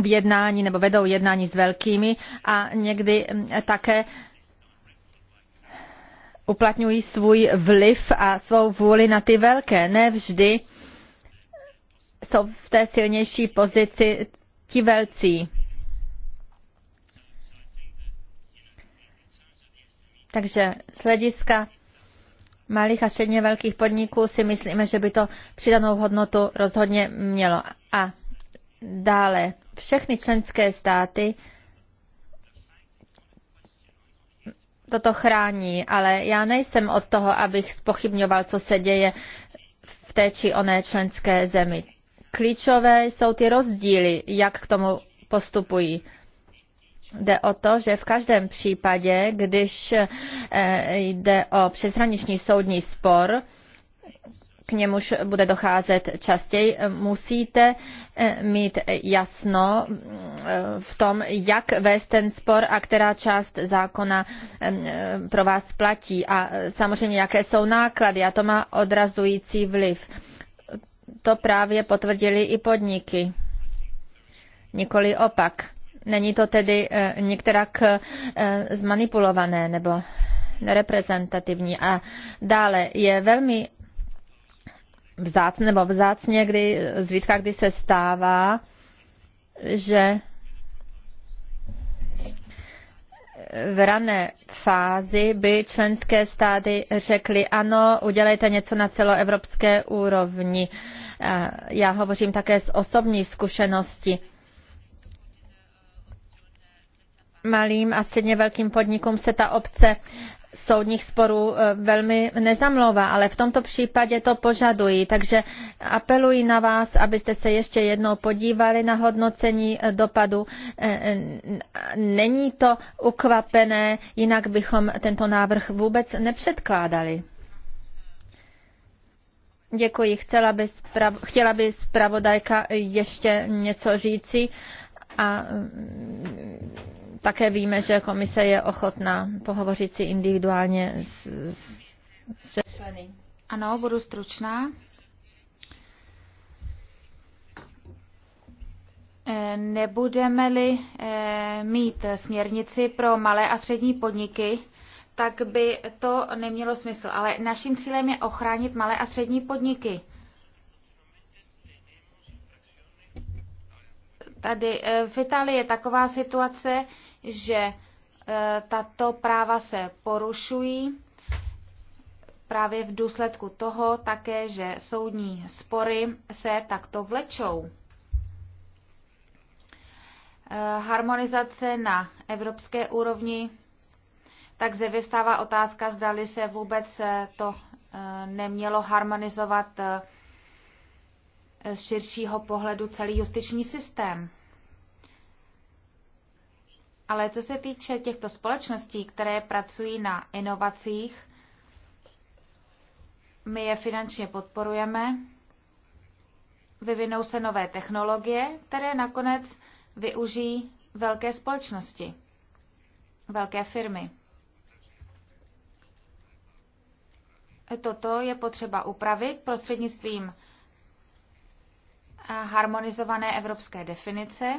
v jednání nebo vedou jednání s velkými a někdy také uplatňují svůj vliv a svou vůli na ty velké. Ne vždy jsou v té silnější pozici ti velcí. Takže z hlediska malých a středně velkých podniků si myslíme, že by to přidanou hodnotu rozhodně mělo. A dále všechny členské státy toto chrání, ale já nejsem od toho, abych spochybňoval, co se děje v té či oné členské zemi. Klíčové jsou ty rozdíly, jak k tomu postupují. Jde o to, že v každém případě, když eh, jde o přeshraniční soudní spor, k němuž bude docházet častěji, eh, musíte eh, mít jasno v tom, jak vést ten spor a která část zákona pro vás platí a samozřejmě, jaké jsou náklady a to má odrazující vliv. To právě potvrdili i podniky, nikoli opak. Není to tedy eh, některak eh, zmanipulované nebo reprezentativní. A dále je velmi vzácně, nebo vzácně, kdy, zřídka, kdy se stává, že v rané fázi by členské státy řekly ano, udělejte něco na celoevropské úrovni. Eh, já hovořím také z osobní zkušenosti. malým a středně velkým podnikům se ta obce soudních sporů e, velmi nezamlouvá, ale v tomto případě to požadují. Takže apeluji na vás, abyste se ještě jednou podívali na hodnocení e, dopadu. E, není to ukvapené, jinak bychom tento návrh vůbec nepředkládali. Děkuji. Chtěla by, sprav, chtěla by spravodajka ještě něco říci. A mm, také víme, že komise je ochotná pohovořit si individuálně s, s členy. Ano, budu stručná. E, nebudeme-li e, mít směrnici pro malé a střední podniky, tak by to nemělo smysl. Ale naším cílem je ochránit malé a střední podniky. Tady eh, v Itálii je taková situace, že eh, tato práva se porušují právě v důsledku toho také, že soudní spory se takto vlečou. Eh, harmonizace na evropské úrovni, tak se vystává otázka, zdali se vůbec to nemělo harmonizovat z širšího pohledu celý justiční systém. Ale co se týče těchto společností, které pracují na inovacích, my je finančně podporujeme, vyvinou se nové technologie, které nakonec využijí velké společnosti, velké firmy. Toto je potřeba upravit prostřednictvím harmonizované evropské definice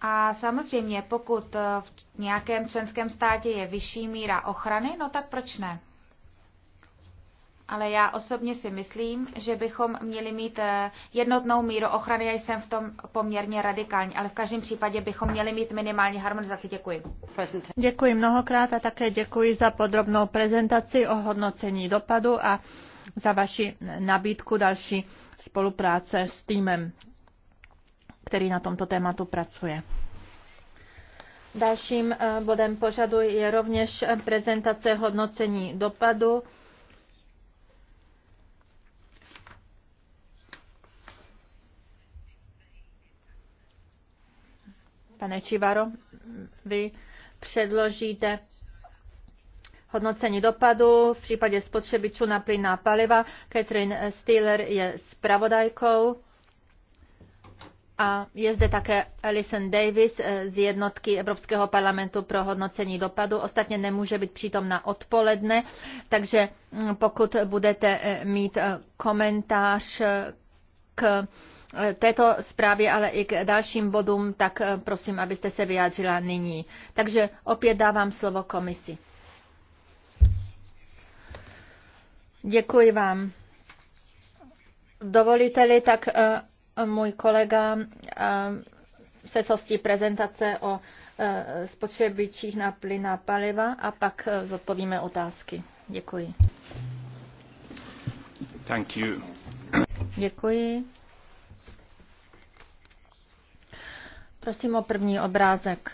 a samozřejmě, pokud eh, v nějakém členském státě je vyšší míra ochrany, no tak proč ne? Ale já osobně si myslím, že bychom měli mít eh, jednotnou míru ochrany. Já jsem v tom poměrně radikální, ale v každém případě bychom měli mít minimální harmonizaci. Děkuji. Děkuji mnohokrát a také děkuji za podrobnou prezentaci o hodnocení dopadu a za vaši nabídku další spolupráce s týmem který na tomto tématu pracuje. Dalším eh, bodem pořadu je rovněž prezentace hodnocení dopadu. Pane Čivaro, vy předložíte hodnocení dopadu v případě spotřebičů na plyn a paliva. Catherine Steeler je zpravodajkou. A je zde také Alison Davis eh, z jednotky Evropského parlamentu pro hodnocení dopadu. Ostatně nemůže být přítomna odpoledne, takže hm, pokud budete eh, mít eh, komentář k této zprávě, ale i k dalším bodům, tak prosím, abyste se vyjádřila nyní. Takže opět dávám slovo komisi. Děkuji vám. Dovolíte-li, tak můj kolega eh, se zhostí prezentace o eh, spotřebičích na plyn a paliva a pak eh, zodpovíme otázky. Děkuji. Thank you. Děkuji. Prosím o první obrázek.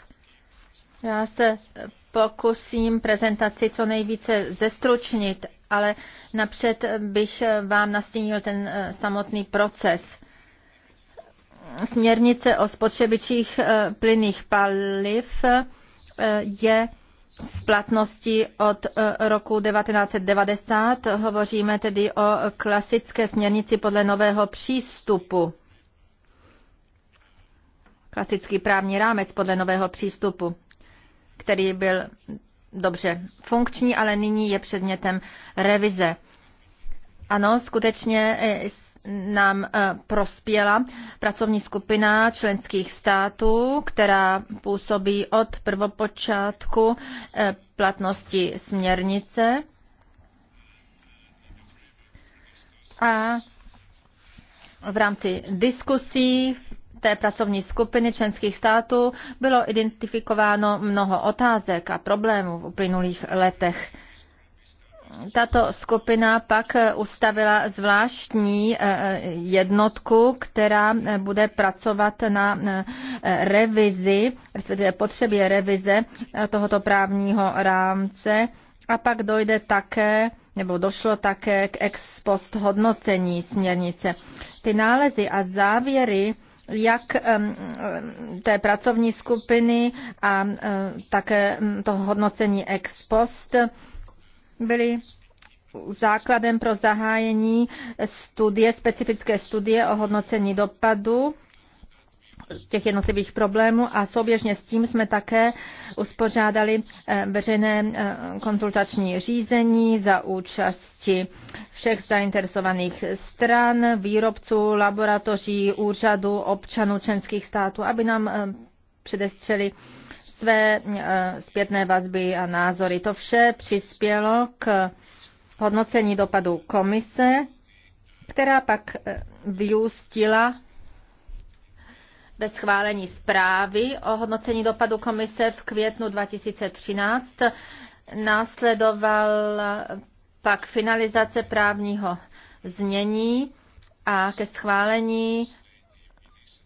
Já se pokusím prezentaci co nejvíce zestručnit, ale napřed bych vám nastínil ten samotný proces směrnice o spotřebičích eh, plynných paliv eh, je v platnosti od eh, roku 1990. Hovoříme tedy o klasické směrnici podle nového přístupu. Klasický právní rámec podle nového přístupu, který byl dobře funkční, ale nyní je předmětem revize. Ano, skutečně nám eh, prospěla pracovní skupina členských států, která působí od prvopočátku eh, platnosti směrnice. A v rámci diskusí té pracovní skupiny členských států bylo identifikováno mnoho otázek a problémů v uplynulých letech tato skupina pak eh, ustavila zvláštní eh, eh, jednotku, která bude pracovat na revizi, respektive potřebě revize tohoto právního rámce a pak dojde také, nebo došlo také k ex post hodnocení směrnice. Ty nálezy a závěry jak té pracovní skupiny a také toho hodnocení ex post byly základem pro zahájení studie, specifické studie o hodnocení dopadu těch jednotlivých problémů a souběžně s tím jsme také uspořádali eh, veřejné eh, konzultační řízení za účasti všech zainteresovaných stran, výrobců, laboratoří, úřadů, občanů členských států, aby nám eh, předestřeli své eh, zpětné vazby a názory. To vše přispělo k hodnocení dopadu komise, která pak eh, vyústila ve schválení zprávy o hodnocení dopadu komise v květnu 2013. Následoval pak finalizace právního znění a ke schválení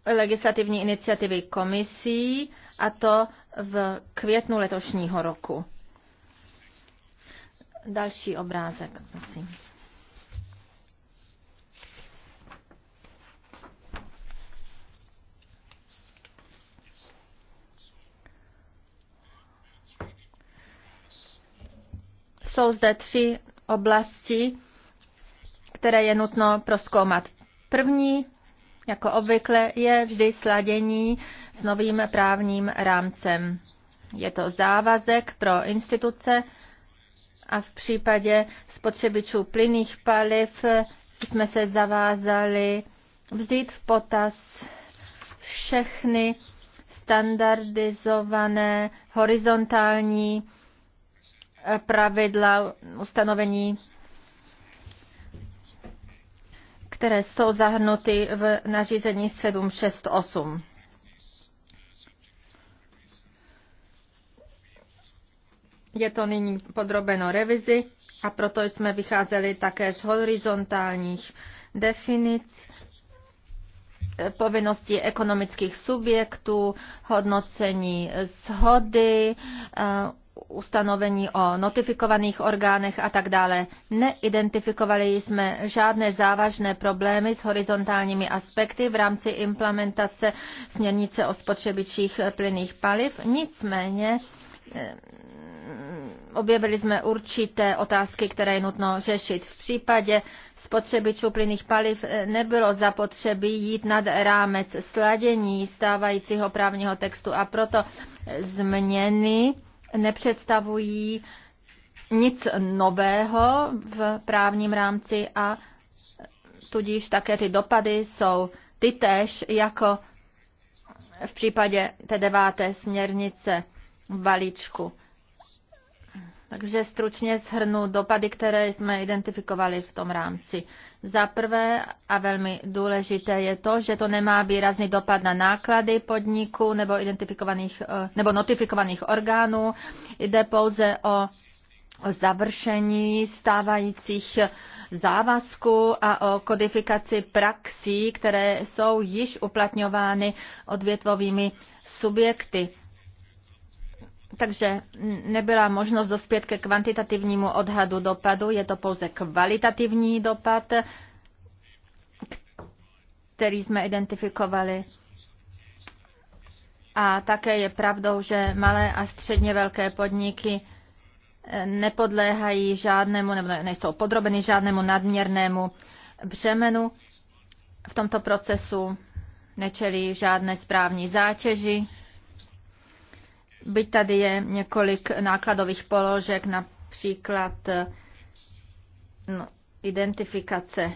legislativní iniciativy komisí a to v květnu letošního roku. Další obrázek, prosím. Jsou zde tři oblasti, které je nutno proskoumat. První jako obvykle, je vždy sladění s novým právním rámcem. Je to závazek pro instituce a v případě spotřebičů plynných paliv jsme se zavázali vzít v potaz všechny standardizované horizontální pravidla ustanovení které jsou zahrnuty v nařízení 768. Je to nyní podrobeno revizi a proto jsme vycházeli také z horizontálních definic povinnosti ekonomických subjektů, hodnocení shody, eh, ustanovení o notifikovaných orgánech a tak dále. Neidentifikovali jsme žádné závažné problémy s horizontálními aspekty v rámci implementace směrnice o spotřebičích plynných paliv. Nicméně eh, objevili jsme určité otázky, které je nutno řešit. V případě spotřebičů plynných paliv eh, nebylo zapotřebí jít nad rámec sladění stávajícího právního textu a proto změny nepředstavují nic nového v právním rámci a tudíž také ty dopady jsou ty tež jako v případě té deváté směrnice v balíčku. Takže stručně shrnu dopady, které jsme identifikovali v tom rámci. Za prvé a velmi důležité je to, že to nemá výrazný dopad na náklady podniku nebo, identifikovaných, eh, nebo notifikovaných orgánů. Jde pouze o završení stávajících závazků a o kodifikaci praxí, které jsou již uplatňovány odvětvovými subjekty takže nebyla možnost dospět ke kvantitativnímu odhadu dopadu, je to pouze kvalitativní dopad, který jsme identifikovali. A také je pravdou, že malé a středně velké podniky eh, nepodléhají žádnému nebo nejsou podrobeny žádnému nadměrnému břemenu v tomto procesu, nečelí žádné správní zátěži byť tady je několik nákladových položek, například no, identifikace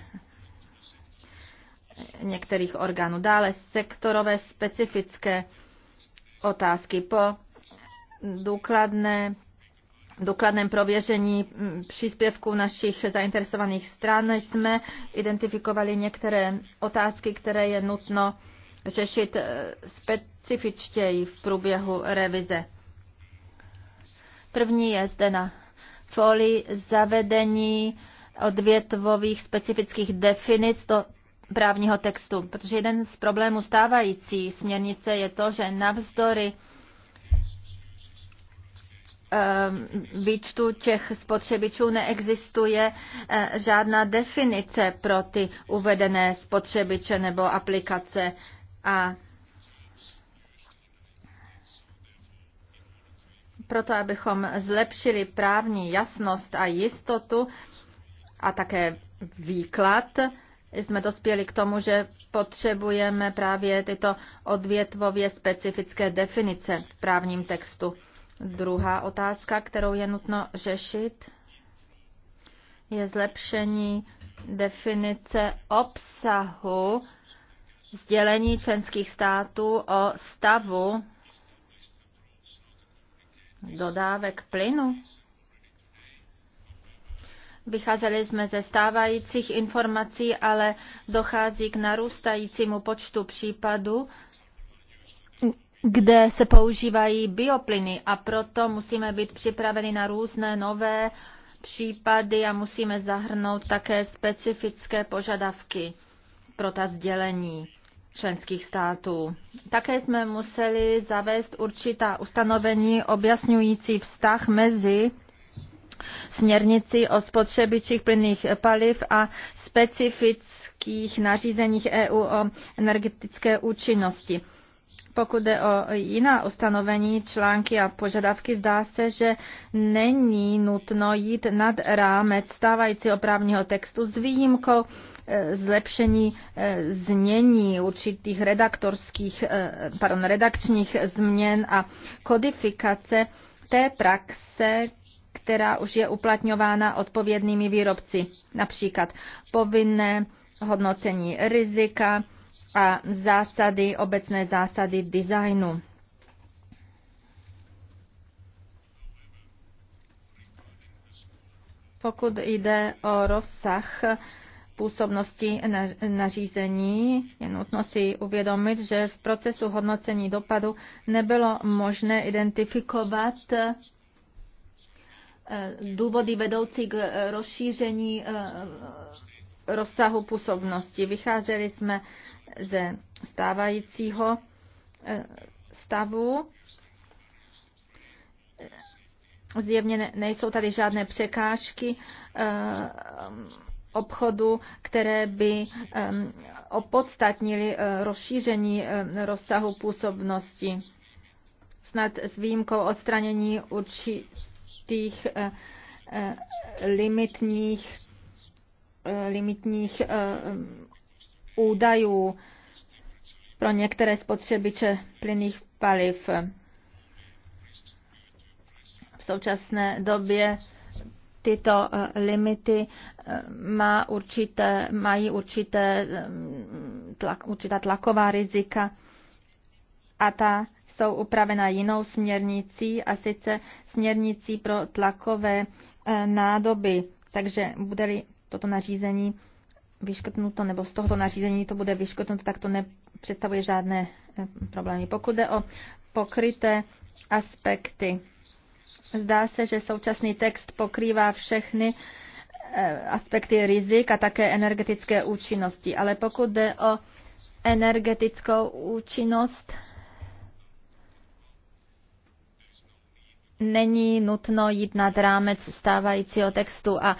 některých orgánů. Dále sektorové specifické otázky. Po důkladné, důkladném prověření příspěvků našich zainteresovaných stran jsme identifikovali některé otázky, které je nutno řešit eh, specifičtěji v průběhu revize. První je zde na folii zavedení odvětvových specifických definic do právního textu, protože jeden z problémů stávající směrnice je to, že navzdory eh, výčtu těch spotřebičů neexistuje eh, žádná definice pro ty uvedené spotřebiče nebo aplikace. A proto, abychom zlepšili právní jasnost a jistotu a také výklad, jsme dospěli k tomu, že potřebujeme právě tyto odvětvově specifické definice v právním textu. Druhá otázka, kterou je nutno řešit, je zlepšení definice obsahu sdělení členských států o stavu dodávek plynu. Vycházeli jsme ze stávajících informací, ale dochází k narůstajícímu počtu případů, kde se používají bioplyny a proto musíme být připraveni na různé nové případy a musíme zahrnout také specifické požadavky pro ta sdělení členských států. Také jsme museli zavést určitá ustanovení objasňující vztah mezi směrnici o spotřebičích plynných paliv a specifických nařízeních EU o energetické účinnosti. Pokud jde o jiná ustanovení, články a požadavky, zdá se, že není nutno jít nad rámec stávajícího právního textu s výjimkou e, zlepšení e, znění určitých redaktorských, e, pardon, redakčních změn a kodifikace té praxe, která už je uplatňována odpovědnými výrobci, například povinné hodnocení rizika, a zásady, obecné zásady designu. Pokud jde o rozsah působnosti nařízení, je nutno si uvědomit, že v procesu hodnocení dopadu nebylo možné identifikovat eh, důvody vedoucí k rozšíření eh, rozsahu působnosti. Vycházeli jsme ze stávajícího eh, stavu. Zjevně nejsou tady žádné překážky eh, obchodu, které by eh, opodstatnili rozšíření rozsahu působnosti. Snad s výjimkou odstranění určitých limitních Eh, limitních eh, eh, údajů pro některé spotřebiče plynných paliv. V současné době tyto limity má určité, mají určité tlak, určitá tlaková rizika a ta jsou upravena jinou směrnicí a sice směrnicí pro tlakové nádoby. Takže bude-li toto nařízení vyškrtnuto, nebo z tohoto nařízení to bude vyškrtnuto, tak to nepředstavuje žádné eh, problémy. Pokud jde o pokryté aspekty, zdá se, že současný text pokrývá všechny eh, aspekty rizik a také energetické účinnosti. Ale pokud jde o energetickou účinnost, není nutno jít nad rámec stávajícího textu a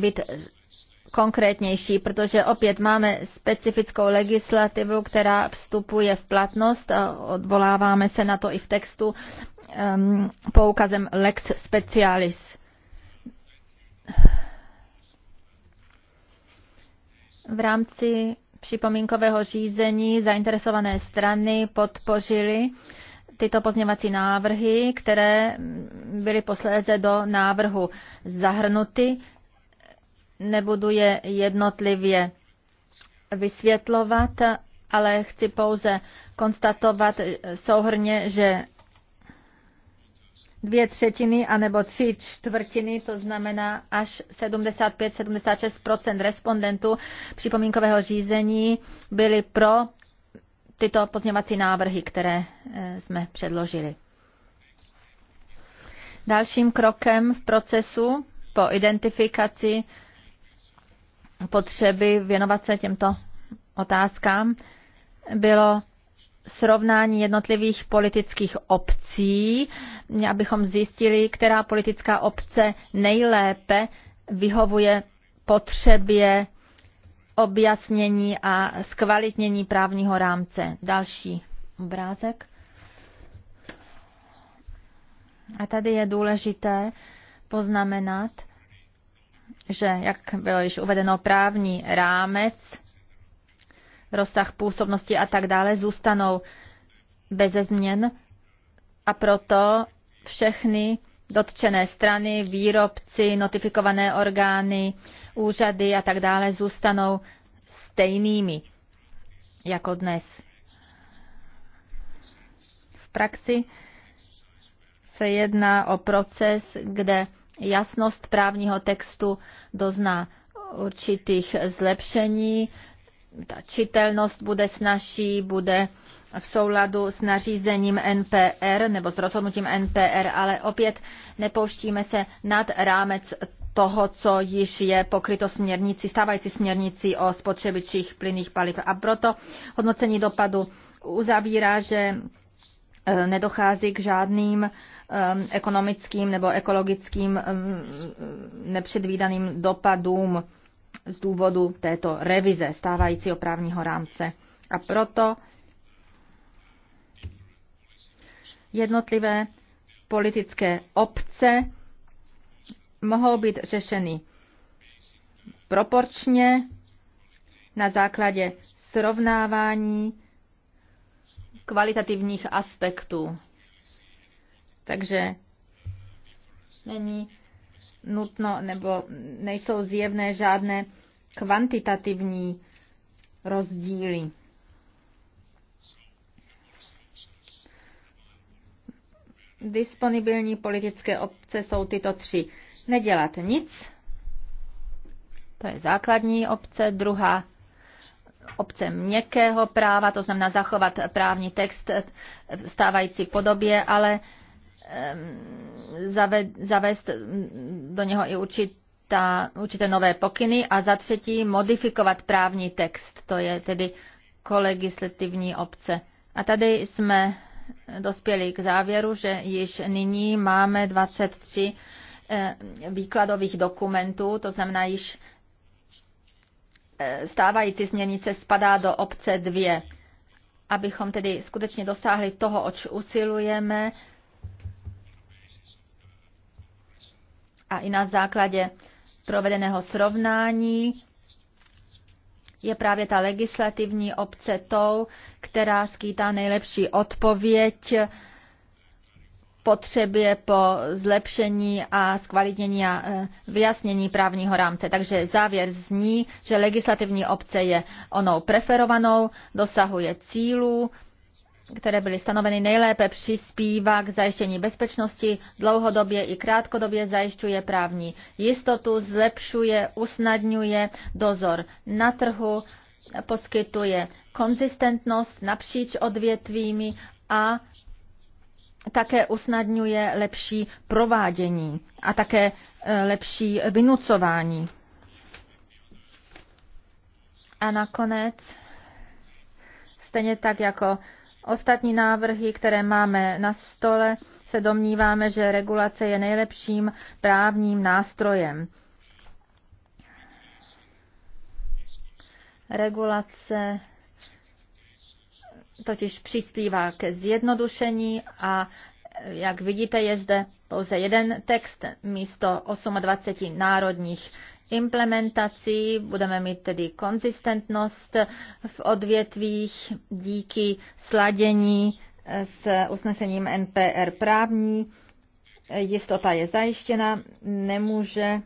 být konkrétnější, protože opět máme specifickou legislativu, která vstupuje v platnost, odvoláváme se na to i v textu poukazem lex specialis. V rámci připomínkového řízení zainteresované strany podpořily tyto pozměvací návrhy, které byly posléze do návrhu zahrnuty. Nebudu je jednotlivě vysvětlovat, ale chci pouze konstatovat souhrně, že dvě třetiny anebo tři čtvrtiny, to znamená až 75-76 respondentů připomínkového řízení byli pro tyto pozměňovací návrhy, které eh, jsme předložili. Dalším krokem v procesu po identifikaci potřeby věnovat se těmto otázkám bylo srovnání jednotlivých politických obcí, abychom zjistili, která politická obce nejlépe vyhovuje potřebě objasnění a zkvalitnění právního rámce. Další obrázek. A tady je důležité poznamenat, že, jak bylo již uvedeno, právní rámec, rozsah působnosti a tak dále zůstanou beze změn a proto všechny dotčené strany, výrobci, notifikované orgány, úřady a tak dále zůstanou stejnými jako dnes. V praxi se jedná o proces, kde jasnost právního textu dozná určitých zlepšení, ta čitelnost bude snažší, bude v souladu s nařízením NPR nebo s rozhodnutím NPR, ale opět nepouštíme se nad rámec toho, co již je pokryto směrnici, stávající směrnici o spotřebičích plynných paliv. A proto hodnocení dopadu uzavírá, že e, nedochází k žádným e, ekonomickým nebo ekologickým e, nepředvídaným dopadům z důvodu této revize stávajícího právního rámce. A proto jednotlivé politické obce mohou být řešeny proporčně na základě srovnávání kvalitativních aspektů. Takže není nutno nebo nejsou zjevné žádné kvantitativní rozdíly. Disponibilní politické obce jsou tyto tři nedělat nic, to je základní obce. Druhá obce měkkého práva, to znamená zachovat právní text v stávající podobě, ale zavést do něho i určitá, určité nové pokyny a za třetí modifikovat právní text, to je tedy kolegislativní obce. A tady jsme dospěli k závěru, že již nyní máme 23 Eh, výkladových dokumentů, to znamená již eh, stávající změnice spadá do obce dvě. Abychom tedy skutečně dosáhli toho, oč usilujeme a i na základě provedeného srovnání je právě ta legislativní obce tou, která skýtá nejlepší odpověď potřebě po zlepšení a zkvalitnění a e, vyjasnění právního rámce. Takže závěr zní, že legislativní obce je onou preferovanou, dosahuje cílů, které byly stanoveny nejlépe, přispívá k zajištění bezpečnosti, dlouhodobě i krátkodobě zajišťuje právní jistotu, zlepšuje, usnadňuje dozor na trhu, poskytuje konzistentnost napříč odvětvími a také usnadňuje lepší provádění a také e, lepší vynucování. A nakonec, stejně tak jako ostatní návrhy, které máme na stole, se domníváme, že regulace je nejlepším právním nástrojem. Regulace totiž přispívá ke zjednodušení a jak vidíte, je zde pouze jeden text místo 28 národních implementací. Budeme mít tedy konzistentnost v odvětvích díky sladění eh, s usnesením NPR právní. Jistota je zajištěna, nemůže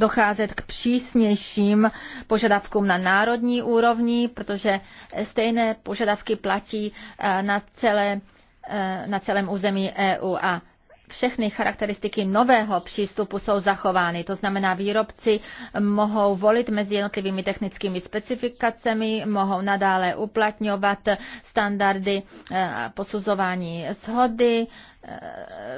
docházet k přísnějším požadavkům na národní úrovni, protože stejné požadavky platí eh, na, celé, eh, na celém území EU a všechny charakteristiky nového přístupu jsou zachovány. To znamená, výrobci mohou volit mezi jednotlivými technickými specifikacemi, mohou nadále uplatňovat standardy eh, posuzování shody, eh,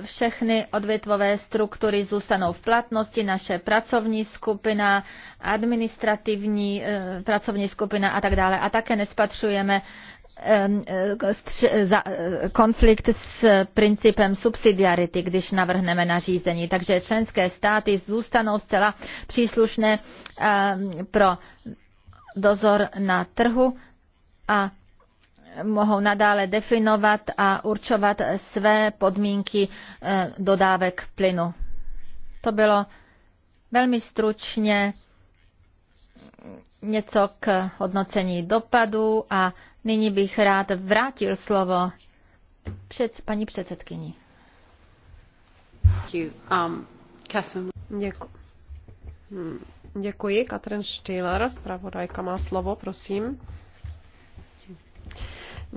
všechny odvětvové struktury zůstanou v platnosti, naše pracovní skupina, administrativní eh, pracovní skupina a tak dále. A také nespatřujeme Ehm, eh, eh, eh, konflikt s principem subsidiarity, když navrhneme nařízení. Takže členské státy zůstanou zcela příslušné ehm, pro dozor na trhu a mohou nadále definovat a určovat své podmínky dodávek plynu. To bylo velmi stručně něco k hodnocení dopadu a nyní bych rád vrátil slovo před paní předsedkyni. Um, děkuji. Hmm. Děkuji. Katrin Štýler, zpravodajka má slovo, prosím.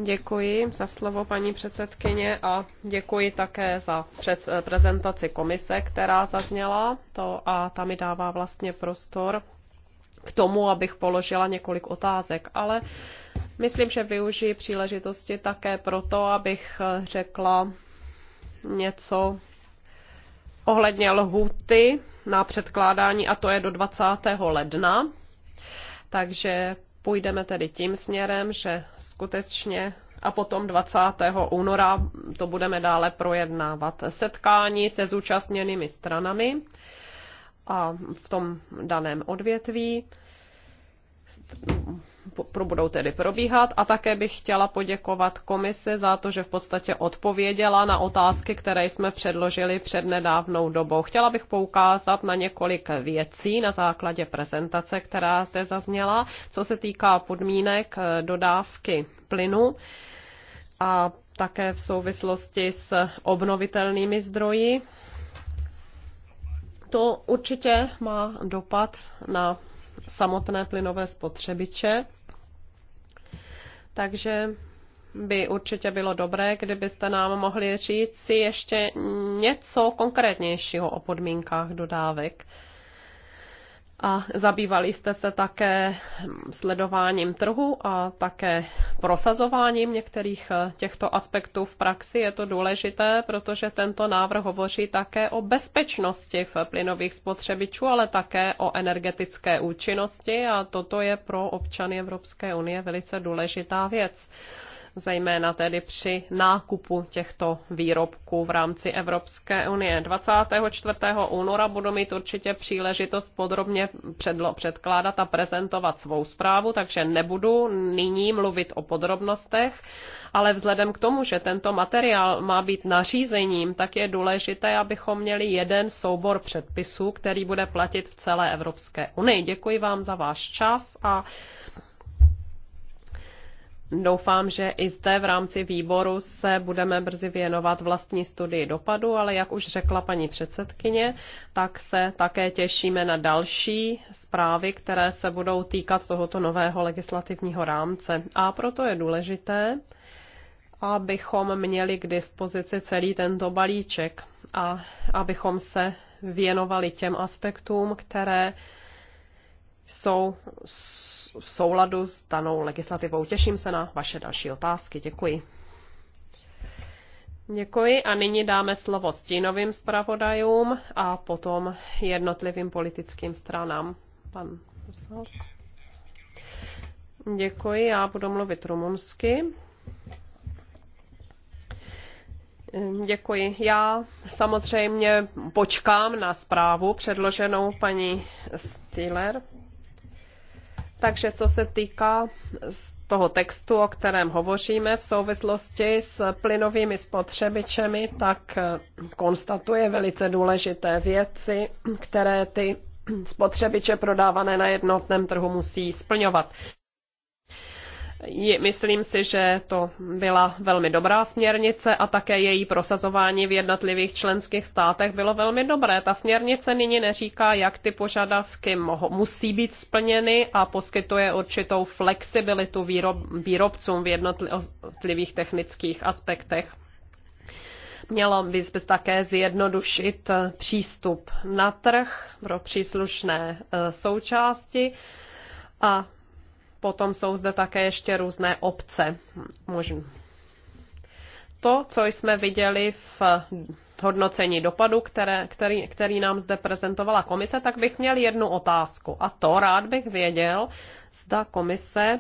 Děkuji za slovo, paní předsedkyně, a děkuji také za prezentaci komise, která zazněla to a ta mi dává vlastně prostor k tomu, abych položila několik otázek, ale myslím, že využiji příležitosti také proto, abych eh, řekla něco ohledně lhuty na předkládání, a to je do 20. ledna. Takže půjdeme tedy tím směrem, že skutečně a potom 20. února to budeme dále projednávat. Setkání se zúčastněnými stranami a v tom daném odvětví budou tedy probíhat a také bych chtěla poděkovat komisi za to, že v podstatě odpověděla na otázky, které jsme předložili před nedávnou dobou. Chtěla bych poukázat na několik věcí na základě prezentace, která zde zazněla, co se týká podmínek eh, dodávky plynu a také v souvislosti s obnovitelnými zdroji to určitě má dopad na samotné plynové spotřebiče, takže by určitě bylo dobré, kdybyste nám mohli říct si ještě něco konkrétnějšího o podmínkách dodávek a zabývali jste se také sledováním trhu a také prosazováním některých eh, těchto aspektů v praxi. Je to důležité, protože tento návrh hovoří také o bezpečnosti v plynových spotřebičů, ale také o energetické účinnosti a toto je pro občany Evropské unie velice důležitá věc zejména tedy při nákupu těchto výrobků v rámci Evropské unie. 24. února budu mít určitě příležitost podrobně předlo- předkládat a prezentovat svou zprávu, takže nebudu nyní mluvit o podrobnostech, ale vzhledem k tomu, že tento materiál má být nařízením, tak je důležité, abychom měli jeden soubor předpisů, který bude platit v celé Evropské unii. Děkuji vám za váš čas a Doufám, že i zde v rámci výboru se budeme brzy věnovat vlastní studii dopadu, ale jak už řekla paní předsedkyně, tak se také těšíme na další zprávy, které se budou týkat tohoto nového legislativního rámce. A proto je důležité, abychom měli k dispozici celý tento balíček a abychom se věnovali těm aspektům, které jsou v souladu s danou legislativou. Těším se na vaše další otázky. Děkuji. Děkuji a nyní dáme slovo stínovým zpravodajům a potom jednotlivým politickým stranám. Pan poslanec. Děkuji, já budu mluvit rumunsky. Děkuji. Já samozřejmě počkám na zprávu předloženou paní Stiller takže co se týká toho textu, o kterém hovoříme v souvislosti s plynovými spotřebičemi, tak eh, konstatuje velice důležité věci, které ty spotřebiče prodávané na jednotném trhu musí splňovat. Je, myslím si, že to byla velmi dobrá směrnice a také její prosazování v jednotlivých členských státech bylo velmi dobré. Ta směrnice nyní neříká, jak ty požadavky moho, musí být splněny a poskytuje určitou flexibilitu výrob, výrobcům v jednotlivých technických aspektech. Mělo by se také zjednodušit eh, přístup na trh pro příslušné eh, součásti a Potom jsou zde také ještě různé obce. Možná. To, co jsme viděli v hodnocení dopadu, které, který, který nám zde prezentovala komise, tak bych měl jednu otázku. A to rád bych věděl, zda komise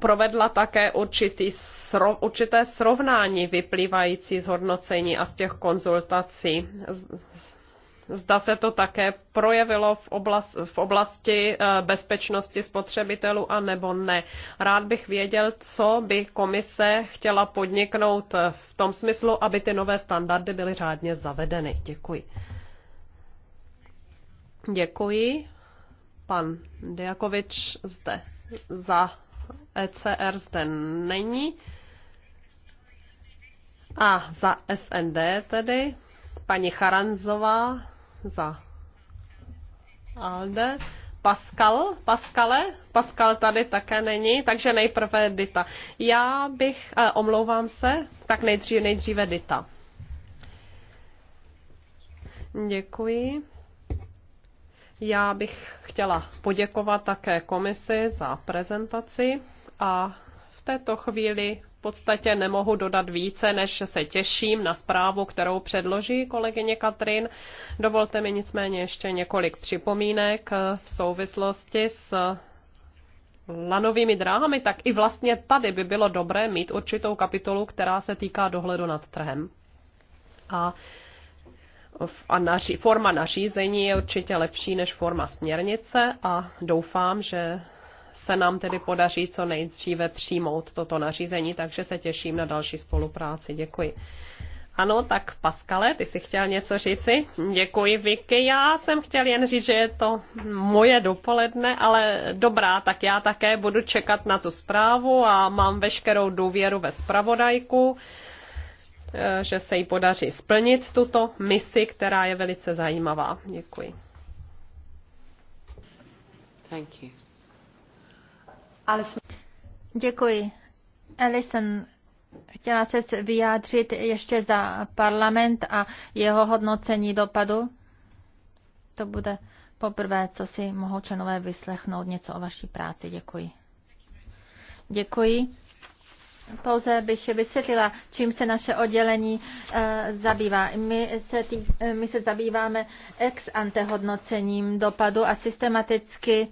provedla také určitý sro, určité srovnání vyplývající z hodnocení a z těch konzultací. Zda se to také projevilo v, oblast, v oblasti eh, bezpečnosti spotřebitelů a nebo ne. Rád bych věděl, co by komise chtěla podniknout eh, v tom smyslu, aby ty nové standardy byly řádně zavedeny. Děkuji. Děkuji. Pan Diakovič zde za ECR zde není. A za SND tedy paní Charanzová za Alde. Pascal, Pascale, Pascal tady také není, takže nejprve Dita. Já bych, eh, omlouvám se, tak nejdříve, nejdříve Dita. Děkuji. Já bych chtěla poděkovat také komisi za prezentaci a v této chvíli podstatě nemohu dodat více, než se těším na zprávu, kterou předloží kolegyně Katrin. Dovolte mi nicméně ještě několik připomínek v souvislosti s lanovými dráhami, tak i vlastně tady by bylo dobré mít určitou kapitolu, která se týká dohledu nad trhem. A a naři, forma nařízení je určitě lepší než forma směrnice a doufám, že se nám tedy podaří co nejdříve přijmout toto nařízení, takže se těším na další spolupráci. Děkuji. Ano, tak Paskale, ty jsi chtěl něco říci? Děkuji, Vicky. Já jsem chtěl jen říct, že je to moje dopoledne, ale dobrá, tak já také budu čekat na tu zprávu a mám veškerou důvěru ve spravodajku, eh, že se jí podaří splnit tuto misi, která je velice zajímavá. Děkuji. Thank you. Alison. Děkuji. Alison, chtěla se vyjádřit ještě za parlament a jeho hodnocení dopadu? To bude poprvé, co si mohou členové vyslechnout něco o vaší práci. Děkuji. Děkuji. Pouze bych vysvětlila, čím se naše oddělení e, zabývá. My se, tý, eh, my se zabýváme ex ante hodnocením dopadu a systematicky e,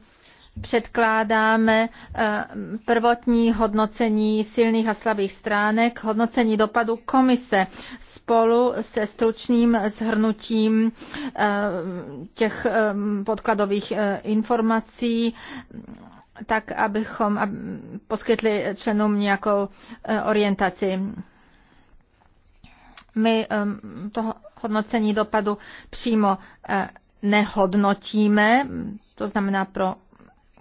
předkládáme eh, prvotní hodnocení silných a slabých stránek, hodnocení dopadu komise spolu se stručným zhrnutím eh, těch eh, podkladových informací tak abychom poskytli členům nějakou orientaci. My to hodnocení dopadu přímo nehodnotíme, to znamená pro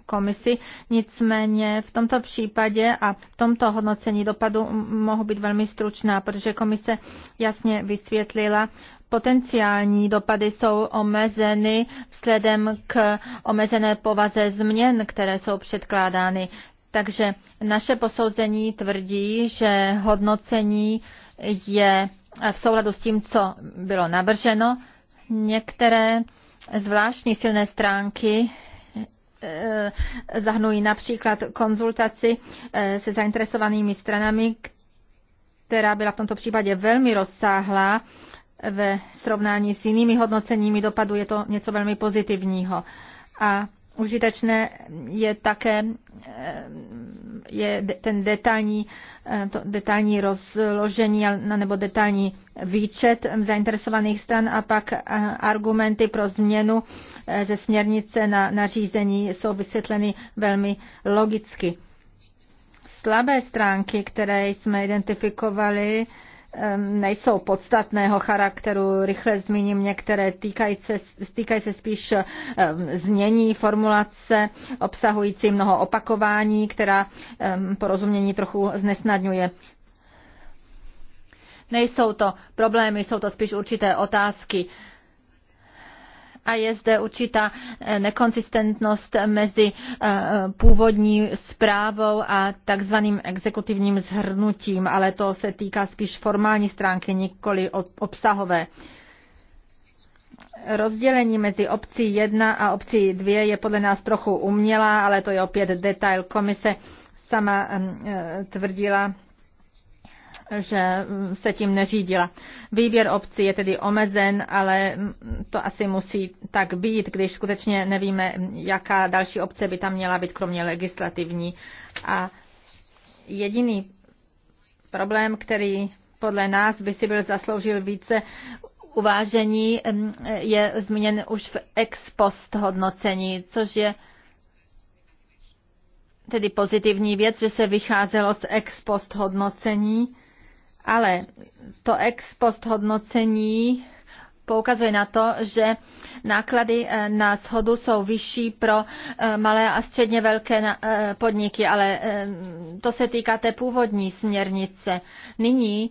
komisi. Nicméně v tomto případě a v tomto hodnocení dopadu mohu být velmi stručná, protože komise jasně vysvětlila, potenciální dopady jsou omezeny vzhledem k omezené povaze změn, které jsou předkládány. Takže naše posouzení tvrdí, že hodnocení je v souladu s tím, co bylo navrženo. Některé zvláštní silné stránky Eh, zahnují například konzultaci eh, se zainteresovanými stranami, která byla v tomto případě velmi rozsáhlá. Ve srovnání s jinými hodnoceními dopadu je to něco velmi pozitivního. A užitečné je také eh, je ten detailní, eh, to detailní rozložení nebo detailní výčet zainteresovaných stran a pak eh, argumenty pro změnu ze směrnice na nařízení jsou vysvětleny velmi logicky. Slabé stránky, které jsme identifikovali, nejsou podstatného charakteru. Rychle zmíním některé, týkají se, se spíš znění formulace, obsahující mnoho opakování, která porozumění trochu znesnadňuje. Nejsou to problémy, jsou to spíš určité otázky a je zde určitá eh, nekonsistentnost mezi eh, původní zprávou a takzvaným exekutivním zhrnutím, ale to se týká spíš formální stránky, nikoli obsahové. Rozdělení mezi obcí 1 a obcí 2 je podle nás trochu umělá, ale to je opět detail. Komise sama eh, tvrdila, že se tím neřídila. Výběr obcí je tedy omezen, ale to asi musí tak být, když skutečně nevíme, jaká další obce by tam měla být, kromě legislativní. A jediný problém, který podle nás by si byl zasloužil více uvážení, je zmíněn už v ex post hodnocení, což je tedy pozitivní věc, že se vycházelo z ex post hodnocení ale to ex post hodnocení poukazuje na to, že náklady eh, na shodu jsou vyšší pro eh, malé a středně velké eh, podniky, ale to se týká té původní směrnice. Nyní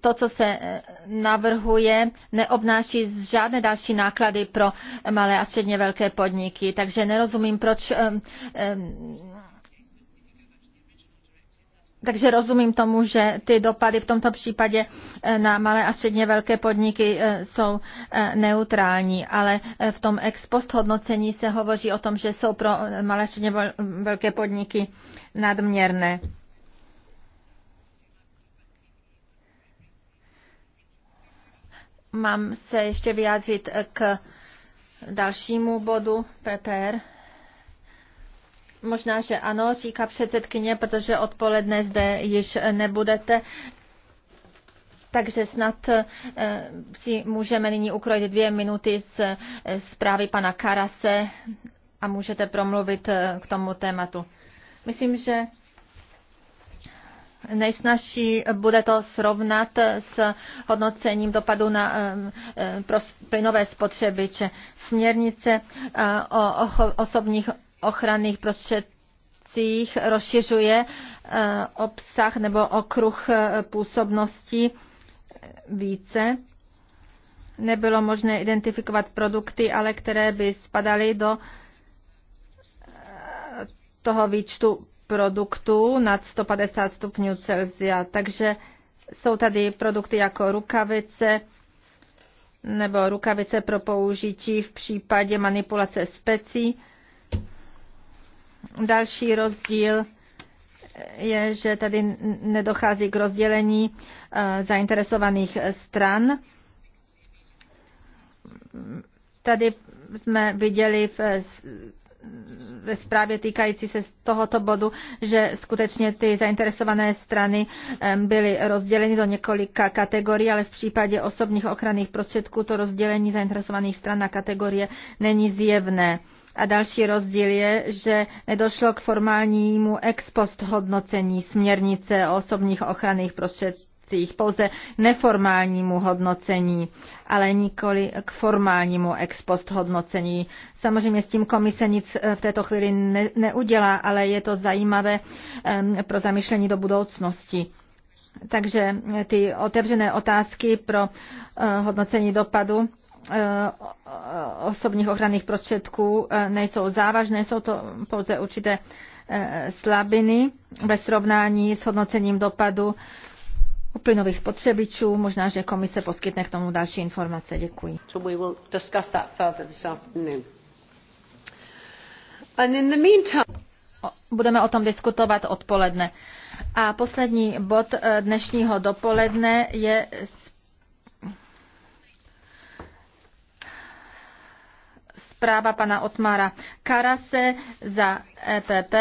to, co se navrhuje, neobnáší žádné další náklady pro malé a středně velké podniky. Takže nerozumím, proč takže rozumím tomu, že ty dopady v tomto případě eh, na malé a středně velké podniky eh, jsou eh, neutrální, ale v tom ex post hodnocení se hovoří o tom, že jsou pro malé a středně velké podniky nadměrné. Mám se ještě vyjádřit k dalšímu bodu PPR. Možná, že ano, říká předsedkyně, protože odpoledne zde již nebudete. Takže snad eh, si můžeme nyní ukrojit dvě minuty z eh, zprávy pana Karase a můžete promluvit eh, k tomu tématu. Myslím, že Nejsnažší bude to srovnat s hodnocením dopadu na plynové spotřebiče. Směrnice o osobních ochranných prostředcích rozšiřuje eh, obsah nebo okruh eh, působnosti eh, více. Nebylo možné identifikovat produkty, ale které by spadaly do toho výčtu produktů nad 150 stupňů Celsia. Takže jsou tady produkty jako rukavice nebo rukavice pro použití v případě manipulace specí Další rozdíl je, že tady nedochází k rozdělení eh, zainteresovaných stran. Tady jsme viděli v ve zprávě týkající se tohoto bodu, že skutečně ty zainteresované strany byly rozděleny do několika kategorií, ale v případě osobních ochranných prostředků to rozdělení zainteresovaných stran na kategorie není zjevné. A další rozdíl je, že nedošlo k formálnímu ex post hodnocení směrnice o osobních ochranných prostředcích, pouze neformálnímu hodnocení, ale nikoli k formálnímu ex post hodnocení. Samozřejmě s tím komise nic eh, v této chvíli ne, neudělá, ale je to zajímavé ehm, pro zamišlení do budoucnosti. Takže ty otevřené otázky pro eh, hodnocení dopadu Eh, osobních ochranných prostředků eh, nejsou závažné, jsou to pouze určité eh, slabiny ve srovnání s hodnocením dopadu u plynových spotřebičů. Možná, že komise poskytne k tomu další informace. Děkuji. Budeme o tom diskutovat odpoledne. A poslední bod dnešního dopoledne je zpráva pana Otmara Karase za EPP,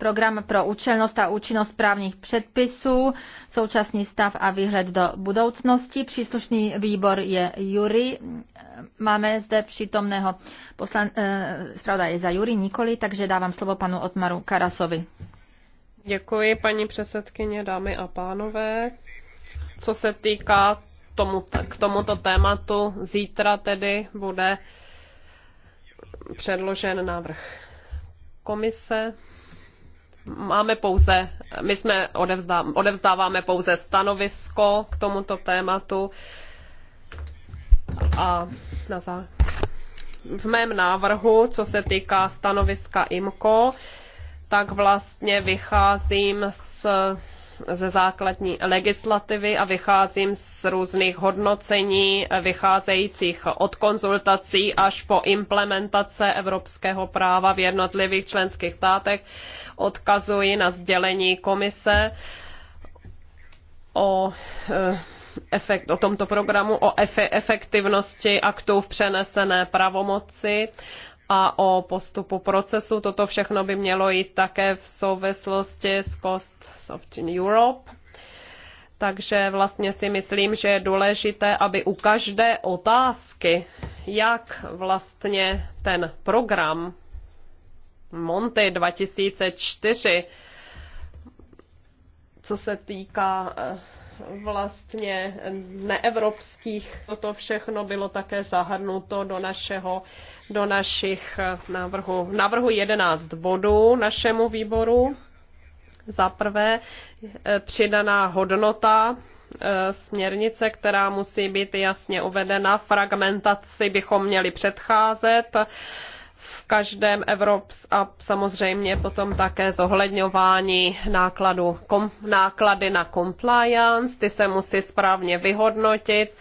program pro účelnost a účinnost právních předpisů, současný stav a výhled do budoucnosti. Příslušný výbor je Jury. Máme zde přítomného poslan... Eh, je za Jury nikoli, takže dávám slovo panu Otmaru Karasovi. Děkuji, paní předsedkyně, dámy a pánové. Co se týká tomu, k tomuto tématu, zítra tedy bude předložen návrh komise. Máme pouze, my jsme odevzdá, odevzdáváme pouze stanovisko k tomuto tématu a na zá... v mém návrhu, co se týká stanoviska IMCO, tak vlastně vycházím z ze základní legislativy a vycházím z různých hodnocení vycházejících od konzultací až po implementace evropského práva v jednotlivých členských státech. Odkazuji na sdělení komise o eh, efekt, o tomto programu, o efektivnosti aktů v přenesené pravomoci a o postupu procesu. Toto všechno by mělo jít také v souvislosti s Cost of Europe. Takže vlastně si myslím, že je důležité, aby u každé otázky, jak vlastně ten program Monty 2004, co se týká eh, vlastně neevropských. Toto všechno bylo také zahrnuto do, našeho, do našich návrhů. Eh, návrhu 11 bodů našemu výboru. Za prvé eh, přidaná hodnota eh, směrnice, která musí být jasně uvedena. Fragmentaci bychom měli předcházet v každém Evrops a samozřejmě potom také zohledňování nákladu, kom, náklady na compliance, ty se musí správně vyhodnotit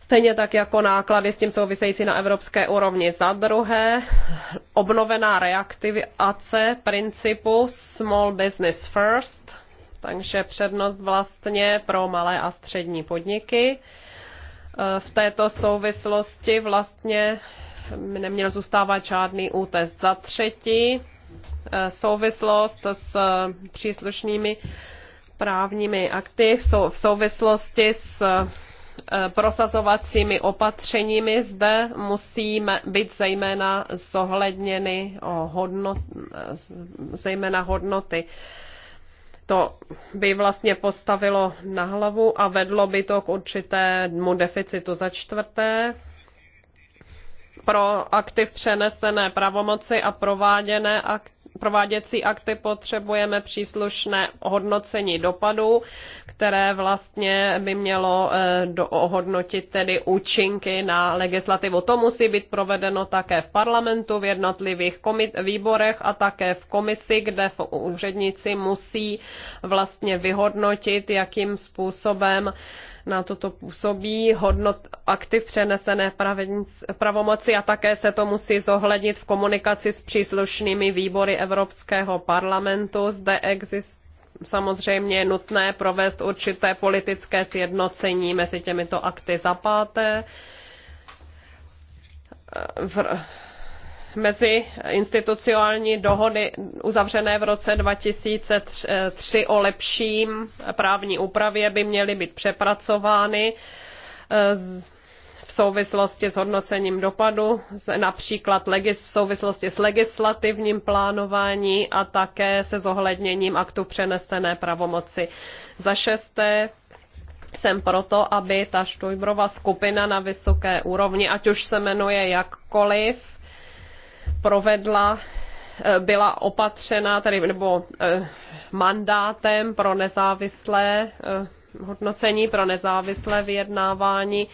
stejně tak jako náklady s tím související na evropské úrovni. Za druhé, obnovená reaktivace principu Small Business First, takže přednost vlastně pro malé a střední podniky. E, v této souvislosti vlastně neměl zůstávat žádný útes. Za třetí, eh, souvislost s eh, příslušnými právními akty v souvislosti s eh, prosazovacími opatřeními zde musí být zejména zohledněny o hodnot, zejména hodnoty. To by vlastně postavilo na hlavu a vedlo by to k určitému deficitu za čtvrté pro akty přenesené pravomoci a prováděné akty prováděcí akty potřebujeme příslušné hodnocení dopadů, které vlastně by mělo eh, ohodnotit tedy účinky na legislativu. To musí být provedeno také v parlamentu, v jednotlivých výborech a také v komisi, kde v úředníci musí vlastně vyhodnotit, jakým způsobem na toto působí, hodnot aktiv přenesené pravomoci a také se to musí zohlednit v komunikaci s příslušnými výbory Evropského parlamentu. Zde existuje samozřejmě je nutné provést určité politické sjednocení mezi těmito akty za páté. V mezi institucionální dohody uzavřené v roce 2003 o lepším právní úpravě by měly být přepracovány eh, v souvislosti s hodnocením dopadu, například v souvislosti s legislativním plánování a také se zohledněním aktu přenesené pravomoci. Za šesté, jsem proto, aby ta Štojbrova skupina na vysoké úrovni, ať už se jmenuje jakkoliv, provedla eh, byla opatřena tedy, nebo eh, mandátem pro nezávislé eh, hodnocení, pro nezávislé vyjednávání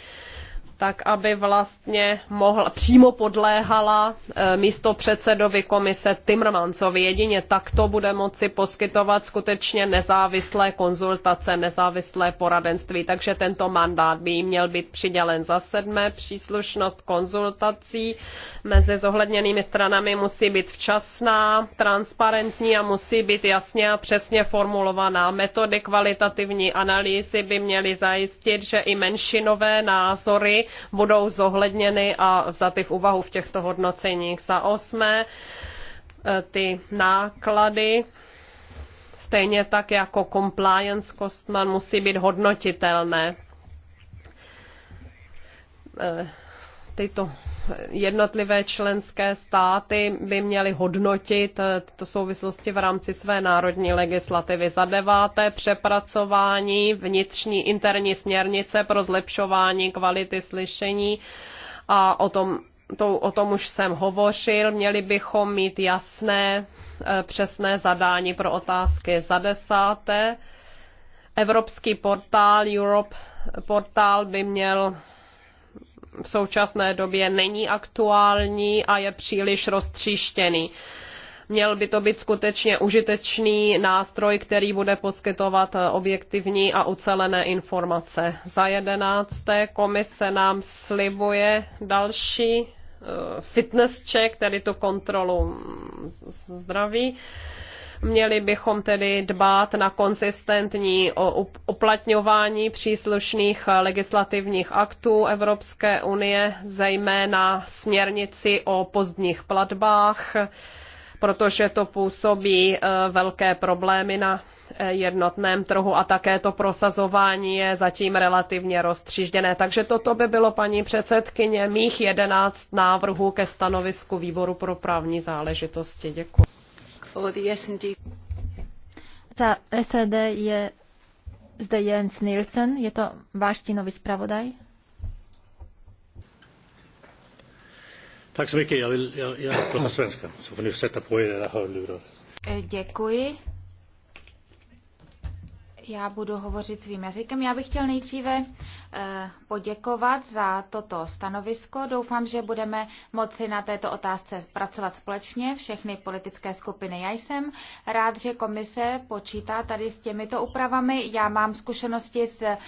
tak aby vlastně mohla, přímo podléhala eh, místo předsedovi komise Timmermansovi. Jedině takto bude moci poskytovat skutečně nezávislé konzultace, nezávislé poradenství. Takže tento mandát by jim měl být přidělen za sedmé. Příslušnost konzultací mezi zohledněnými stranami musí být včasná, transparentní a musí být jasně a přesně formulovaná. Metody kvalitativní analýzy by měly zajistit, že i menšinové názory budou zohledněny a vzaty v úvahu v těchto hodnoceních. Za osmé, e, ty náklady stejně tak jako compliance kostman musí být hodnotitelné e, tyto jednotlivé členské státy by měly hodnotit eh, tyto souvislosti v rámci své národní legislativy. Za deváté přepracování vnitřní interní směrnice pro zlepšování kvality slyšení a o tom to, o tom už jsem hovořil, měli bychom mít jasné, eh, přesné zadání pro otázky. Za desáté, Evropský portál, Europe portál by měl v současné době není aktuální a je příliš roztříštěný. Měl by to být skutečně užitečný nástroj, který bude poskytovat objektivní a ucelené informace. Za jedenácté komise nám slibuje další eh, fitness check, tedy tu kontrolu zdraví. Měli bychom tedy dbát na konsistentní uplatňování příslušných eh, legislativních aktů Evropské unie, zejména směrnici o pozdních platbách, protože to působí eh, velké problémy na eh, jednotném trhu a také to prosazování je zatím relativně rozstřížděné. Takže toto by bylo, paní předsedkyně, mých jedenáct návrhů ke stanovisku výboru pro právní záležitosti. Děkuji for S&D. Za SED je zde Jens Nielsen, je to váš stínový zpravodaj? Tack så já Jag, vill, jag, jag pratar svenska, så får ni sätta på Děkuji. Já budu hovořit svým jazykem. Já bych chtěl nejdříve Eh, poděkovat za toto stanovisko. Doufám, že budeme moci na této otázce pracovat společně všechny politické skupiny. Já jsem rád, že komise počítá tady s těmito úpravami. Já mám zkušenosti z eh,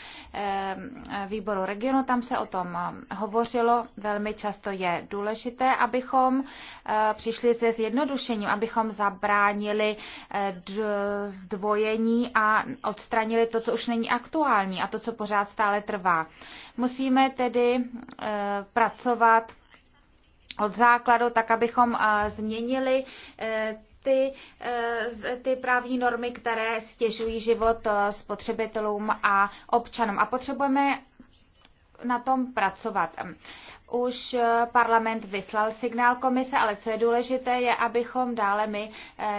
výboru regionu, tam se o tom hovořilo. Velmi často je důležité, abychom eh, přišli se zjednodušením, abychom zabránili zdvojení a odstranili to, co už není aktuální a to, co pořád stále trvá musíme tedy eh, pracovat od základu, tak abychom eh, změnili eh, ty, ty právní normy, které stěžují život spotřebitelům a občanům. A potřebujeme na tom pracovat. Už parlament vyslal signál komise, ale co je důležité, je, abychom dále my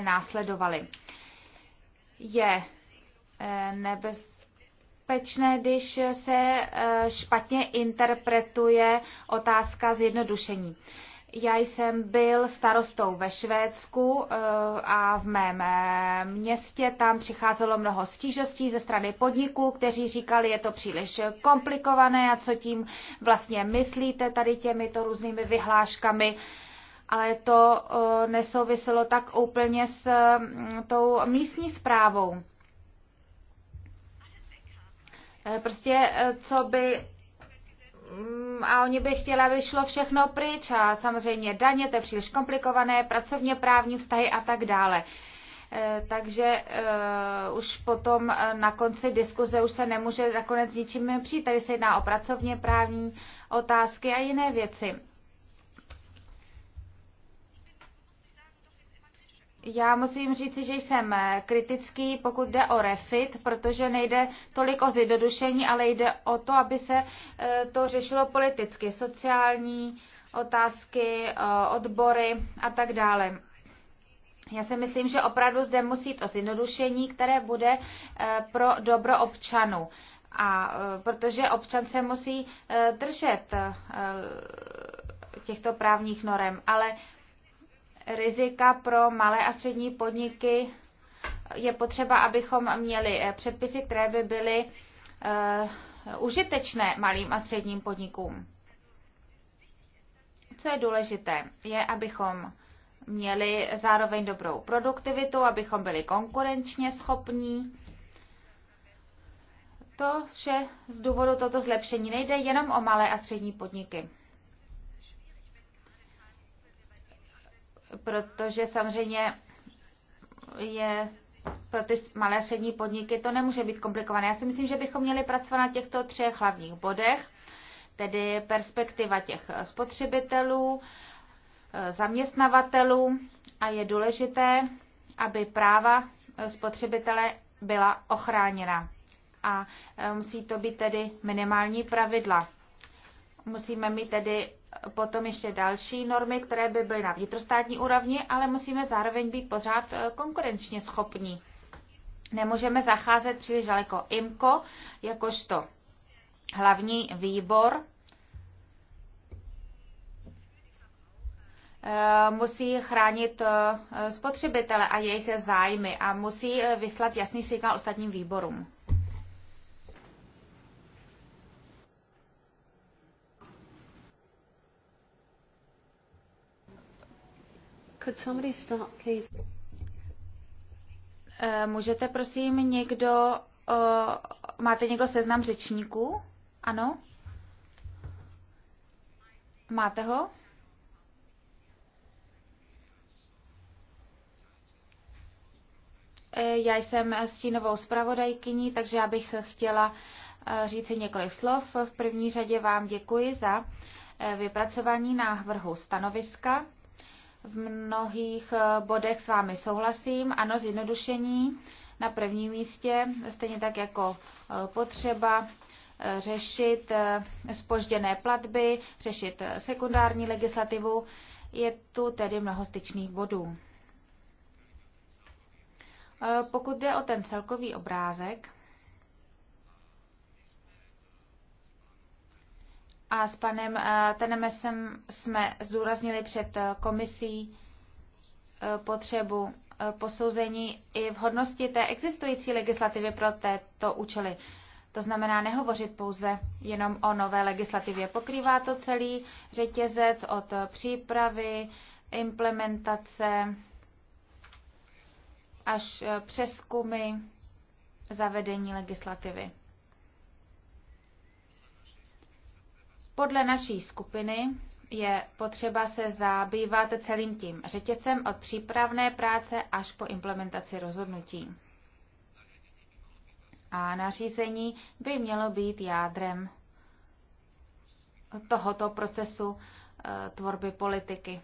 následovali. Je nebez nebezpečné, když se eh, špatně interpretuje otázka zjednodušení. Já jsem byl starostou ve Švédsku eh, a v mém eh, městě tam přicházelo mnoho stížostí ze strany podniků, kteří říkali, je to příliš komplikované a co tím vlastně myslíte tady těmito různými vyhláškami. Ale to nesouviselo tak úplně s hm, tou místní zprávou. Eh, prostě eh, co by mm, a oni by chtěli, aby šlo všechno pryč a samozřejmě daně, to je příliš komplikované, pracovně právní vztahy a tak dále. Eh, takže uh, už potom na konci diskuze už se nemůže nakonec ničím přijít. Tady se jedná o pracovně právní otázky a jiné věci. Já musím říci, že jsem kritický, pokud jde o refit, protože nejde tolik o zjednodušení, ale jde o to, aby se e, to řešilo politicky, sociální otázky, e, odbory a tak dále. Já si myslím, že opravdu zde musí to zjednodušení, které bude e, pro dobro občanů. A protože občan se musí držet těchto právních norem, ale rizika pro malé a střední podniky, je potřeba, abychom měli eh, předpisy, které by byly eh, užitečné malým a středním podnikům. Co je důležité, je, abychom měli zároveň dobrou produktivitu, abychom byli konkurenčně schopní. To vše z důvodu toto zlepšení nejde jenom o malé a střední podniky. protože samozřejmě je pro ty malé a střední podniky to nemůže být komplikované. Já si myslím, že bychom měli pracovat na těchto třech hlavních bodech, tedy perspektiva těch spotřebitelů, zaměstnavatelů a je důležité, aby práva spotřebitele byla ochráněna. A e, musí to být tedy minimální pravidla. Musíme mít tedy potom ještě další normy, které by byly na vnitrostátní úrovni, ale musíme zároveň být pořád eh, konkurenčně schopní. Nemůžeme zacházet příliš daleko. IMCO, jakožto hlavní výbor, eh, musí chránit eh, spotřebitele a jejich zájmy a musí vyslat jasný signál ostatním výborům. Could somebody stop, please? Eh, můžete prosím někdo, eh, máte někdo seznam řečníků? Ano? Máte ho? Eh, já jsem stínovou zpravodajkyní, takže já bych chtěla říci několik slov. V první řadě vám děkuji za vypracování návrhu stanoviska. V mnohých eh, bodech s vámi souhlasím. Ano, zjednodušení na prvním místě, stejně tak jako eh, potřeba eh, řešit spožděné platby, řešit sekundární legislativu. Je tu tedy mnoho styčných bodů. Pokud jde o ten celkový obrázek, a s panem eh, Tenemesem jsme zdůraznili před eh, komisí eh, potřebu posouzení i vhodnosti té existující legislativy pro této účely. To znamená nehovořit pouze jenom o nové legislativě. Pokrývá to celý řetězec od přípravy, implementace až přeskumy zavedení legislativy. Podle naší skupiny je potřeba se zabývat celým tím řetězcem od přípravné práce až po implementaci rozhodnutí. A nařízení by mělo být jádrem tohoto procesu eh, tvorby politiky.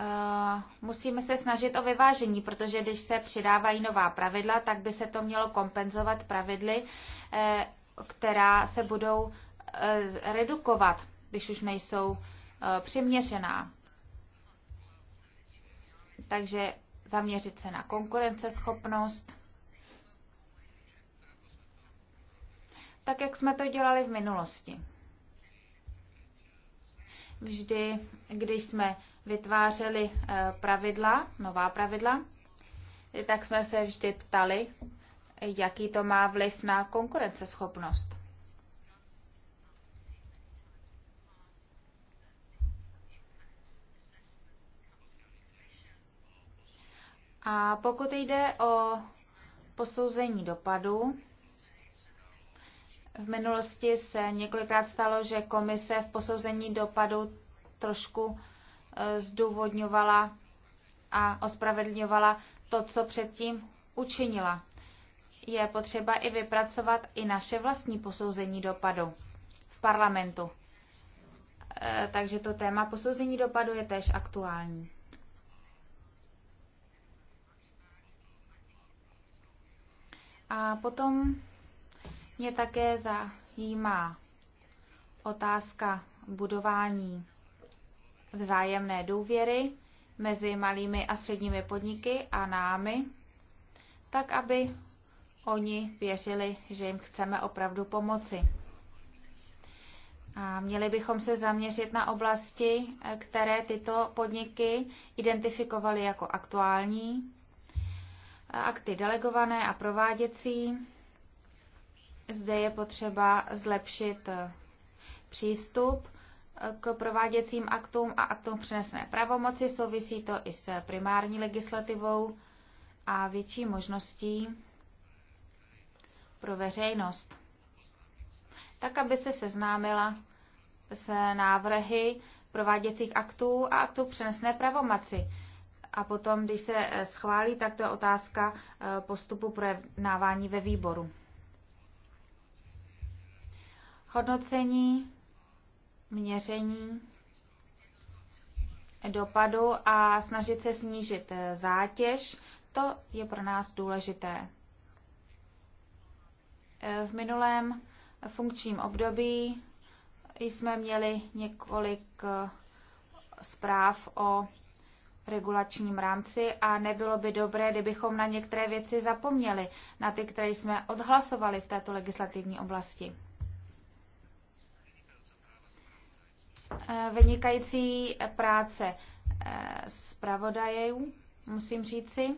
Eh, musíme se snažit o vyvážení, protože když se přidávají nová pravidla, tak by se to mělo kompenzovat pravidly, eh, která se budou eh, redukovat, když už nejsou eh, přiměřená. Takže zaměřit se na konkurenceschopnost, tak jak jsme to dělali v minulosti. Vždy, když jsme vytvářeli eh, pravidla, nová pravidla, tak jsme se vždy ptali, jaký to má vliv na konkurenceschopnost. A pokud jde o posouzení dopadu, v minulosti se několikrát stalo, že komise v posouzení dopadu trošku e, zdůvodňovala a ospravedlňovala to, co předtím učinila je potřeba i vypracovat i naše vlastní posouzení dopadu v parlamentu. E, takže to téma posouzení dopadu je též aktuální. A potom mě také zajímá otázka budování vzájemné důvěry mezi malými a středními podniky a námi, tak aby oni věřili, že jim chceme opravdu pomoci. A měli bychom se zaměřit na oblasti, eh, které tyto podniky identifikovaly jako aktuální, eh, akty delegované a prováděcí. Zde je potřeba zlepšit eh, přístup k prováděcím aktům a aktům přenesené pravomoci. Souvisí to i s primární legislativou a větší možností pro veřejnost, tak aby se seznámila s návrhy prováděcích aktů a aktů přenesné pravomaci. A potom, když se eh, schválí, tak to je otázka eh, postupu projednávání ve výboru. Hodnocení, měření dopadu a snažit se snížit eh, zátěž, to je pro nás důležité. Eh, v minulém funkčním období jsme měli několik eh, zpráv o regulačním rámci a nebylo by dobré, kdybychom na některé věci zapomněli, na ty, které jsme odhlasovali v této legislativní oblasti. Eh, vynikající práce zpravodajů, musím říci.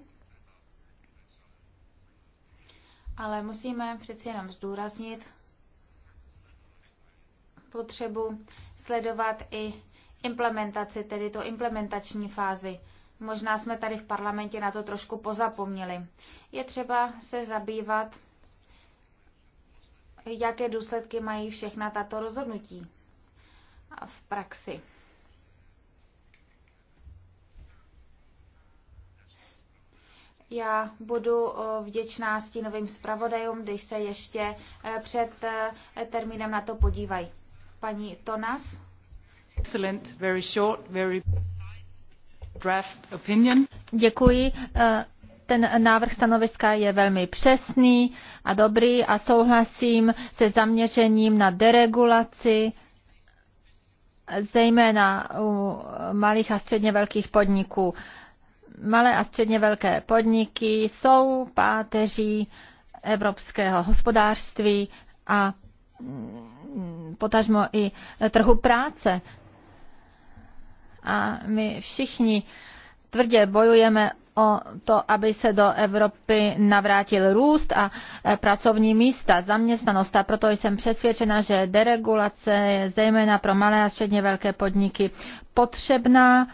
Ale musíme přeci jenom zdůraznit potřebu sledovat i implementaci, tedy to implementační fázi. Možná jsme tady v parlamentě na to trošku pozapomněli. Je třeba se zabývat, jaké důsledky mají všechna tato rozhodnutí v praxi. Já budu eh, vděčná s tím novým zpravodajům, když se ještě eh, před eh, termínem na to podívají. Paní Tonas. Excellent, very short, very draft opinion. Děkuji. Ten návrh stanoviska je velmi přesný a dobrý a souhlasím se zaměřením na deregulaci, zejména u malých a středně velkých podniků malé a středně velké podniky jsou páteří evropského hospodářství a mm, potažmo i trhu práce. A my všichni tvrdě bojujeme o to, aby se do Evropy navrátil růst a e, pracovní místa, zaměstnanost. A proto jsem přesvědčena, že deregulace je zejména pro malé a středně velké podniky potřebná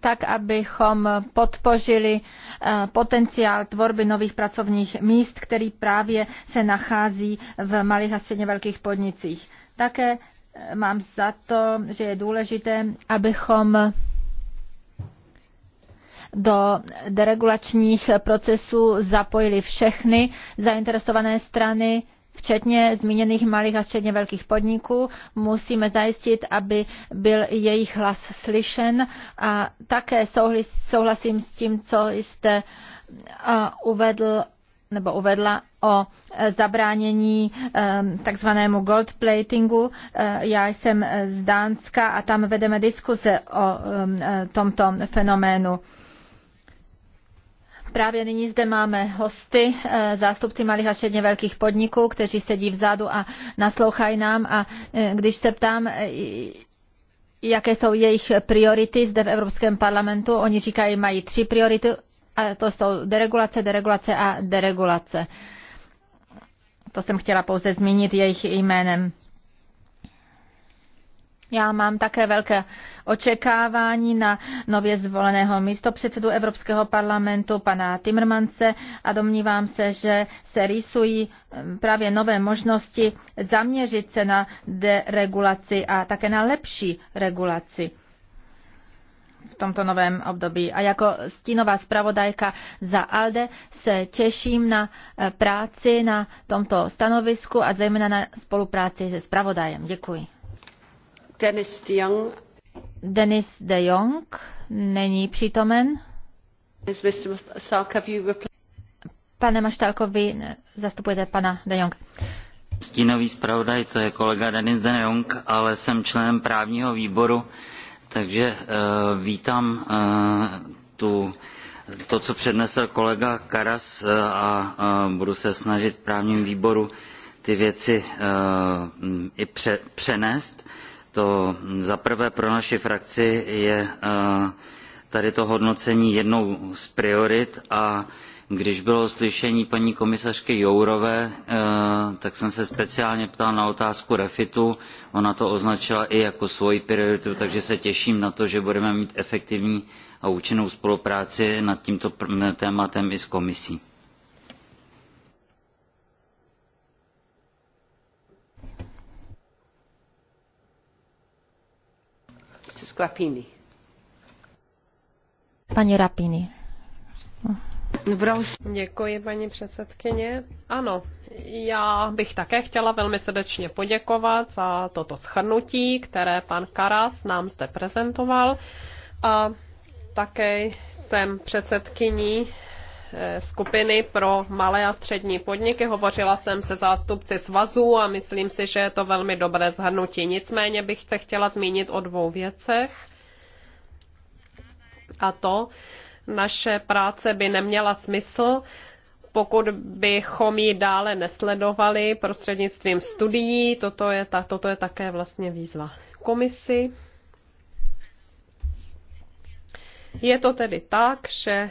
tak abychom podpořili eh, potenciál tvorby nových pracovních míst, který právě se nachází v malých a středně velkých podnicích. Také eh, mám za to, že je důležité, abychom do deregulačních procesů zapojili všechny zainteresované strany, včetně zmíněných malých a středně velkých podniků. Musíme zajistit, aby byl jejich hlas slyšen a také souhlasím s tím, co jste uvedl nebo uvedla o e, zabránění e, takzvanému gold platingu. E, já jsem z Dánska a tam vedeme diskuze o tomto fenoménu. Právě nyní zde máme hosty, eh, zástupci malých a středně velkých podniků, kteří sedí vzadu a naslouchají nám a eh, když se ptám, eh, jaké jsou jejich priority zde v Evropském parlamentu, oni říkají, mají tři priority a to jsou deregulace, deregulace a deregulace. To jsem chtěla pouze zmínit jejich jménem. Já mám také velké očekávání na nově zvoleného místopředsedu Evropského parlamentu, pana Timmermance, a domnívám se, že se rýsují ehm, právě nové možnosti zaměřit se na deregulaci a také na lepší regulaci v tomto novém období. A jako stínová zpravodajka za ALDE se těším na eh, práci na tomto stanovisku a zejména na spolupráci se zpravodajem. Děkuji. Dennis de Jong. Dennis de Jong není přítomen. Pane Maštálko, vy zastupujete pana de Jong. Stínový zpravodaj, to je kolega Denis de Jong, ale jsem členem právního výboru, takže uh, vítám uh, tu to, co přednesl kolega Karas eh, a budu se snažit v právním výboru ty věci i pře, přenést to zaprvé pro naši frakci je eh, tady to hodnocení jednou z priorit a když bylo slyšení paní komisařky jourové eh, tak jsem se speciálně ptal na otázku refitu ona to označila i jako svoji prioritu takže se těším na to že budeme mít efektivní a účinnou spolupráci nad tímto tématem i s komisí Mrs. Grappini. Paní Rapini. Děkuji, paní předsedkyně. Ano, já bych také chtěla velmi srdečně poděkovat za toto schrnutí, které pan Karas nám zde prezentoval. A také jsem předsedkyní Eh, skupiny pro malé a střední podniky. Hovořila jsem se zástupci svazů a myslím si, že je to velmi dobré zhrnutí. Nicméně bych se chtěla zmínit o dvou věcech. A to naše práce by neměla smysl, pokud bychom ji dále nesledovali prostřednictvím studií. Toto je, ta, toto je také vlastně výzva komisi. Je to tedy tak, že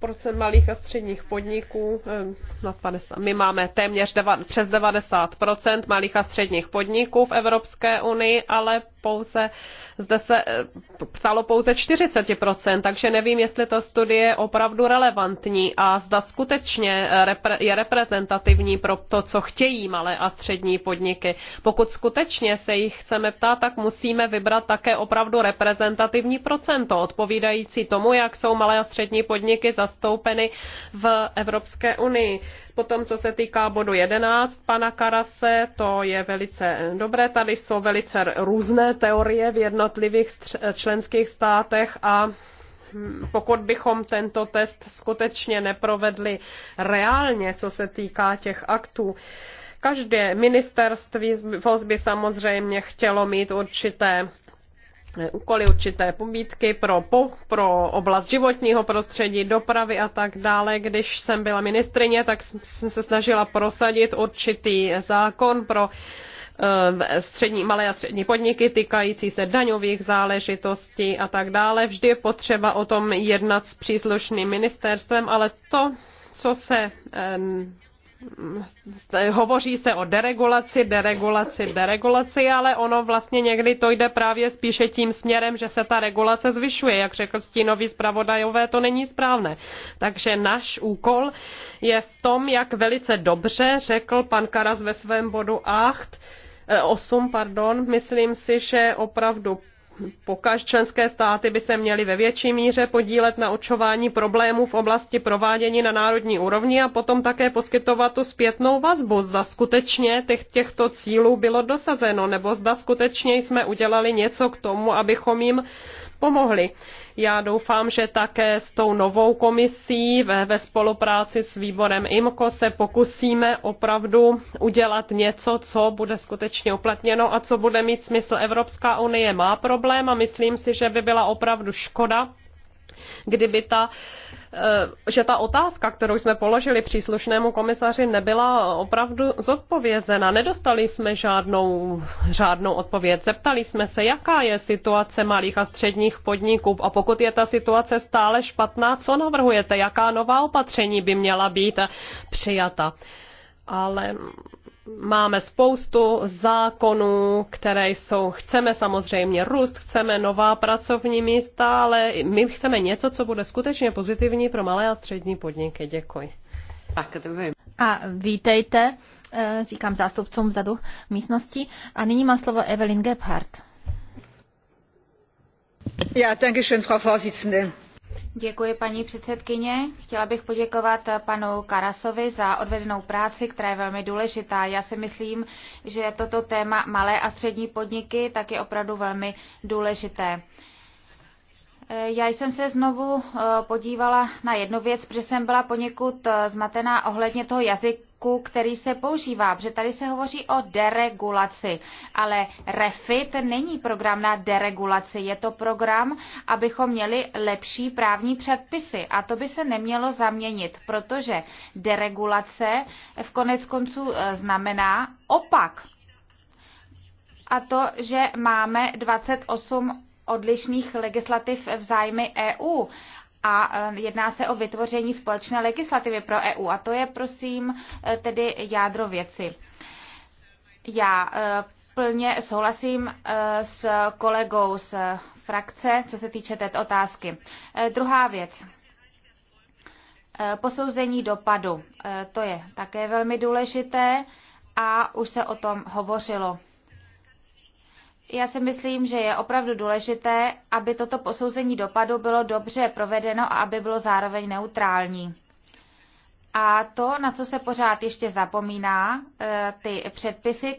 procent malých a středních podniků, eh, nad 50, my máme téměř deva, přes 90 malých a středních podniků v Evropské unii, ale pouze zde se eh, ptalo pouze 40 takže nevím, jestli ta studie je opravdu relevantní a zda skutečně eh, je reprezentativní pro to, co chtějí malé a střední podniky. Pokud skutečně se jich chceme ptát, tak musíme vybrat také opravdu reprezentativní procento, odpovídající tomu, jak jsou malé a střední podniky za zastoupeny v Evropské unii. Potom, co se týká bodu 11 pana Karase, to je velice dobré. Tady jsou velice různé teorie v jednotlivých členských státech a pokud bychom tento test skutečně neprovedli reálně, co se týká těch aktů, Každé ministerství by samozřejmě chtělo mít určité úkoly, určité pobídky pro, pro oblast životního prostředí, dopravy a tak dále. Když jsem byla ministrině, tak jsem se snažila prosadit určitý zákon pro eh, střední, malé a střední podniky týkající se daňových záležitostí a tak dále. Vždy je potřeba o tom jednat s příslušným ministerstvem, ale to, co se eh, Hm, hovoří se o deregulaci, deregulaci, deregulaci, ale ono vlastně někdy to jde právě spíše tím směrem, že se ta regulace zvyšuje. Jak řekl stínový zpravodajové, to není správné. Takže náš úkol je v tom, jak velice dobře řekl pan Karas ve svém bodu 8, eh, pardon, myslím si, že opravdu pokaž členské státy by se měly ve větší míře podílet na očování problémů v oblasti provádění na národní úrovni a potom také poskytovat tu zpětnou vazbu, zda skutečně těch, těchto cílů bylo dosazeno, nebo zda skutečně jsme udělali něco k tomu, abychom jim pomohli. Já doufám, že také s tou novou komisí ve, spolupráci s výborem IMCO se pokusíme opravdu udělat něco, co bude skutečně uplatněno a co bude mít smysl. Evropská unie má problém a myslím si, že by byla opravdu škoda, kdyby ta Eh, že ta otázka, kterou jsme položili příslušnému komisaři, nebyla opravdu zodpovězena. Nedostali jsme žádnou žádnou odpověď. Zeptali jsme se, jaká je situace malých a středních podniků a pokud je ta situace stále špatná, co navrhujete, jaká nová opatření by měla být přijata. Ale máme spoustu zákonů, které jsou, chceme samozřejmě růst, chceme nová pracovní místa, ale my chceme něco, co bude skutečně pozitivní pro malé a střední podniky. Děkuji. Tak, to vím. A vítejte, eh, říkám zástupcům vzadu místnosti. A nyní má slovo Evelyn Gebhardt. Ja, danke schön, Frau Vorsitzende Děkuji paní předsedkyně. Chtěla bych poděkovat panu Karasovi za odvedenou práci, která je velmi důležitá. Já si myslím, že toto téma malé a střední podniky tak je opravdu velmi důležité. Já jsem se znovu eh, podívala na jednu věc, protože jsem byla poněkud eh, zmatená ohledně toho jazyku prvku, který se používá, protože tady se hovoří o deregulaci, ale REFIT není program na deregulaci, je to program, abychom měli lepší právní předpisy a to by se nemělo zaměnit, protože deregulace v konec konců e, znamená opak. A to, že máme 28 odlišných legislativ v zájmy EU a eh, jedná se o vytvoření společné legislativy pro EU a to je prosím eh, tedy jádro věci. Já eh, plně souhlasím s kolegou z frakce, co se týče této otázky. Druhá věc. Posouzení dopadu. To je také velmi důležité a už se o tom hovořilo. Já si myslím, že je opravdu důležité, aby toto posouzení dopadu bylo dobře provedeno a aby bylo zároveň neutrální. A to, na co se pořád ještě zapomíná, eh, ty předpisy,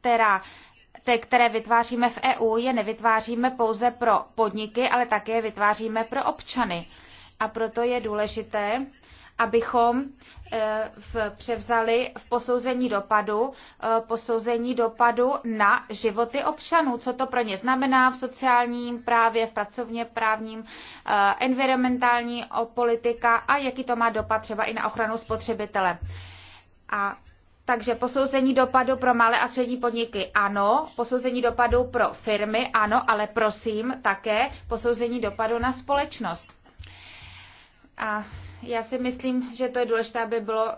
která, ty, které vytváříme v EU, je nevytváříme pouze pro podniky, ale také vytváříme pro občany. A proto je důležité, abychom eh, v převzali v posouzení dopadu, eh, posouzení dopadu na životy občanů, co to pro ně znamená v sociálním právě, v pracovně právním, eh, environmentální politika a jaký to má dopad třeba i na ochranu spotřebitele. A takže posouzení dopadu pro malé a střední podniky ano, posouzení dopadu pro firmy ano, ale prosím také posouzení dopadu na společnost. A já si myslím, že to je důležité, aby bylo uh,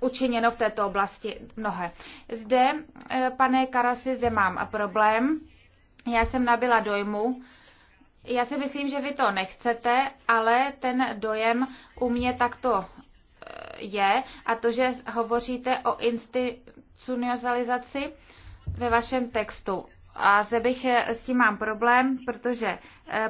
učiněno v této oblasti mnohé. Zde, uh, pane Karasi, zde mám a problém. Já jsem nabila dojmu, já si myslím, že vy to nechcete, ale ten dojem u mě takto eh, je a to, že hovoříte o institucionalizaci ve vašem textu. A zde bych s tím mám problém, protože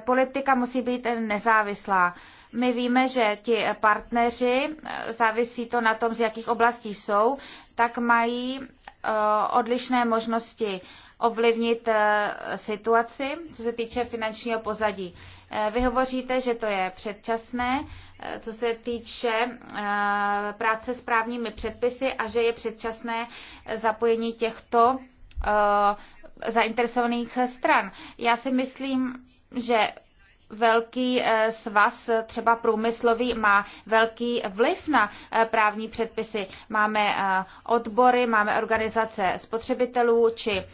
politika musí být nezávislá. My víme, že ti partneři, eh, závisí to na tom, z jakých oblastí jsou, tak mají eh, odlišné možnosti ovlivnit eh, situaci, co se týče finančního pozadí. Vy hovoříte, že to je předčasné, co se týče práce s právními předpisy a že je předčasné zapojení těchto zainteresovaných stran. Já si myslím, že velký eh, svaz, třeba průmyslový, má velký vliv na eh, právní předpisy. Máme eh, odbory, máme organizace spotřebitelů či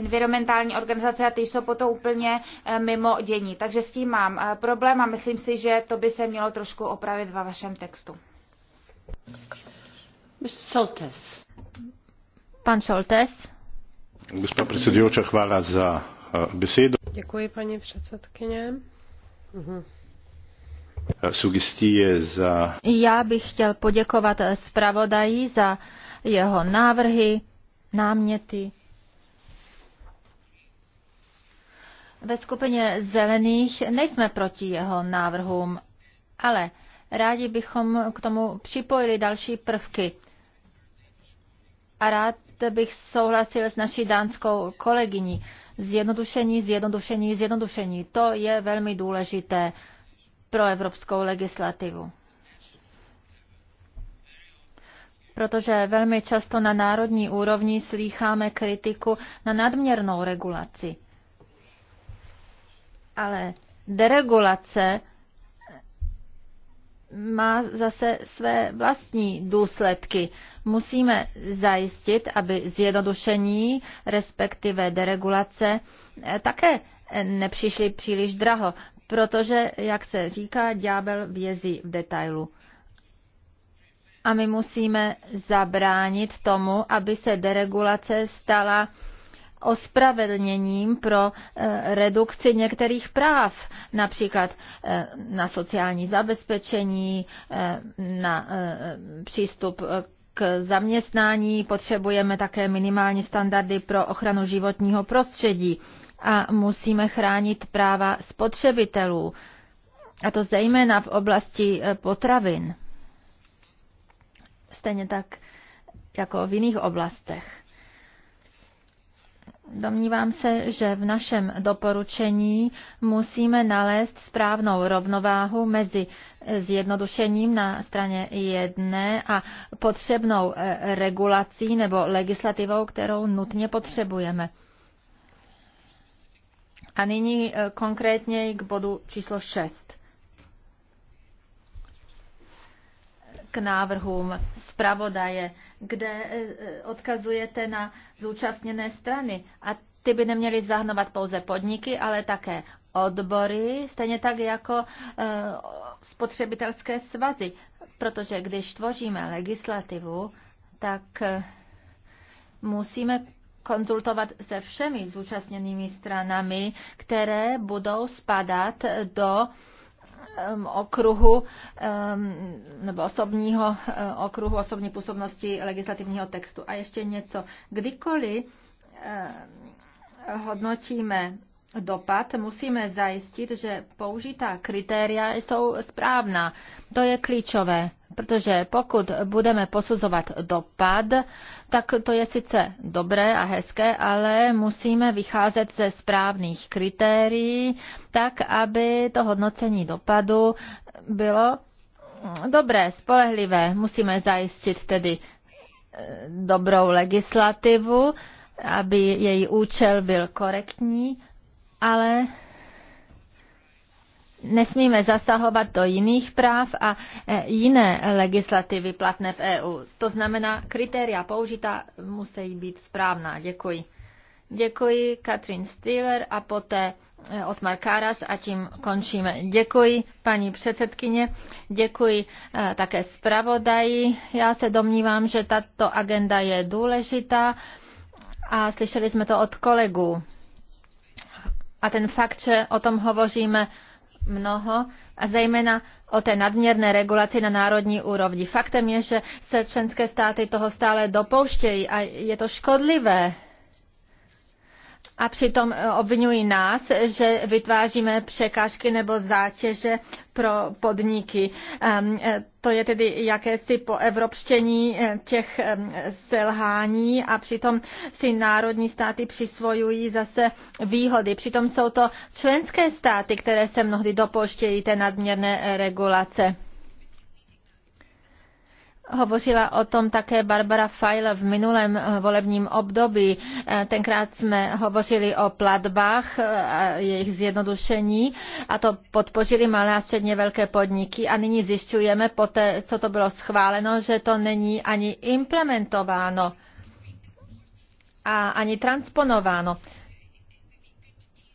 environmentální, organizace a ty jsou potom úplně mimo dění. Takže s tím mám problém a myslím si, že to by se mělo trošku opravit ve vašem textu. Pan Soltes. Gospa predsedujoča, hvala za besedo. Děkuji, paní předsedkyně. Mhm. Sugestie za... Já bych chtěl poděkovat zpravodaji za jeho návrhy, náměty. Ve skupině zelených nejsme proti jeho návrhům, ale rádi bychom k tomu připojili další prvky. A rád bych souhlasil s naší dánskou kolegyní. Zjednodušení, zjednodušení, zjednodušení. To je velmi důležité pro evropskou legislativu. Protože velmi často na národní úrovni slýcháme kritiku na nadměrnou regulaci. Ale deregulace má zase své vlastní důsledky. Musíme zajistit, aby zjednodušení, respektive deregulace, eh, také nepřišly příliš draho, protože, jak se říká, ďábel vězí v detailu. A my musíme zabránit tomu, aby se deregulace stala ospravedlněním pro eh, redukci některých práv, například eh, na sociální zabezpečení, eh, na přístup k zaměstnání, potřebujeme také minimální standardy pro ochranu životního prostředí a musíme chránit práva spotřebitelů, a to zejména v oblasti potravin. Stejně tak jako v jiných oblastech. Domnívám se, že v našem doporučení musíme nalézt správnou rovnováhu mezi eh, zjednodušením na straně jedné a potřebnou eh, regulací nebo legislativou, kterou nutně potřebujeme. A nyní eh, konkrétně k bodu číslo 6. K návrhům zpravodaje kde e, e, odkazujete na zúčastněné strany. A ty by neměly zahnovat pouze podniky, ale také odbory, stejně tak jako e, spotřebitelské svazy. Protože když tvoříme legislativu, tak musíme konzultovat se všemi zúčastněnými stranami, které budou spadat do uh, Um, okruhu um, nebo osobního uh, okruhu, osobní působnosti legislativního textu. A ještě něco. Kdykoliv uh, hodnotíme dopad, musíme zajistit, že použitá kritéria jsou správná. To je klíčové, protože pokud budeme posuzovat dopad, tak to je sice dobré a hezké, ale musíme vycházet ze správných kritérií, tak aby to hodnocení dopadu bylo dobré, spolehlivé. Musíme zajistit tedy eh, dobrou legislativu, aby její účel byl korektní ale nesmíme zasahovat do jiných práv a e, jiné legislativy platné v EU. To znamená, kritéria použita musí být správná. Děkuji. Děkuji Katrin Stiller a poté e, Otmar Karas a tím končíme. Děkuji paní předsedkyně, děkuji e, také zpravodaji. Já se domnívám, že tato agenda je důležitá a slyšeli jsme to od kolegů a ten fakt, že o tom hovoříme mnoho, a zejména o té nadměrné regulaci na národní úrovni. Faktem je, že se členské státy toho stále dopouštějí a je to škodlivé a přitom e, obvinují nás, že vytváříme překážky nebo zátěže pro podniky. E, to je tedy jakési poevropštění e, těch selhání a přitom si národní státy přisvojují zase výhody. Přitom jsou to členské státy, které se mnohdy dopouštějí té nadměrné regulace. Hovořila o tom také Barbara Fajla v minulém eh, volebním období. Eh, tenkrát jsme hovořili o platbách eh, a jejich zjednodušení a to podpořili malé a středně velké podniky a nyní zjišťujeme té, co to bylo schváleno, že to není ani implementováno a ani transponováno.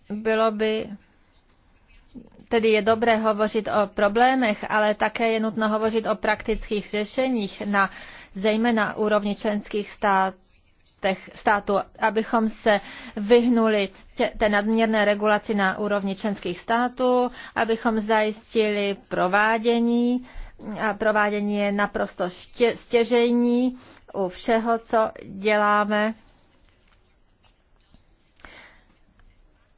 Bylo by Tedy je dobré hovořit o problémech, ale také je nutno hovořit o praktických řešeních na zejména úrovni členských států státu, abychom se vyhnuli tě, té nadměrné regulaci na úrovni členských států, abychom zajistili provádění. A provádění je naprosto stěžejní u všeho, co děláme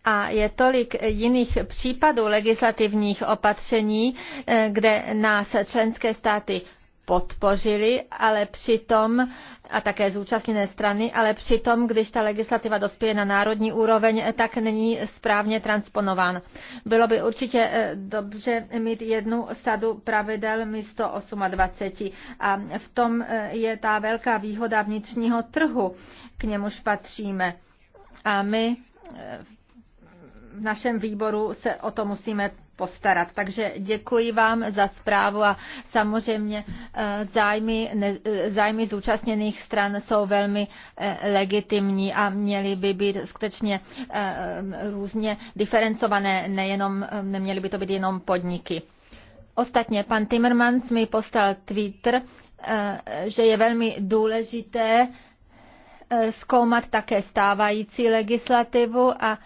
A je tolik jiných případů legislativních opatření, eh, kde nás členské státy podpořili, ale přitom, a také zúčastněné strany, ale přitom, když ta legislativa dospěje na národní úroveň, eh, tak není správně transponován. Bylo by určitě eh, dobře mít jednu sadu pravidel místo 28. A v tom je ta velká výhoda vnitřního trhu, k němuž patříme. A my v v našem výboru se o to musíme postarat. Takže děkuji vám za zprávu a samozřejmě eh, zájmy, eh, zájmy zúčastněných stran jsou velmi eh, legitimní a měly by být skutečně různě diferencované, nejenom, neměly by to být jenom podniky. Ostatně pan Timmermans mi postal Twitter, že je velmi důležité zkoumat také stávající legislativu a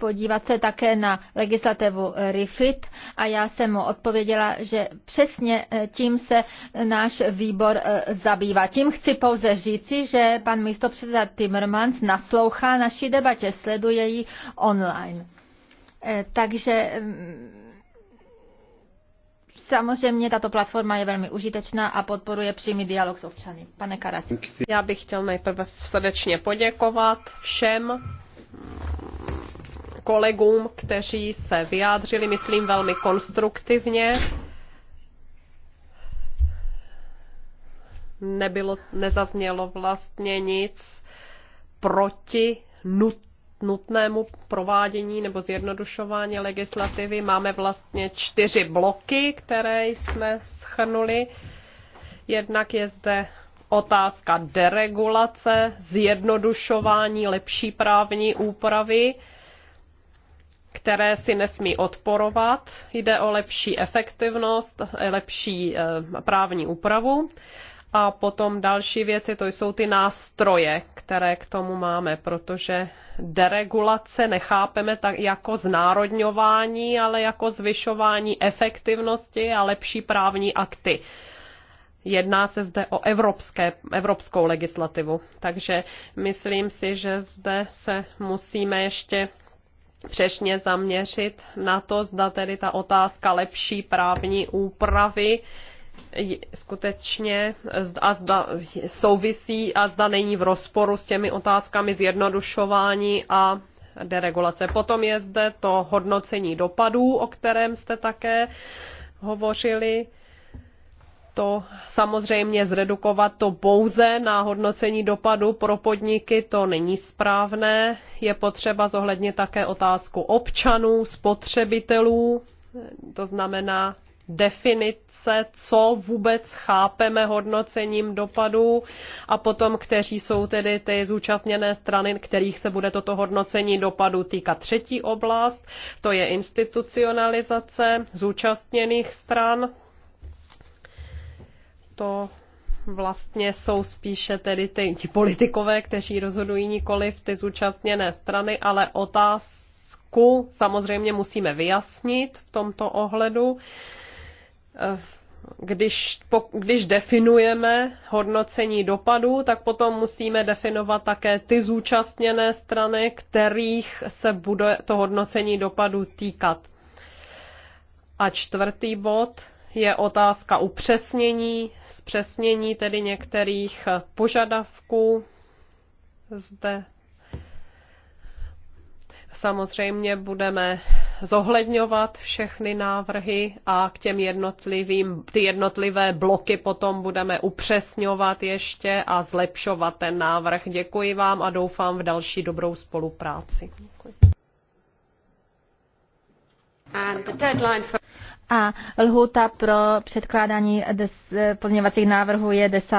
podívat se také na legislativu RIFIT a já jsem mu odpověděla, že přesně eh, tím se náš výbor eh, zabývá. Tím chci pouze říci, že pan místopředseda Timmermans naslouchá naší debatě, sleduje ji online. Eh, takže mm, Samozřejmě tato platforma je velmi užitečná a podporuje přímý dialog s občany. Pane Karasi. Já bych chtěl nejprve srdečně poděkovat všem kolegům, kteří se vyjádřili, myslím, velmi konstruktivně. Nebylo, nezaznělo vlastně nic proti nut, nutnému provádění nebo zjednodušování legislativy. Máme vlastně čtyři bloky, které jsme schrnuli. Jednak je zde otázka deregulace, zjednodušování lepší právní úpravy které si nesmí odporovat. Jde o lepší efektivnost, lepší eh, právní úpravu. A potom další věci, to jsou ty nástroje, které k tomu máme, protože deregulace nechápeme tak jako znárodňování, ale jako zvyšování efektivnosti a lepší právní akty. Jedná se zde o evropské, evropskou legislativu. Takže myslím si, že zde se musíme ještě přesně zaměřit na to, zda tedy ta otázka lepší právní úpravy skutečně a zda souvisí a zda není v rozporu s těmi otázkami zjednodušování a deregulace. Potom je zde to hodnocení dopadů, o kterém jste také hovořili to samozřejmě zredukovat to pouze na hodnocení dopadu pro podniky, to není správné. Je potřeba zohlednit také otázku občanů, spotřebitelů, to znamená definice, co vůbec chápeme hodnocením dopadů a potom, kteří jsou tedy ty zúčastněné strany, kterých se bude toto hodnocení dopadů týkat. Třetí oblast, to je institucionalizace zúčastněných stran, to vlastně jsou spíše tedy ty, ti politikové, kteří rozhodují nikoli v ty zúčastněné strany, ale otázku samozřejmě musíme vyjasnit v tomto ohledu. Když, když definujeme hodnocení dopadu, tak potom musíme definovat také ty zúčastněné strany, kterých se bude to hodnocení dopadu týkat. A čtvrtý bod je otázka upřesnění, zpřesnění tedy některých požadavků zde. Samozřejmě budeme zohledňovat všechny návrhy a k těm jednotlivým, ty jednotlivé bloky potom budeme upřesňovat ještě a zlepšovat ten návrh. Děkuji vám a doufám v další dobrou spolupráci. Děkuji. And the deadline for a lhuta pro předkládání eh, pozměňovacích návrhů je 10.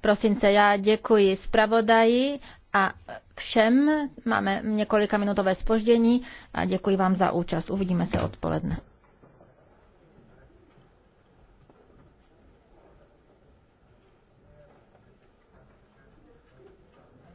prosince. Já děkuji zpravodaji a všem. Máme několika minutové spoždění a děkuji vám za účast. Uvidíme se odpoledne.